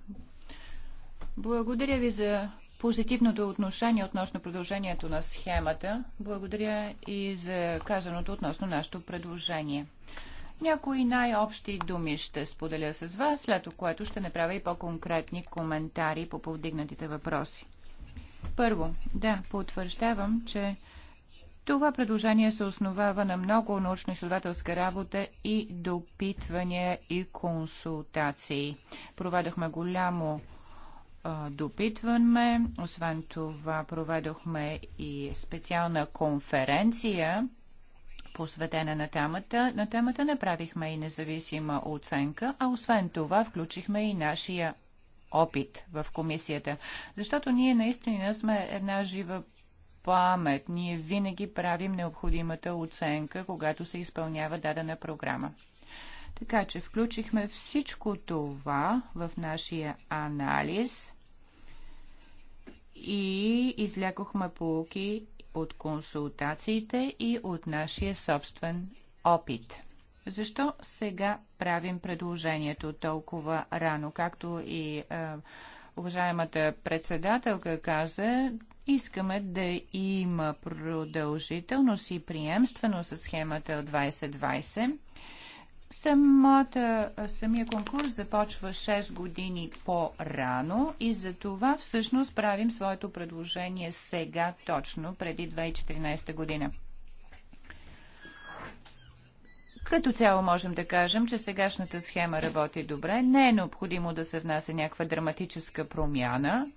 Благодаря ви за позитивното отношение относно продължението на схемата. Благодаря и за казаното относно нашето предложение. Някои най-общи думи ще споделя с вас, след което ще направя и по-конкретни коментари по повдигнатите въпроси. Първо, да, потвърждавам, че това предложение се основава на много научно-изследователска работа и допитвания и консултации. Проведохме голямо допитване, Освен това, проведохме и специална конференция, посветена на темата. На темата направихме и независима оценка, а освен това, включихме и нашия опит в комисията. Защото ние наистина сме една жива памет. Ние винаги правим необходимата оценка, когато се изпълнява дадена програма. Така че включихме всичко това в нашия анализ и излякохме полуки от консултациите и от нашия собствен опит. Защо сега правим предложението толкова рано? Както и е, уважаемата председателка каза, Искаме да има продължителност и приемствено с схемата от 2020. Самата, самия конкурс започва 6 години по-рано и за това всъщност правим своето предложение сега, точно преди 2014 година. Като цяло можем да кажем, че сегашната схема работи добре. Не е необходимо да се внася някаква драматическа промяна.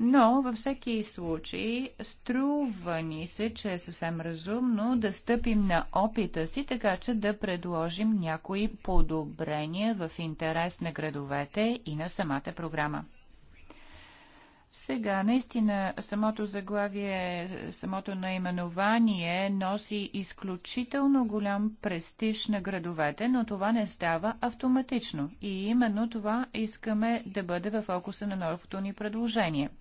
Но във всеки случай струва ни се, че е съвсем разумно да стъпим на опита си, така че да предложим някои подобрения в интерес на градовете и на самата програма. Сега, наистина, самото заглавие, самото наименование носи изключително голям престиж на градовете, но това не става автоматично. И именно това искаме да бъде в фокуса на новото ни предложение –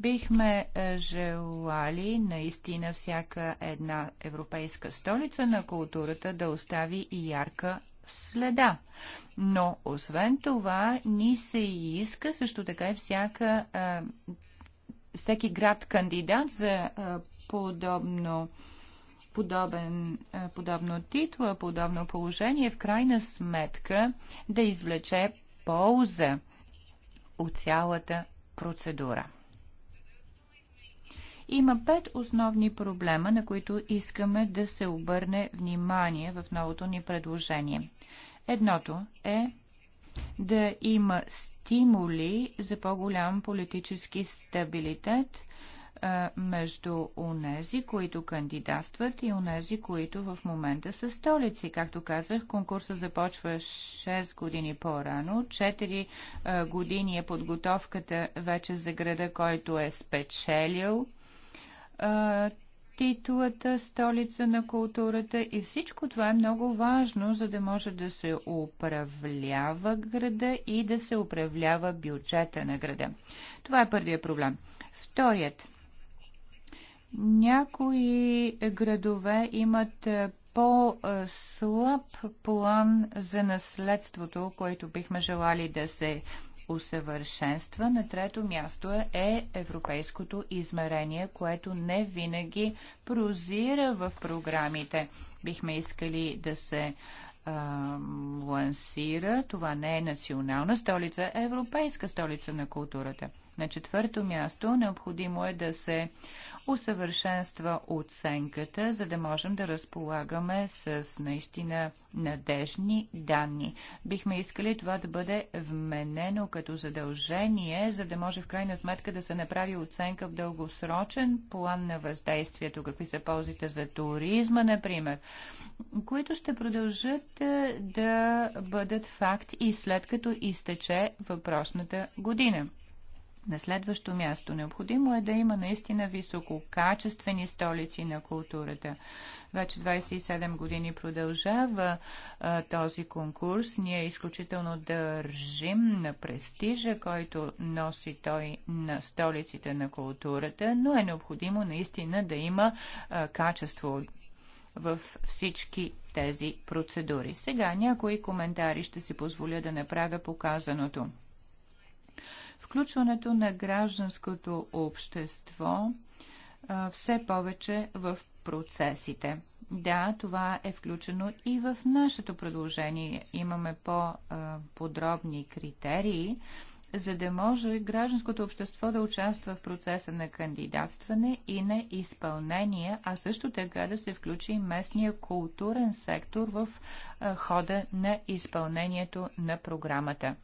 Бихме е, желали наистина всяка една европейска столица на културата да остави и ярка следа. Но освен това, ни се иска също така и всяка, е, всеки град кандидат за е, подобно подобен, подобно титла, подобно положение, в крайна сметка да извлече полза от цялата процедура. Има пет основни проблема, на които искаме да се обърне внимание в новото ни предложение. Едното е да има стимули за по-голям политически стабилитет между унези, които кандидатстват и унези, които в момента са столици. Както казах, конкурсът започва 6 години по-рано. 4 години е подготовката вече за града, който е спечелил титулата столица на културата и всичко това е много важно, за да може да се управлява града и да се управлява бюджета на града. Това е първият проблем. Вторият. Някои градове имат по-слаб план за наследството, което бихме желали да се усъвършенства. На трето място е, е европейското измерение, което не винаги прозира в програмите. Бихме искали да се а, лансира. Това не е национална столица, а европейска столица на културата. На четвърто място необходимо е да се усъвършенства оценката, за да можем да разполагаме с наистина надежни данни. Бихме искали това да бъде вменено като задължение, за да може в крайна сметка да се направи оценка в дългосрочен план на въздействието, какви са ползите за туризма, например, които ще продължат е, да бъдат факт и след като изтече въпросната година. На следващо място, необходимо е да има наистина висококачествени столици на културата. Вече 27 години продължава а, този конкурс. Ние изключително държим на престижа, който носи той на столиците на културата, но е необходимо наистина да има а, качество в всички тези процедури. Сега някои коментари ще си позволя да направя показаното включването на гражданското общество а, все повече в процесите. Да, това е включено и в нашето предложение. Имаме по-подробни критерии, за да може гражданското общество да участва в процеса на кандидатстване и на изпълнение, а също така да се включи и местния културен сектор в хода на изпълнението на програмата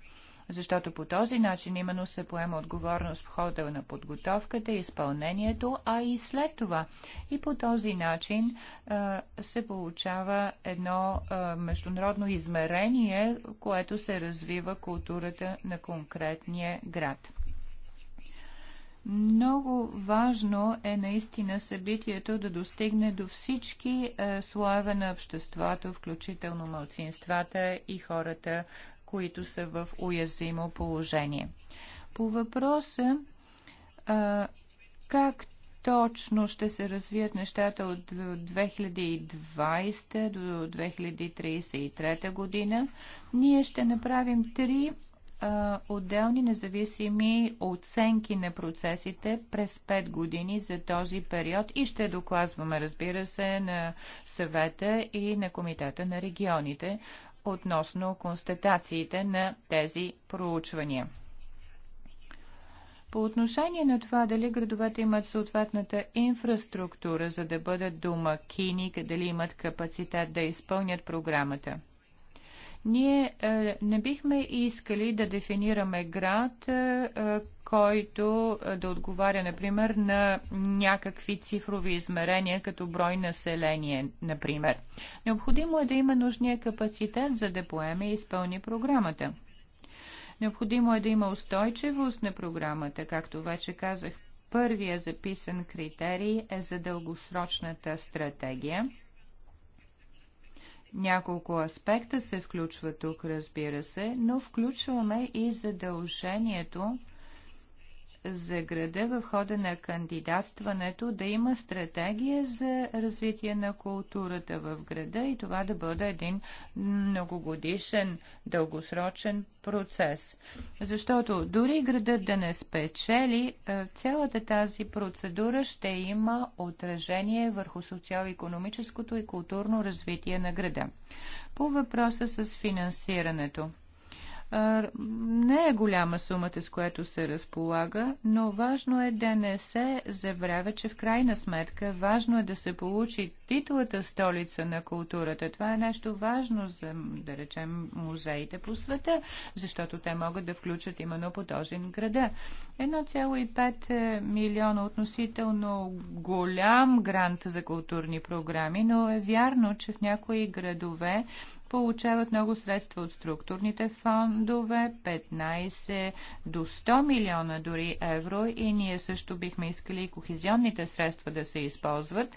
защото по този начин именно се поема отговорност в хода на подготовката, изпълнението, а и след това. И по този начин а, се получава едно а, международно измерение, което се развива културата на конкретния град. Много важно е наистина събитието да достигне до всички е, слоеве на обществото, включително мълцинствата и хората които са в уязвимо положение. По въпроса а, как точно ще се развият нещата от 2020 до 2033 година, ние ще направим три а, отделни независими оценки на процесите през 5 години за този период и ще докладваме, разбира се, на съвета и на комитета на регионите относно констатациите на тези проучвания. По отношение на това дали градовете имат съответната инфраструктура, за да бъдат домакини, дали имат капацитет да изпълнят програмата. Ние е, не бихме искали да дефинираме град, е, е, който да отговаря, например, на някакви цифрови измерения, като брой население, например. Необходимо е да има нужния капацитет, за да поеме и изпълни програмата. Необходимо е да има устойчивост на програмата, както вече казах. Първия записан критерий е за дългосрочната стратегия – няколко аспекта се включва тук, разбира се, но включваме и задължението за града в хода на кандидатстването да има стратегия за развитие на културата в града и това да бъде един многогодишен, дългосрочен процес. Защото дори градът да не спечели, цялата тази процедура ще има отражение върху социал-економическото и културно развитие на града. По въпроса с финансирането. Не е голяма сумата, с което се разполага, но важно е да не се забравя, че в крайна сметка важно е да се получи титлата столица на културата. Това е нещо важно за, да речем, музеите по света, защото те могат да включат именно подожен града. 1,5 е, милиона относително голям грант за културни програми, но е вярно, че в някои градове получават много средства от структурните фондове, 15 до 100 милиона дори евро и ние също бихме искали и кохезионните средства да се използват.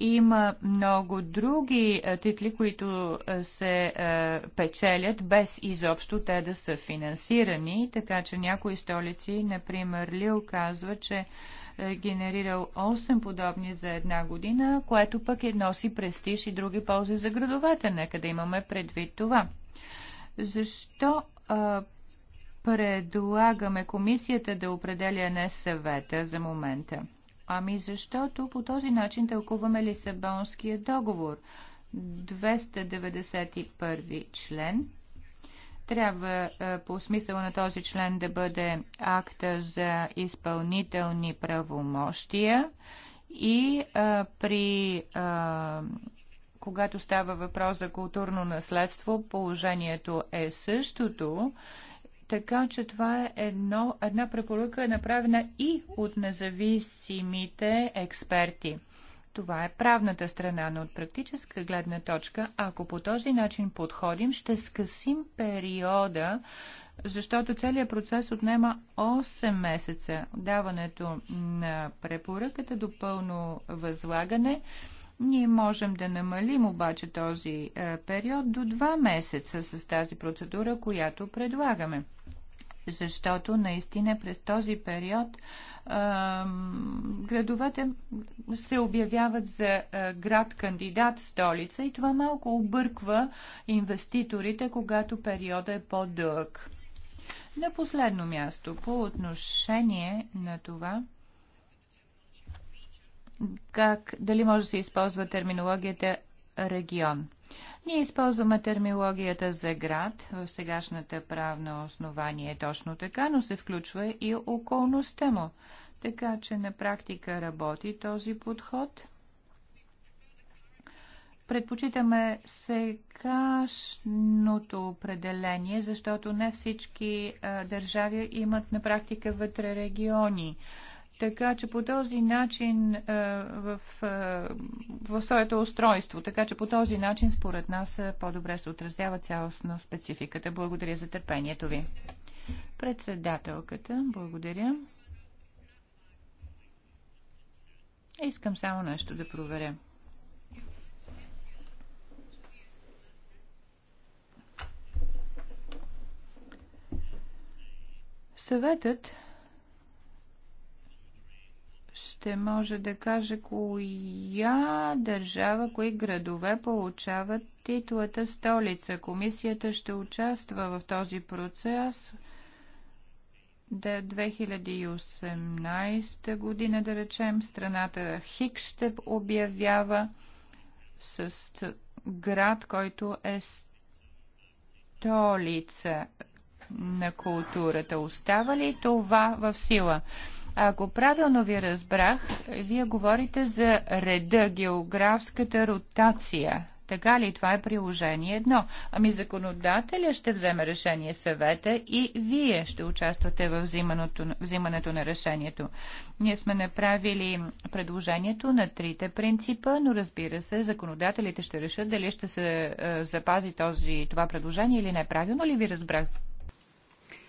има много други е, титли, които е, се е, печелят без изобщо те да са финансирани, така че някои столици, например Лил, казва, че е генерирал 8 подобни за една година, което пък е носи престиж и други ползи за градовете. Нека да имаме предвид това. Защо а, предлагаме комисията да определя не съвета за момента? Ами защото по този начин тълкуваме Лисабонския договор. 291 член трябва е, по смисъла на този член да бъде акта за изпълнителни правомощия и а, е, при а, е, когато става въпрос за културно наследство, положението е същото. Така че това е едно, една препоръка, направена и от независимите експерти. Това е правната страна, но от практическа гледна точка, ако по този начин подходим, ще скъсим периода, защото целият процес отнема 8 месеца. Даването на препоръката до пълно възлагане. Ние можем да намалим обаче този е, период до 2 месеца с тази процедура, която предлагаме. Защото наистина през този период градовете се обявяват за град кандидат столица и това малко обърква инвеститорите, когато периода е по-дълъг. На последно място, по отношение на това, как, дали може да се използва терминологията регион. Ние използваме терминологията за град в сегашната правна основание е точно така, но се включва и околността му. Така че на практика работи този подход. Предпочитаме сегашното определение, защото не всички а, държави имат на практика вътре региони така че по този начин е, в, е, в своето устройство, така че по този начин според нас е, по-добре се отразява цялостно спецификата. Благодаря за търпението ви. Председателката, благодаря. Искам само нещо да проверя. Съветът ще може да каже коя държава, кои градове получават титлата столица. Комисията ще участва в този процес да 2018 година, да речем, страната Хик ще обявява с град, който е столица на културата. Остава ли това в сила? Ако правилно ви разбрах, вие говорите за реда, географската ротация. Така ли? Това е приложение едно. Ами законодателя ще вземе решение съвета и вие ще участвате в взимането, взимането на решението. Ние сме направили предложението на трите принципа, но разбира се, законодателите ще решат дали ще се е, запази този, това предложение или не. Правилно ли ви разбрах?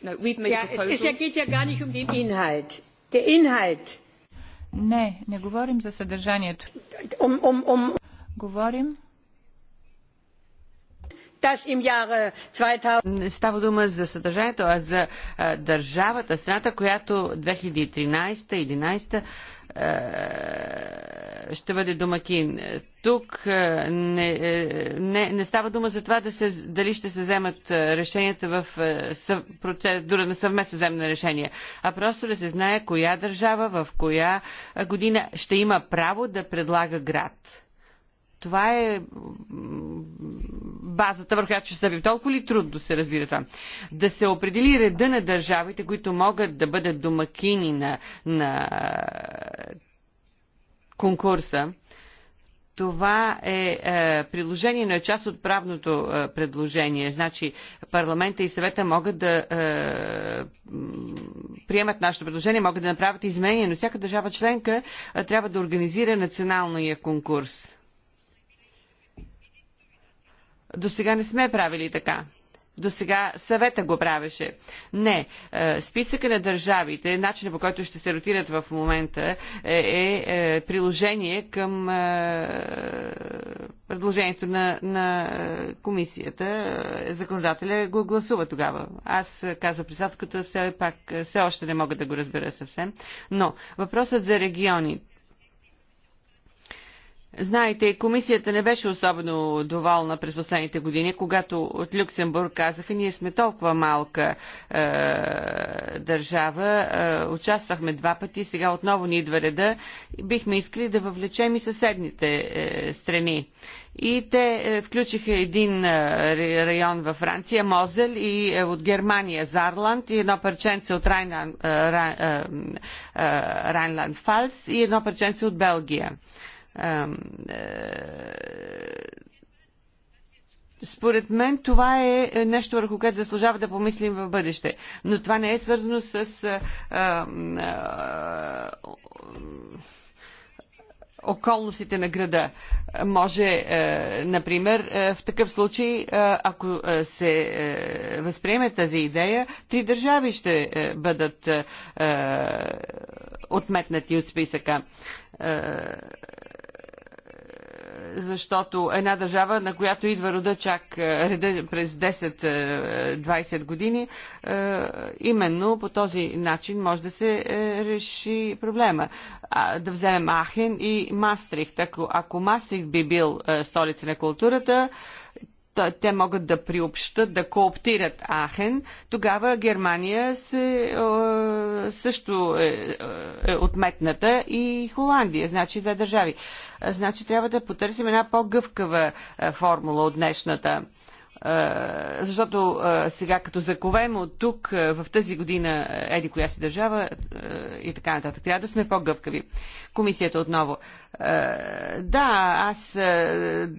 No, yeah, es, es geht ja gar nicht um den Inhalt. Der Inhalt. Не, не говорим за съдържанието. Um, um, um. Говорим не става дума за съдържанието, а за държавата, страната, която 2013-2011 е, ще бъде домакин. Тук е, не, е, не, не става дума за това да се, дали ще се вземат решенията в съв, процедура на съвместно вземане решение, а просто да се знае коя държава в коя година ще има право да предлага град. Това е базата, върху която ще стъпим. Толкова ли трудно се разбира това? Да се определи реда на държавите, които могат да бъдат домакини на, на конкурса. Това е, е приложение на е част от правното е, предложение. Значи парламента и съвета могат да е, приемат нашето предложение, могат да направят изменения, но всяка държава членка е, трябва да организира националния конкурс. До сега не сме правили така. До сега съвета го правеше. Не. Е, списъка на държавите, начинът по който ще се ротират в момента, е, е, е приложение към предложението на, на комисията. Законодателя го гласува тогава. Аз казвам председателката, все пак все още не мога да го разбера съвсем. Но въпросът за региони, Знаете, комисията не беше особено доволна през последните години, когато от Люксембург казаха, ние сме толкова малка е, държава, е, участвахме два пъти, сега отново ни идва реда, бихме искали да въвлечем и съседните е, страни. И те е, включиха един е, район във Франция, Мозел, и е, от Германия, Зарланд, и едно парченце от е, е, е, Райнланд-Фалс, и едно парченце от Белгия. Е, според мен това е нещо, върху което заслужава да помислим в бъдеще. Но това не е свързано с. А, а, а, околностите на града. Може, а, е, например, а, е, в такъв случай, а, ако се възприеме тази идея, три държави ще бъдат отметнати от списъка защото една държава, на която идва рода чак е, реда през 10-20 е, години, е, именно по този начин може да се реши проблема. А, да вземем Ахен и Мастрихт. Ако, ако Мастрихт би бил столица на културата, те могат да приобщат, да кооптират Ахен, тогава Германия се, е, също е, е, е отметната и Холандия, значи две държави. Значи трябва да потърсим една по-гъвкава е, формула от днешната защото сега като заковем от тук в тази година еди коя си държава и така нататък. Трябва да сме по-гъвкави. Комисията отново. Е, да, аз е,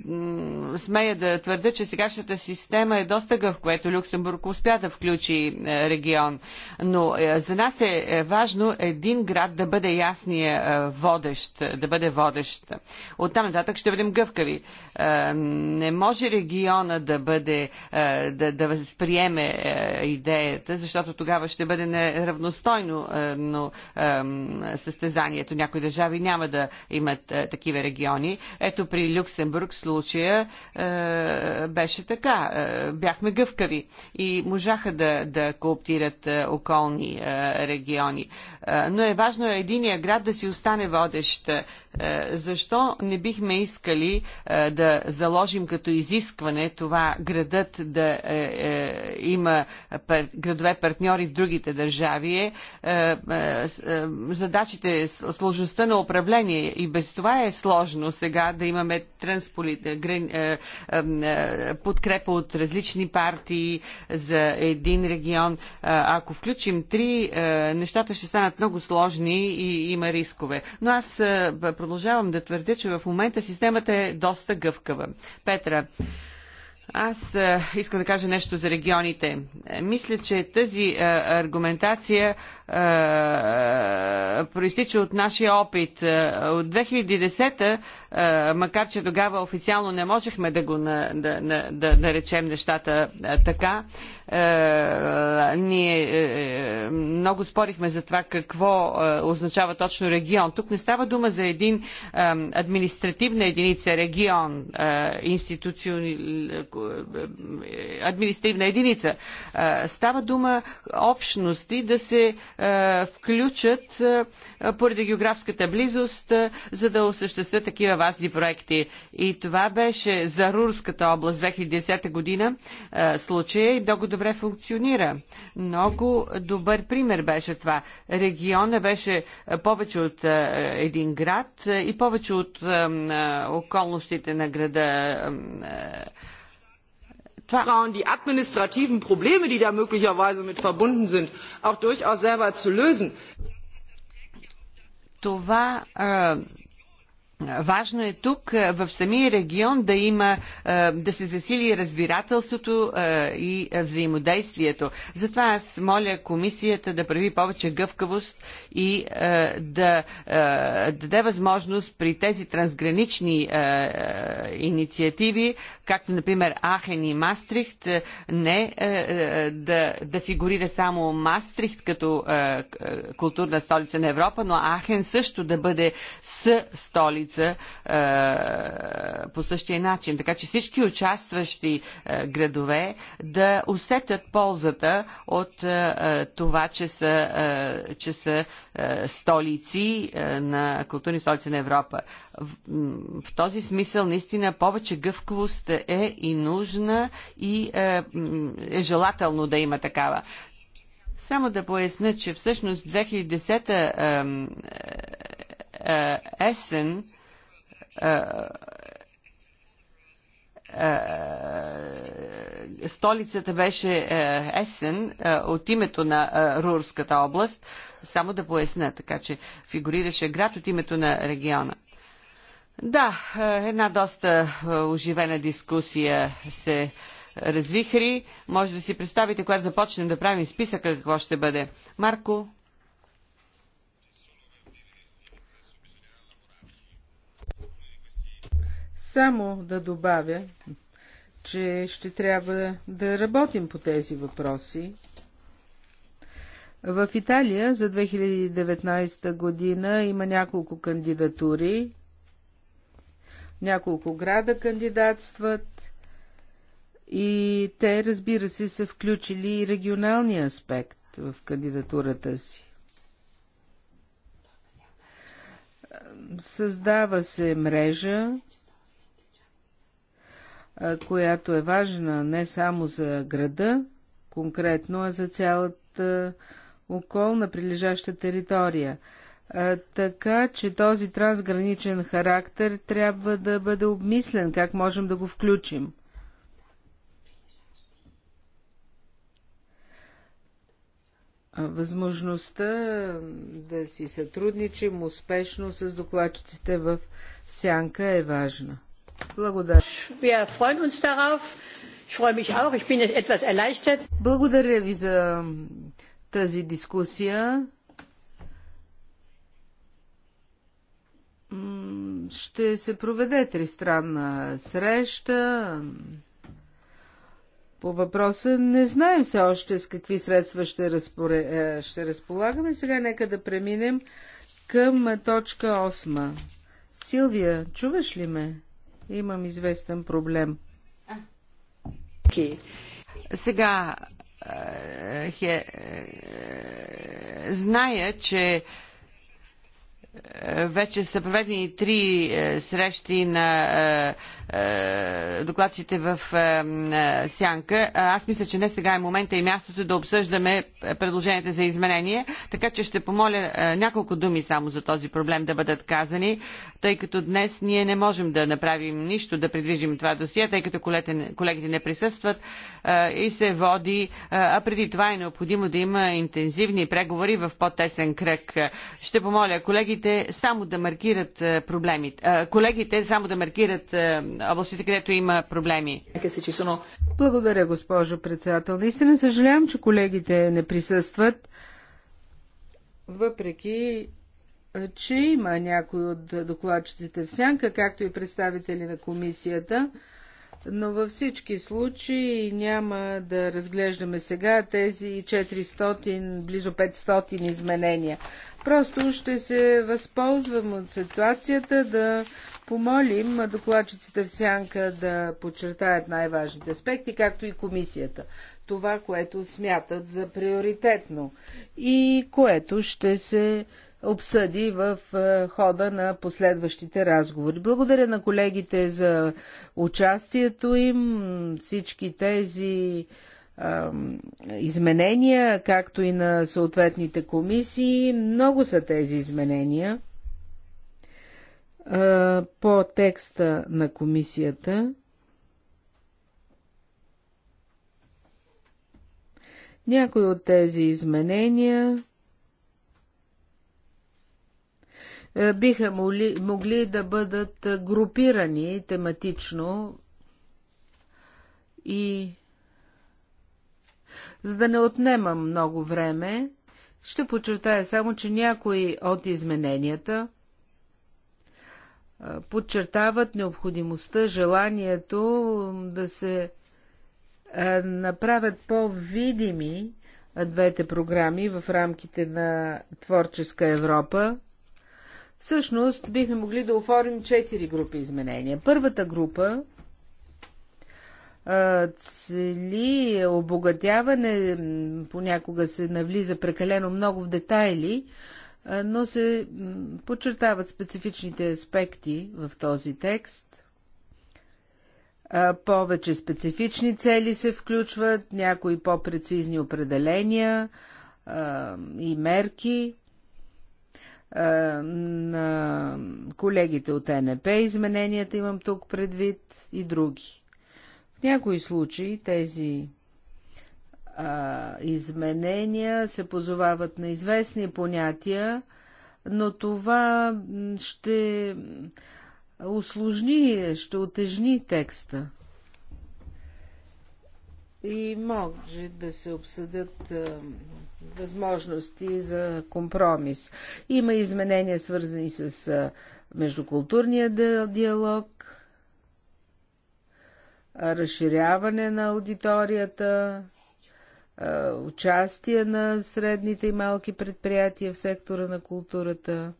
смея да твърда, че сегашната система е доста гъв, което Люксембург успя да включи е, регион. Но за нас е важно един град да бъде ясния водещ, да бъде водещ. Оттам нататък ще бъдем гъвкави. Не може региона да бъде, да, да възприеме идеята, защото тогава ще бъде неравностойно но, състезанието. Някои държави няма да имат имат а, е, такива региони. Ето при Люксембург случая а, е, беше така. А, е, бяхме гъвкави и можаха да, да кооптират а, околни а, региони. А, но е важно единия град да си остане водещ е, защо не бихме искали е, да заложим като изискване това градът да е, има градове партньори в другите държави? Задачите, сложността на управление и без това е сложно сега да имаме подкрепа от различни партии за един регион. Ако включим три, нещата ще станат много сложни и има рискове. Но аз продължавам да твърдя, че в момента системата е доста гъвкава. Петра, аз е, искам да кажа нещо за регионите. Е, мисля, че тази е, аргументация проистича от нашия опит. От 2010-та, макар че тогава официално не можехме да го на, да, на, да наречем нещата така, е, е, ние е, много спорихме за това какво означава точно регион. Тук не става дума за един административна единица, регион, институциони... административна единица. Става дума общности да се включат поради географската близост, за да осъществят такива важни проекти. И това беше за Рурската област 2010 година случая и много добре добре функционира. Много добър пример беше това. Региона беше повече от един град и повече от околностите на града. Frauen die die da möglicherweise mit verbunden sind, auch durchaus selber zu lösen. Това Важно е тук е, в самия регион да има, е, да се засили разбирателството е, и взаимодействието. Затова аз моля комисията да прави повече гъвкавост и да, даде възможност при тези трансгранични инициативи, както например Ахен и Мастрихт, не да, да фигурира само Мастрихт като културна столица на Европа, но Ахен също да бъде с столица седмица е, по същия начин. Така че всички участващи е, градове да усетят ползата от е, това, че са, че са столици на културни столици на Европа. В този смисъл наистина повече гъвковост е и нужна и е желателно да има такава. Само да поясня, че всъщност 2010 есен е, е, е, столицата беше Есен от името на Рурската област. Само да поясна, така че фигурираше град от името на региона. Да, една доста оживена дискусия се развихри. Може да си представите, когато започнем да правим списъка, какво ще бъде. Марко, Само да добавя, че ще трябва да работим по тези въпроси. В Италия за 2019 година има няколко кандидатури, няколко града кандидатстват и те, разбира се, са включили и регионалния аспект в кандидатурата си. Създава се мрежа която е важна не само за града, конкретно, а за цялата околна прилежаща територия. Така че този трансграничен характер трябва да бъде обмислен, как можем да го включим. възможността да си сътрудничим успешно с докладчиците в сянка е важна. Благодаря. Благодаря ви за тази дискусия. Ще се проведе тристранна среща по въпроса. Не знаем все още с какви средства ще, разпоре... Е, ще разполагаме. Сега нека да преминем към точка 8. Силвия, чуваш ли ме? Имам известен проблем. Okay. Сега, е, е, е, е, зная, че вече са проведени три е, срещи на е, е, докладчите в Сянка. Аз мисля, че не сега е момента и мястото да обсъждаме предложенията за изменение, така че ще помоля няколко думи само за този проблем да бъдат казани, тъй като днес ние не можем да направим нищо, да придвижим това досие, тъй като колегите, колегите не присъстват и се води, а преди това е необходимо да има интензивни преговори в по-тесен кръг. Ще помоля колегите колегите само да маркират е, проблемите. Колегите само да маркират е, областите, където има проблеми. Благодаря, госпожо председател. Наистина съжалявам, че колегите не присъстват. Въпреки, е, че има някои от докладчиците в сянка, както и представители на комисията, но във всички случаи няма да разглеждаме сега тези 400, близо 500 изменения. Просто ще се възползвам от ситуацията да помолим докладчиците в сянка да подчертаят най-важните аспекти, както и комисията. Това, което смятат за приоритетно и което ще се обсъди в е, хода на последващите разговори. Благодаря на колегите за участието им, всички тези изменения, както и на съответните комисии. Много са тези изменения е, по текста на комисията. Някои от тези изменения Е, биха могли, да бъдат е, групирани тематично и за да не отнемам много време, ще подчертая само, че някои от измененията е, подчертават необходимостта, желанието да се направят по-видими двете програми в рамките на Творческа Европа Всъщност бихме могли да оформим четири групи изменения. Първата група цели обогатяване, понякога се навлиза прекалено много в детайли, но се подчертават специфичните аспекти в този текст. Повече специфични цели се включват, някои по-прецизни определения и мерки. Е, на колегите от НП, измененията имам тук предвид и други. В някои случаи тези а, изменения се позовават на известни понятия, но това ще усложни, ще отежни текста. И може да се обсъдят е, възможности за компромис. Има изменения свързани с междукултурния диалог, разширяване на аудиторията, участие на средните и малки предприятия в сектора на културата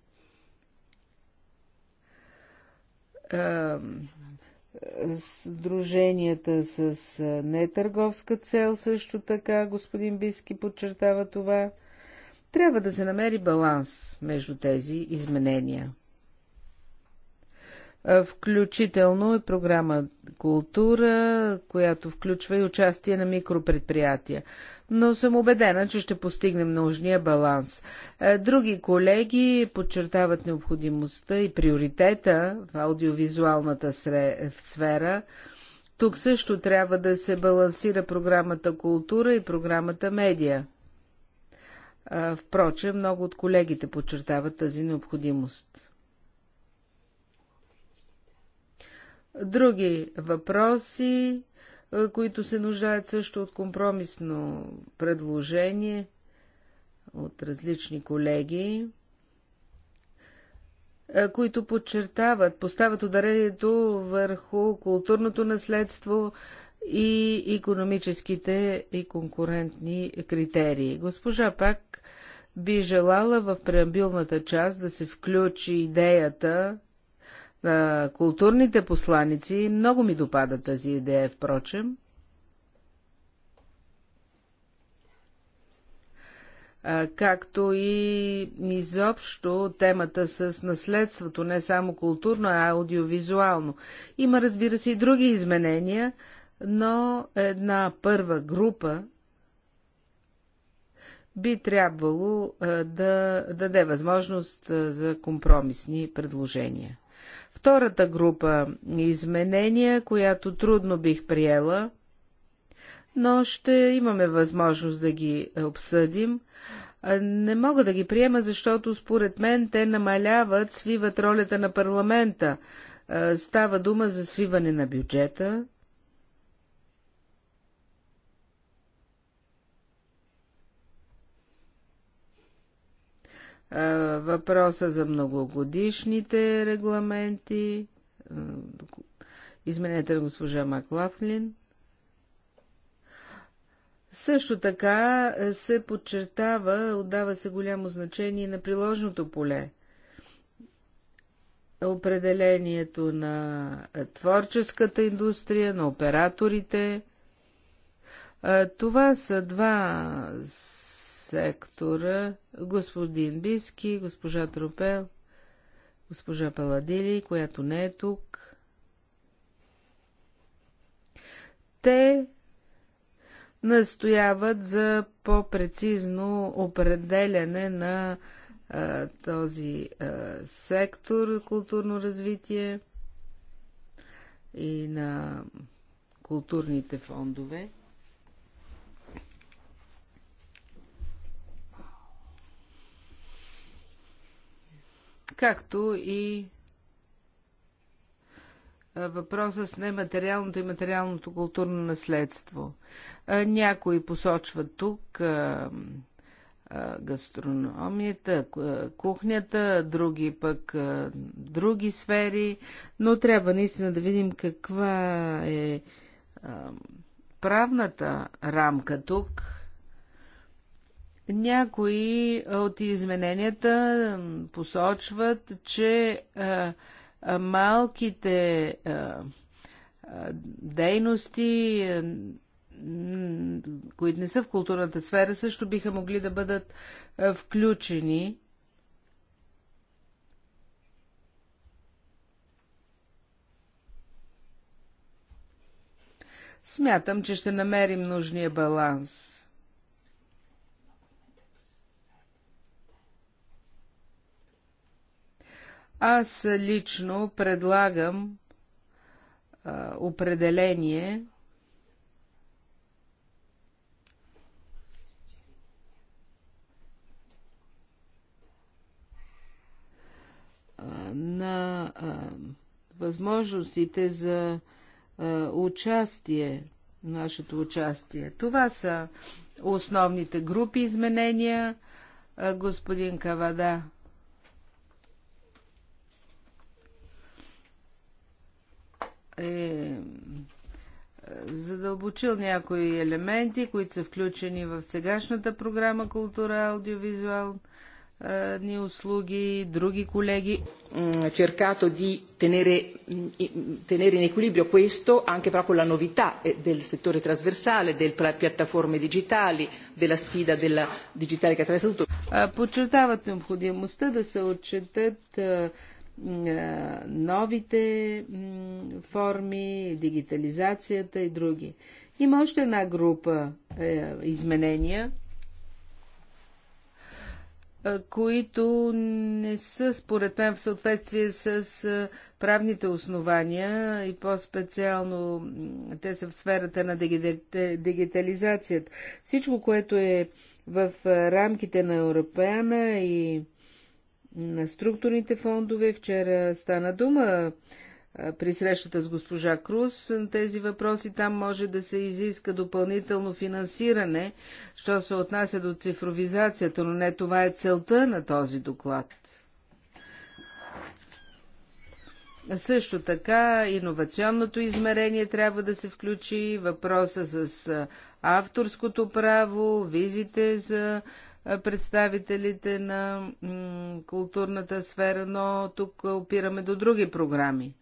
Сдруженията с нетърговска цел също така, господин Биски подчертава това. Трябва да се намери баланс между тези изменения. Е, включително и програма Култура, която включва и участие на микропредприятия. Но съм убедена, че ще постигнем нужния баланс. Е, други колеги подчертават необходимостта и приоритета в аудиовизуалната сфера. Тук също трябва да се балансира програмата Култура и програмата Медия. Е, впрочем, много от колегите подчертават тази необходимост. Други въпроси, е, които се нуждаят също от компромисно предложение от различни колеги, е, които подчертават, поставят ударението върху културното наследство и економическите и конкурентни критерии. Госпожа пак би желала в преамбилната част да се включи идеята а, културните посланици, много ми допада тази идея, впрочем. А, както и изобщо темата с наследството, не само културно, а аудиовизуално. Има, разбира се, и други изменения, но една първа група би трябвало да даде възможност за компромисни предложения. Втората група изменения, която трудно бих приела, но ще имаме възможност да ги обсъдим. Не мога да ги приема, защото според мен те намаляват, свиват ролята на парламента. Става дума за свиване на бюджета, въпроса за многогодишните регламенти, изменете на госпожа Маклафлин. Също така се подчертава, отдава се голямо значение на приложното поле. Определението на творческата индустрия, на операторите. Това са два сектора, господин Биски, госпожа Тропел, госпожа Паладили, която не е тук. Те настояват за по-прецизно определяне на а, този а, сектор културно развитие и на културните фондове. както и въпроса с нематериалното и материалното културно наследство. Някои посочват тук гастрономията, кухнята, други пък други сфери, но трябва наистина да видим каква е правната рамка тук някои от измененията посочват, че малките дейности, които не са в културната сфера, също биха могли да бъдат включени. Смятам, че ще намерим нужния баланс. Аз лично предлагам а, определение а, на а, възможностите за а, участие, нашето участие. Това са основните групи изменения. А, господин Кавада е задълбочил някои елементи, които са включени в сегашната програма Култура, аудиовизуал, ни услуги, други колеги. Cercato di tenere, tenere in equilibrio questo anche proprio la novità del settore trasversale, delle piattaforme digitali, della sfida della digitale che ha tutto. Подчертават необходимостта да се отчетат новите форми, дигитализацията и други. Има още една група е, изменения, които не са, според мен, в съответствие с правните основания и по-специално те са в сферата на дигитализацията. Всичко, което е в рамките на Европеана и на структурните фондове. Вчера стана дума при срещата с госпожа Круз тези въпроси. Там може да се изиска допълнително финансиране, що се отнася до цифровизацията, но не това е целта на този доклад. Също така, иновационното измерение трябва да се включи, въпроса с авторското право, визите за представителите на културната сфера, но тук опираме до други програми.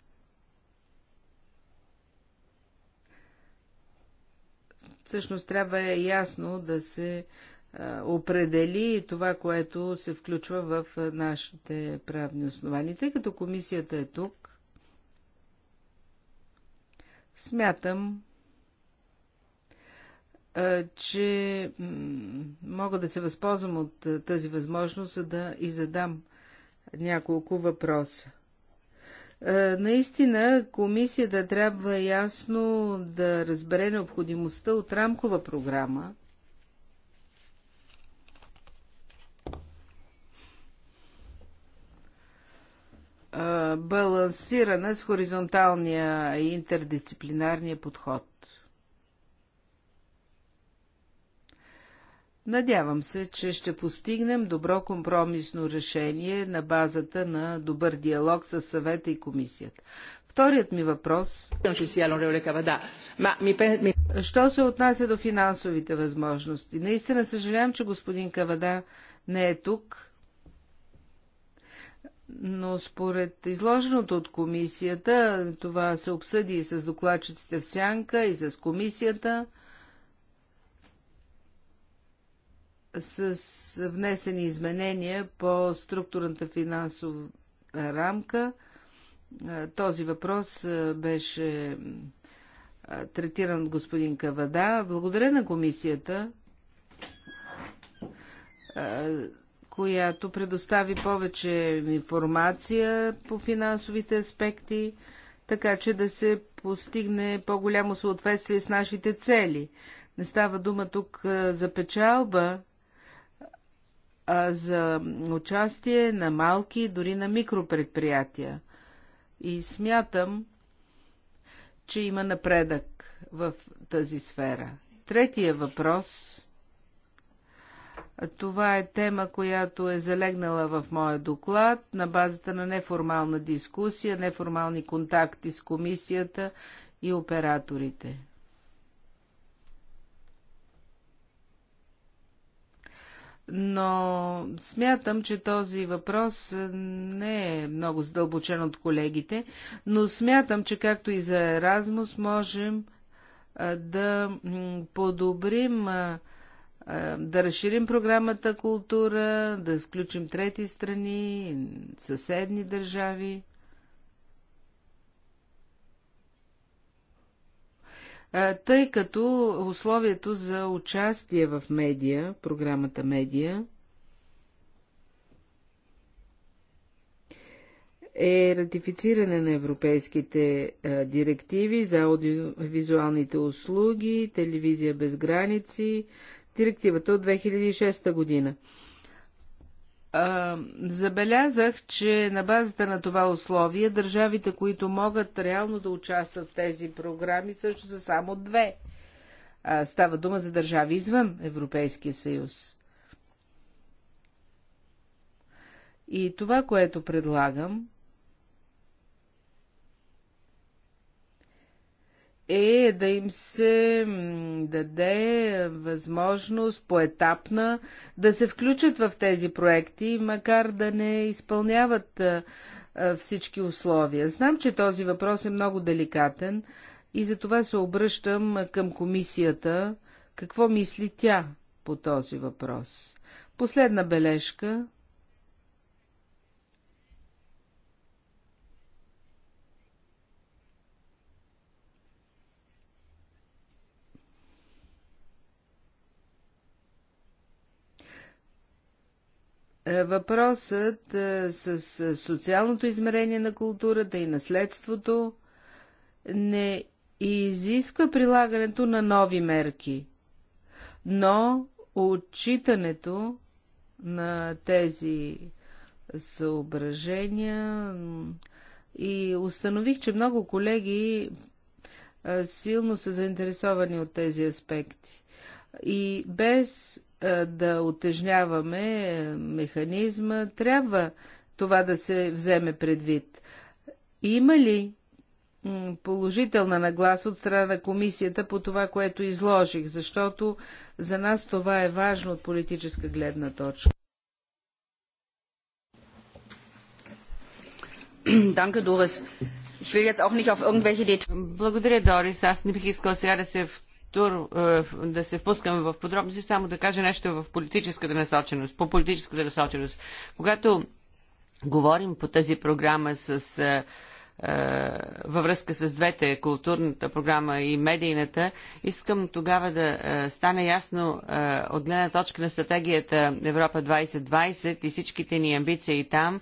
Всъщност трябва е ясно да се определи това, което се включва в нашите правни основания. Тъй като комисията е тук, смятам, че мога да се възползвам от тази възможност, за да и задам няколко въпроса. Наистина, комисията трябва ясно да разбере необходимостта от рамкова програма, балансирана с хоризонталния и интердисциплинарния подход. Надявам се, че ще постигнем добро компромисно решение на базата на добър диалог с съвета и комисията. Вторият ми въпрос... Що се отнася до финансовите възможности? Наистина съжалявам, че господин Кавада не е тук, но според изложеното от комисията, това се обсъди и с докладчиците в Сянка, и с комисията, с внесени изменения по структурната финансова рамка. Този въпрос беше третиран от господин Кавада. Благодаря на комисията, която предостави повече информация по финансовите аспекти, така че да се постигне по-голямо съответствие с нашите цели. Не става дума тук за печалба, а за участие на малки, дори на микропредприятия. И смятам, че има напредък в тази сфера. Третия въпрос. Това е тема, която е залегнала в моя доклад на базата на неформална дискусия, неформални контакти с комисията и операторите. но смятам, че този въпрос не е много задълбочен от колегите, но смятам, че както и за Еразмус можем да подобрим, да разширим програмата култура, да включим трети страни, съседни държави. тъй като условието за участие в медия, програмата медия, е ратифициране на европейските директиви за аудиовизуалните услуги, телевизия без граници, директивата от 2006 година забелязах, че на базата на това условие държавите, които могат реално да участват в тези програми, също са само две. А, става дума за държави извън Европейския съюз. И това, което предлагам, е да им се даде възможност поетапна да се включат в тези проекти, макар да не изпълняват всички условия. Знам, че този въпрос е много деликатен и за това се обръщам към комисията. Какво мисли тя по този въпрос? Последна бележка Е, въпросът е, с е, социалното измерение на културата и наследството не изисква прилагането на нови мерки, но отчитането на тези съображения и установих, че много колеги силно са заинтересовани от тези аспекти. И без е, да отежняваме е, механизма, трябва това да се вземе предвид. Има ли положителна нагласа от страна на комисията по това, което изложих, защото за нас това е важно от политическа гледна точка. Благодаря, Дорис. Аз не бих искал сега да се тур, е, да се впускам в подробности, само да кажа нещо в политическата насоченост, по политическата насоченост. Когато говорим по тази програма с е, е, във връзка с двете, културната програма и медийната, искам тогава да е, стане ясно е, от гледна точка на стратегията Европа 2020 и всичките ни амбиции там,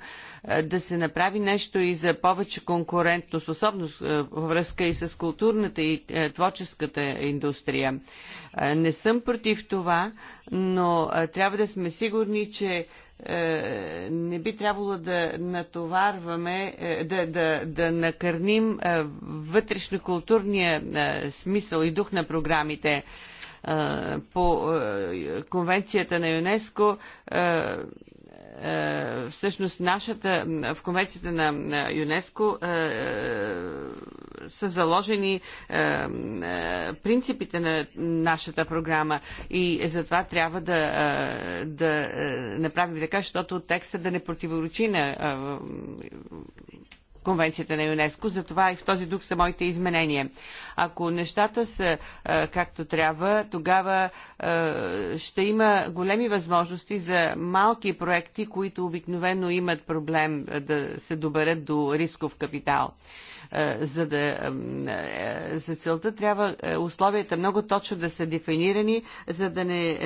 да се направи нещо и за повече конкурентно способност във връзка и с културната и творческата индустрия. Не съм против това, но трябва да сме сигурни, че е, не би трябвало да натоварваме, е, да, да, да накърним е, вътрешно-културния смисъл и дух на програмите. По конвенцията на ЮНЕСКО всъщност нашата, в конвенцията на ЮНЕСКО са заложени е, е, принципите на нашата програма и затова трябва да, е, да направим така, защото текста да не противоречи на Конвенцията на ЮНЕСКО. Затова и в този дух са моите изменения. Ако нещата са а, както трябва, тогава а, ще има големи възможности за малки проекти, които обикновено имат проблем да се доберат до рисков капитал. Е, за, да, е, за целта трябва е, условията много точно да са дефинирани, за да не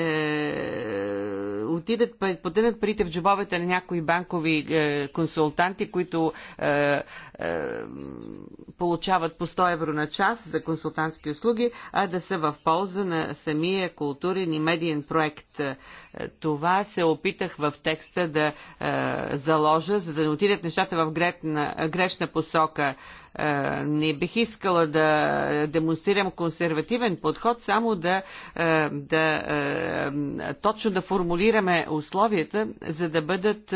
отидат, потънат парите в джобовете на някои банкови консултанти, които е, получават по 100 евро на час за консултантски услуги, а да са в полза на самия културен и медиен проект. Е, това се опитах в текста да е, заложа, за да не отидат нещата в грешна, посока. Не бих искала да демонстрирам консервативен подход, само да, да точно да формулираме условията, за да бъдат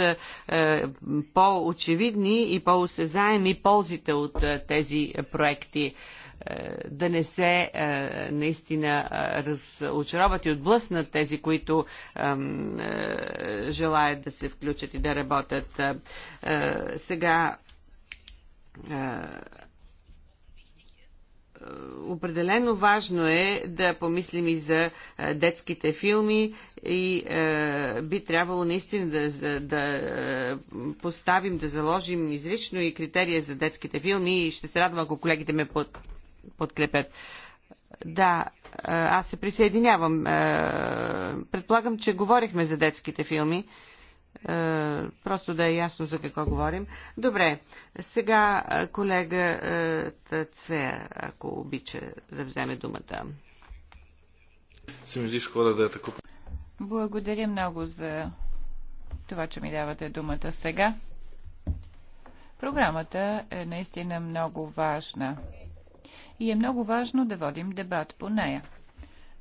по-очевидни и по-осезаеми и ползите от тези проекти е, да не се е, наистина е, разочароват и отблъснат тези, които желаят да се включат и да работят. Сега определено важно е да помислим и за детските филми и би трябвало наистина да, да, да поставим, да заложим изрично и критерия за детските филми и ще се радвам, ако колегите ме под, подкрепят. Да, аз се присъединявам. Предполагам, че говорихме за детските филми. Е, просто да е ясно за какво говорим. Добре, сега е, колега Цвея, ако обича да вземе думата. Благодаря много за това, че ми давате думата сега. Програмата е наистина много важна. И е много важно да водим дебат по нея.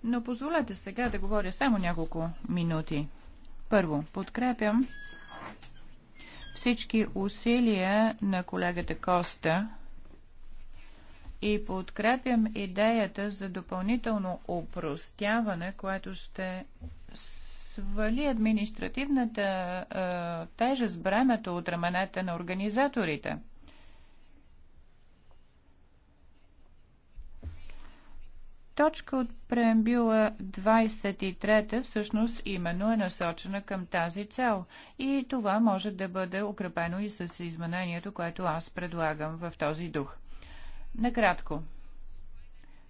Но позволете сега да говоря само няколко минути първо, подкрепям всички усилия на колегата Коста и подкрепям идеята за допълнително упростяване, което ще свали административната тежест бремето от раменете на организаторите – Точка от преамбюла 23 всъщност именно е насочена към тази цел и това може да бъде укрепено и с изменението, което аз предлагам в този дух. Накратко.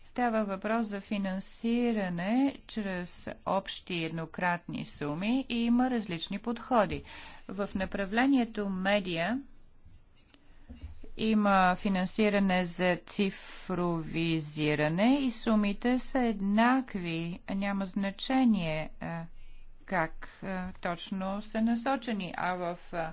Става въпрос за финансиране чрез общи еднократни суми и има различни подходи. В направлението медиа има финансиране за цифровизиране и сумите са еднакви. Няма значение е, как е, точно са насочени. А в е,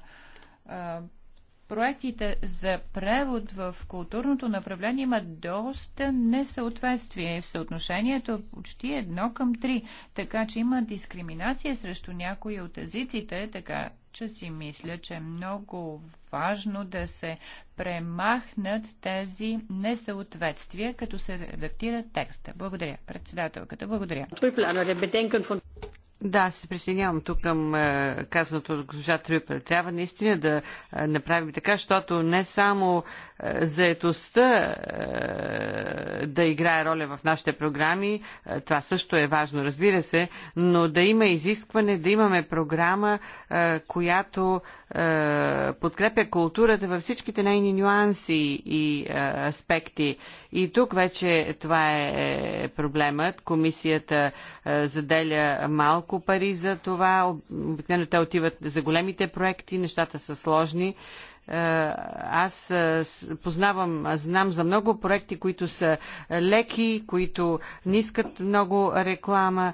проектите за превод в културното направление има доста несъответствие в съотношението почти едно към три, така че има дискриминация срещу някои от езиците, така че си мисля, че е много важно да се премахнат тези несъответствия, като се редактира текста. Благодаря, председателката. Благодаря. Да, се присъединявам тук към е, казаното от госпожа Трюпер. Трябва наистина да е, направим така, защото не само е, заетостта е, да играе роля в нашите програми, е, това също е важно, разбира се, но да има изискване, да имаме програма, е, която е, подкрепя културата във всичките нейни нюанси и е, аспекти. И тук вече това е, е проблемът. Комисията заделя малко пари за това. Обикновено те отиват за големите проекти, нещата са сложни аз познавам, знам за много проекти, които са леки, които не искат много реклама.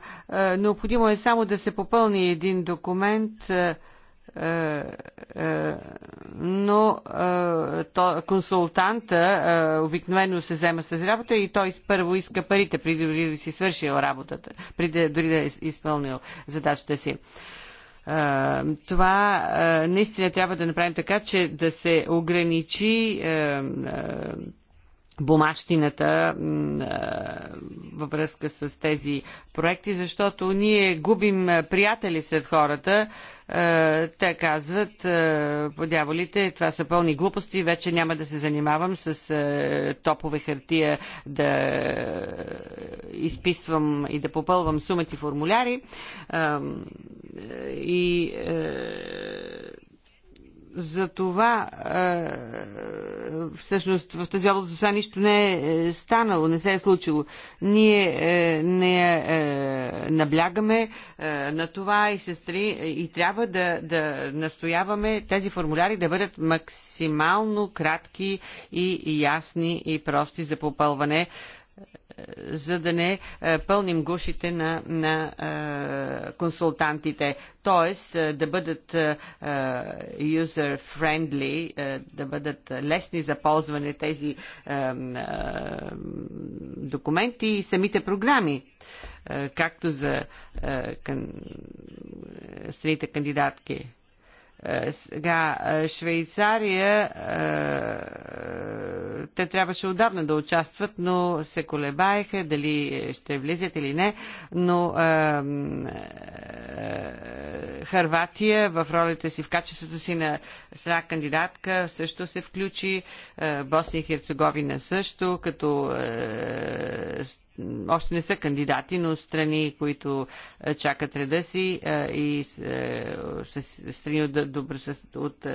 Необходимо е само да се попълни един документ, е, е, но е, то, консултанта обикновено се взема с работа и той първо иска парите, преди дори да си свършил работата, преди дори да е изпълнил задачата си това наистина трябва да направим така, че да се ограничи бумащината във връзка с тези проекти, защото ние губим приятели сред хората. Те казват, подяволите, това са пълни глупости, вече няма да се занимавам с топове хартия да изписвам и да попълвам сумати формуляри. И за това всъщност в тази област за нищо не е, е станало, не се е случило. Ние е, не е, наблягаме на това и сестри и трябва да, да настояваме тези формуляри да бъдат максимално кратки и ясни и прости за попълване за да не е, пълним гушите на, на е, консултантите. Тоест е, да бъдат user-friendly, да бъдат лесни за ползване тези документи и самите програми както за страните кандидатки. Е, сега, е, Швейцария, е, те трябваше отдавна да участват, но се колебаеха дали ще влизат или не, но Харватия в ролите си, в качеството си на страна кандидатка също се включи, Босния и Херцеговина също, като още не са кандидати, но страни, които е, чакат реда си е, и е, страни от, добро, от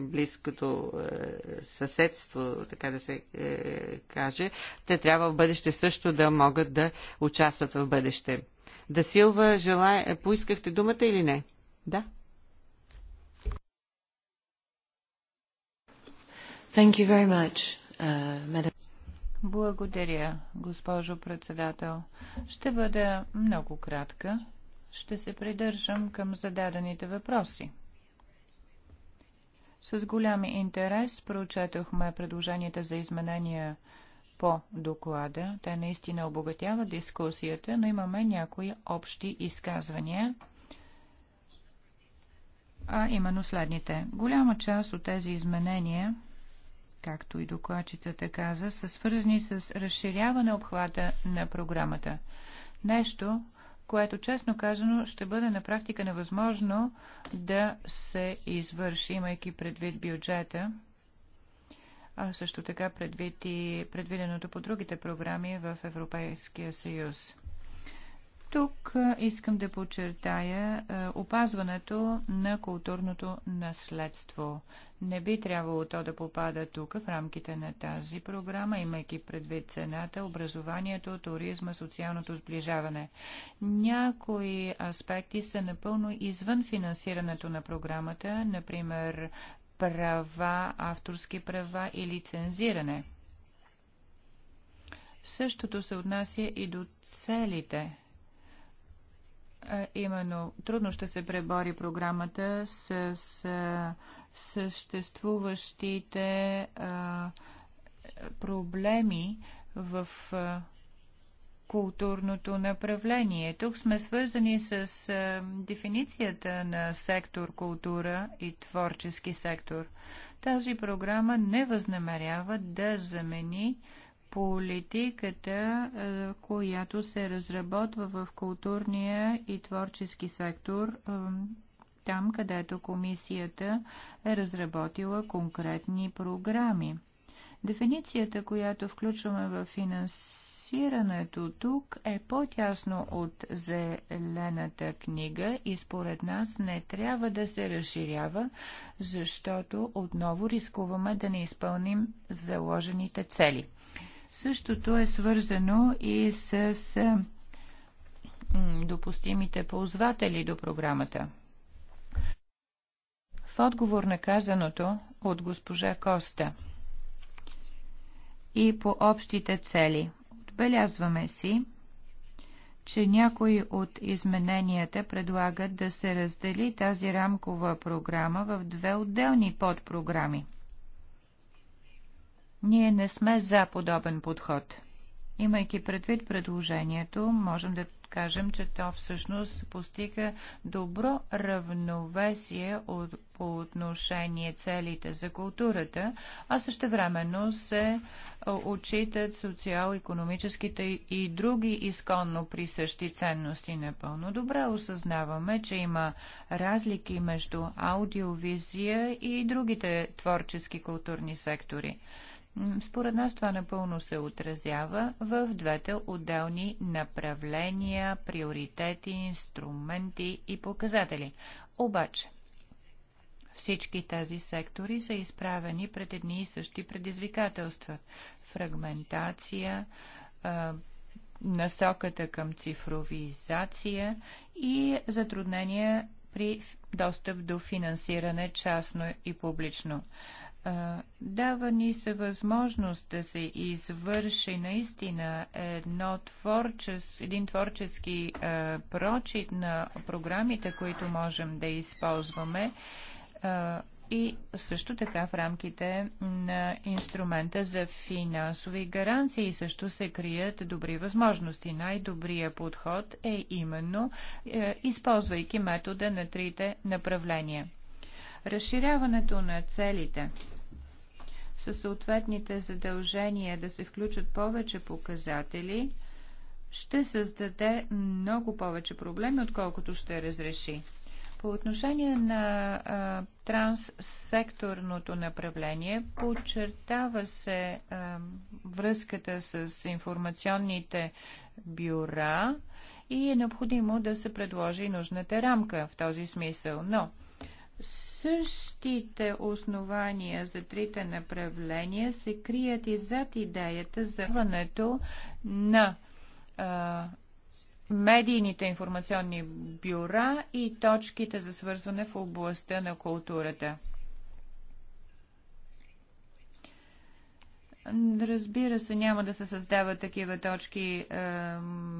близкото съседство, така да се каже, те трябва в бъдеще също да могат да участват в бъдеще. Да Силва, желая... поискахте думата или не? Да. Thank you very much, uh, благодаря, госпожо председател. Ще бъда много кратка. Ще се придържам към зададените въпроси. С голям интерес проучетохме предложенията за изменения по доклада. Те наистина обогатяват дискусията, но имаме някои общи изказвания, а именно следните. Голяма част от тези изменения – както и докладчицата каза, са свързани с разширяване обхвата на програмата. Нещо, което честно казано ще бъде на практика невъзможно да се извърши, имайки предвид бюджета, а също така предвид и предвиденото по другите програми в Европейския съюз. Тук искам да подчертая опазването на културното наследство. Не би трябвало то да попада тук в рамките на тази програма, имайки предвид цената, образованието, туризма, социалното сближаване. Някои аспекти са напълно извън финансирането на програмата, например права, авторски права и лицензиране. Същото се отнася и до целите – е, именно трудно ще се пребори програмата с, с е, съществуващите а, е, проблеми в а, културното направление. Тук сме свързани с а, дефиницията на сектор култура и творчески сектор. Тази програма не възнамерява да замени а, политиката, която се разработва в културния и творчески сектор, там където комисията е разработила конкретни програми. Дефиницията, която включваме в финансирането тук е по-тясно от зелената книга и според нас не трябва да се разширява, защото отново рискуваме да не изпълним заложените цели. Същото е свързано и с допустимите ползватели до програмата. В отговор на казаното от госпожа Коста и по общите цели, отбелязваме си, че някои от измененията предлагат да се раздели тази рамкова програма в две отделни подпрограми. Ние не сме за подобен подход. Имайки предвид предложението, можем да кажем, че то всъщност постига добро равновесие от, по отношение целите за културата, а също времено се отчитат социал-економическите и други изконно присъщи ценности напълно. Добре осъзнаваме, че има разлики между аудиовизия и другите творчески културни сектори. Според нас това напълно се отразява в двете отделни направления, приоритети, инструменти и показатели. Обаче, всички тези сектори са изправени пред едни и същи предизвикателства. Фрагментация, насоката към цифровизация и затруднения при достъп до финансиране частно и публично. Дава ни се възможност да се извърши наистина едно творчес, един творчески е, прочит на програмите, които можем да използваме е, и също така в рамките на инструмента за финансови гаранции също се крият добри възможности. Най-добрият подход е именно е, използвайки метода на трите направления. Разширяването на целите – със съответните задължения да се включат повече показатели, ще създаде много повече проблеми, отколкото ще разреши. По отношение на а, транссекторното направление, подчертава се а, връзката с информационните бюра и е необходимо да се предложи нужната рамка в този смисъл. Но Същите основания за трите направления се крият и зад идеята за върването на а, медийните информационни бюра и точките за свързване в областта на културата. Разбира се, няма да се създават такива точки е,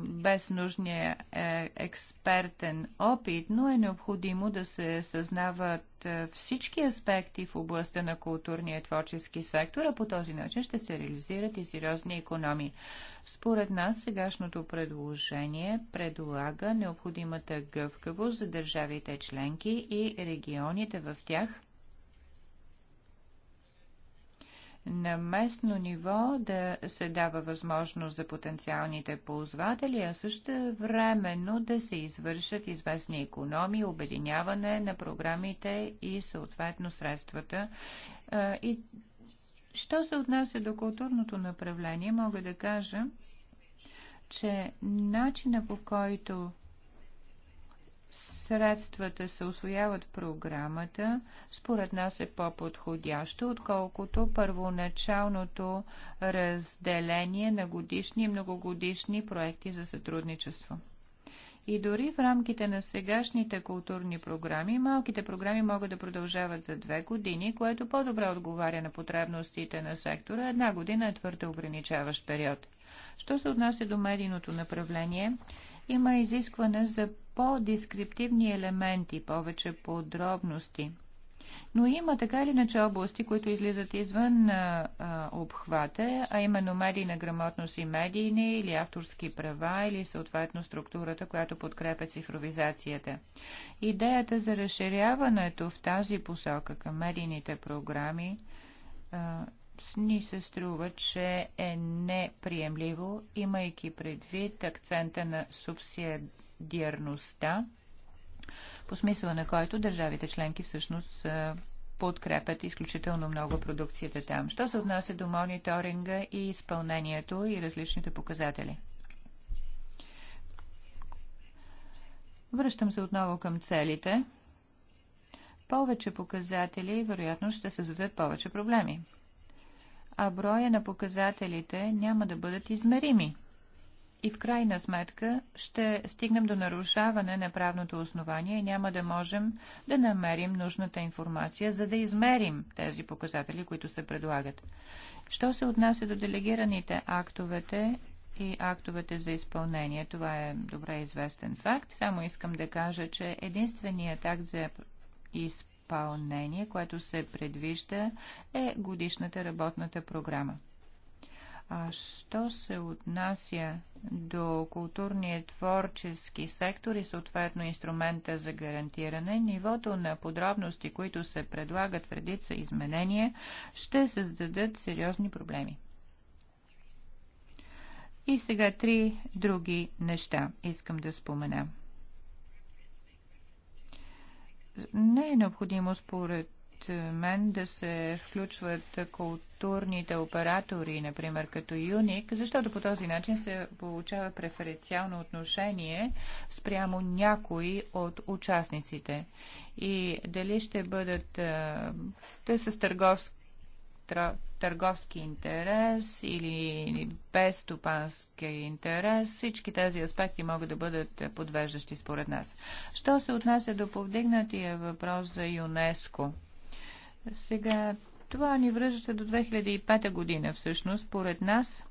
без нужния е, експертен опит, но е необходимо да се съзнават е, всички аспекти в областта на културния и творчески сектор, а по този начин ще се реализират и сериозни економии. Според нас сегашното предложение предлага необходимата гъвкавост за държавите членки и регионите в тях – на местно ниво да се дава възможност за потенциалните ползватели, а също временно да се извършат известни економии, обединяване на програмите и съответно средствата. И що се отнася до културното направление, мога да кажа, че начина по който средствата се освояват програмата, според нас е по-подходящо, отколкото първоначалното разделение на годишни и многогодишни проекти за сътрудничество. И дори в рамките на сегашните културни програми, малките програми могат да продължават за две години, което по-добре отговаря на потребностите на сектора. Една година е твърде ограничаващ период. Що се отнася до медийното направление, има изискване за по-дескриптивни елементи, повече подробности. Но има така или иначе области, които излизат извън а, обхвата, а именно медийна грамотност и медийни или авторски права или съответно структурата, която подкрепя цифровизацията. Идеята за разширяването в тази посока към медийните програми а, ни се струва, че е неприемливо, имайки предвид акцента на субсидиарността, по смисъла на който държавите членки всъщност подкрепят изключително много продукцията там. Що се отнася до мониторинга и изпълнението и различните показатели? Връщам се отново към целите. Повече показатели, вероятно, ще създадат повече проблеми а броя на показателите няма да бъдат измерими. И в крайна сметка ще стигнем до нарушаване на правното основание и няма да можем да намерим нужната информация, за да измерим тези показатели, които се предлагат. Що се отнася до делегираните актовете и актовете за изпълнение, това е добре известен факт. Само искам да кажа, че единственият акт за изпълнение изпълнение, което се предвижда, е годишната работната програма. А що се отнася до културния творчески сектор и съответно инструмента за гарантиране, нивото на подробности, които се предлагат в редица изменения, ще създадат сериозни проблеми. И сега три други неща искам да спомена не е необходимо според е, мен да се включват културните оператори, например като Юник, защото по този начин се получава преференциално отношение спрямо някои от участниците. И дали ще бъдат е, те с търговски търговски интерес или без стопански интерес, всички тези аспекти могат да бъдат подвеждащи според нас. Що се отнася до повдигнатия въпрос за ЮНЕСКО? Сега, това ни връща до 2005 година всъщност, според нас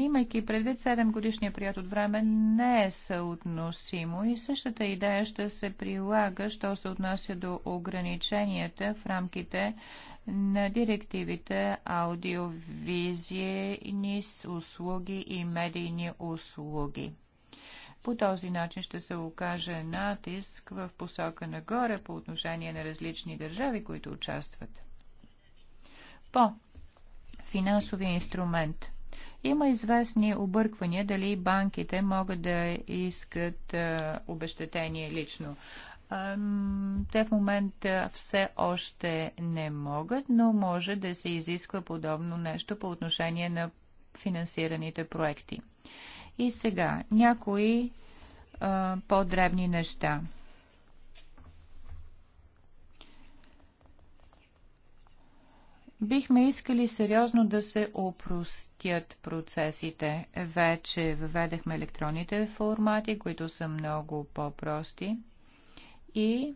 имайки предвид 7 годишния прият от време, не е съотносимо и същата идея ще се прилага, що се отнася до ограниченията в рамките на директивите аудиовизийни услуги и медийни услуги. По този начин ще се окаже натиск в посока нагоре по отношение на различни държави, които участват. По финансовия инструмент. Има известни обърквания дали банките могат да искат обещетение лично. Те в момента все още не могат, но може да се изисква подобно нещо по отношение на финансираните проекти. И сега някои по-дребни неща. Бихме искали сериозно да се опростят процесите. Вече въведахме електронните формати, които са много по-прости и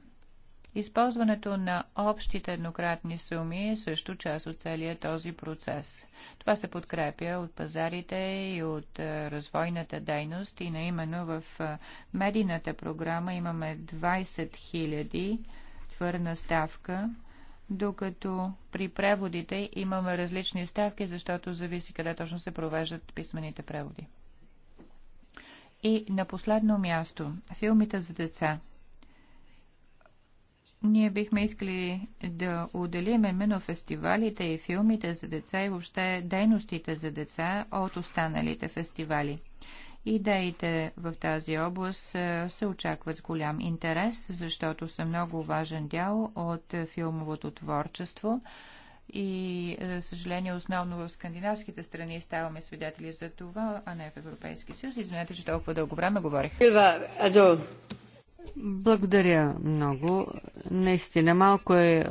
Използването на общите еднократни суми е също част от целия този процес. Това се подкрепя от пазарите и от е, развойната дейност и именно в е, медийната програма имаме 20 000 твърна ставка, докато при преводите имаме различни ставки, защото зависи къде точно се провеждат писмените преводи. И на последно място, филмите за деца – ние бихме искали да отделим именно фестивалите и филмите за деца и въобще дейностите за деца от останалите фестивали. Идеите в тази област е, се очакват с голям интерес, защото са много важен дял от филмовото творчество и, е, за съжаление, основно в скандинавските страни ставаме свидетели за това, а не в Европейски съюз. Извинете, че толкова дълго време говорих. Благодаря много. Наистина малко е, е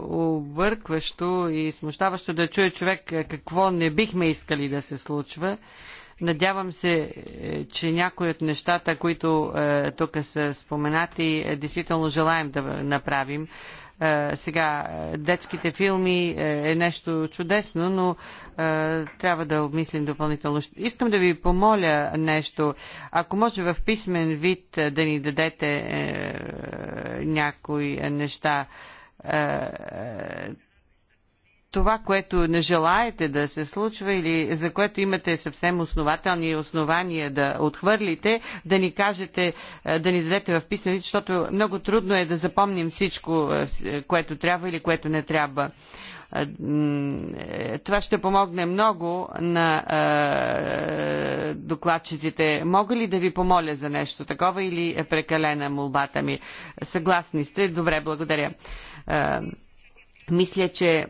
объркващо и смущаващо да чуе човек е, какво не бихме искали да се случва. Надявам се, е, че някои от нещата, които тук са споменати, действително желаем да направим. Е, сега, е, детските филми е, е нещо чудесно, но трябва да обмислим допълнително. Искам да ви помоля нещо. Ако може в писмен вид да ни дадете някои неща, това, което не желаете да се случва или за което имате съвсем основателни основания да отхвърлите, да ни кажете, е, да ни дадете в писмен вид, защото много трудно е да запомним всичко, е, е, което трябва или което не трябва това ще помогне много на докладчиците. Мога ли да ви помоля за нещо такова или е прекалена молбата ми? Съгласни сте? Добре, благодаря. Мисля, че е,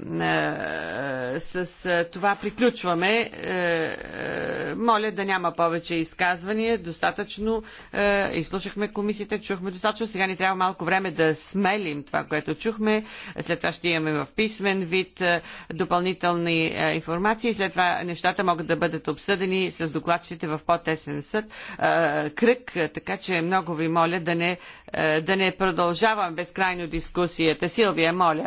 с е, това приключваме. Е, е, моля да няма повече изказвания. Достатъчно е, изслушахме комисията, чухме достатъчно. Сега ни трябва малко време да смелим това, което чухме. След това ще имаме в писмен вид е, допълнителни е, информации. След това нещата могат да бъдат обсъдени с докладчите в по-тесен съд е, кръг. Така че много ви моля да не, е, да не продължавам безкрайно дискусията. Силвия, моля.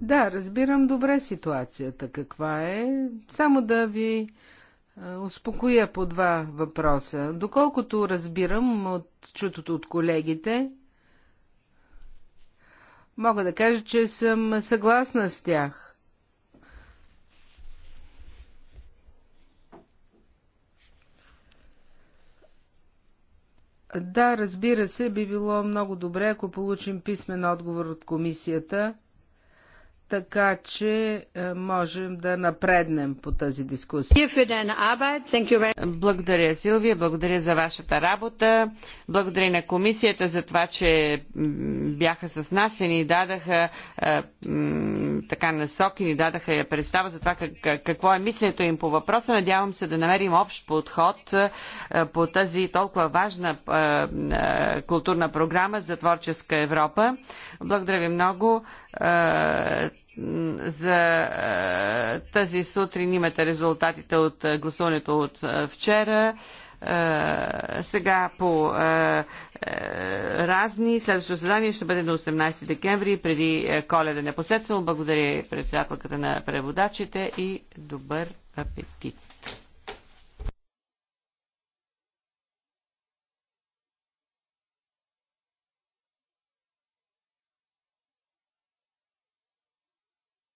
Да, разбирам добре ситуацията каква е. Само да ви успокоя по два въпроса. Доколкото разбирам от чутото от колегите, мога да кажа, че съм съгласна с тях. Да, разбира се, би било много добре, ако получим писмен отговор от комисията – така че е, можем да напреднем по тази дискусия. Благодаря, Силвия, благодаря за вашата работа, благодаря на комисията за това, че бяха с нас и ни дадаха е, така насоки, ни дадаха я представа за това какво е мисленето им по въпроса. Надявам се да намерим общ подход е, по тази толкова важна културна програма за творческа Европа. Благодаря ви много за тази сутрин имате резултатите от гласуването от вчера. Сега по разни. Следващото заседание ще бъде на 18 декември, преди коледа непосредствено. Благодаря председателката на преводачите и добър апетит!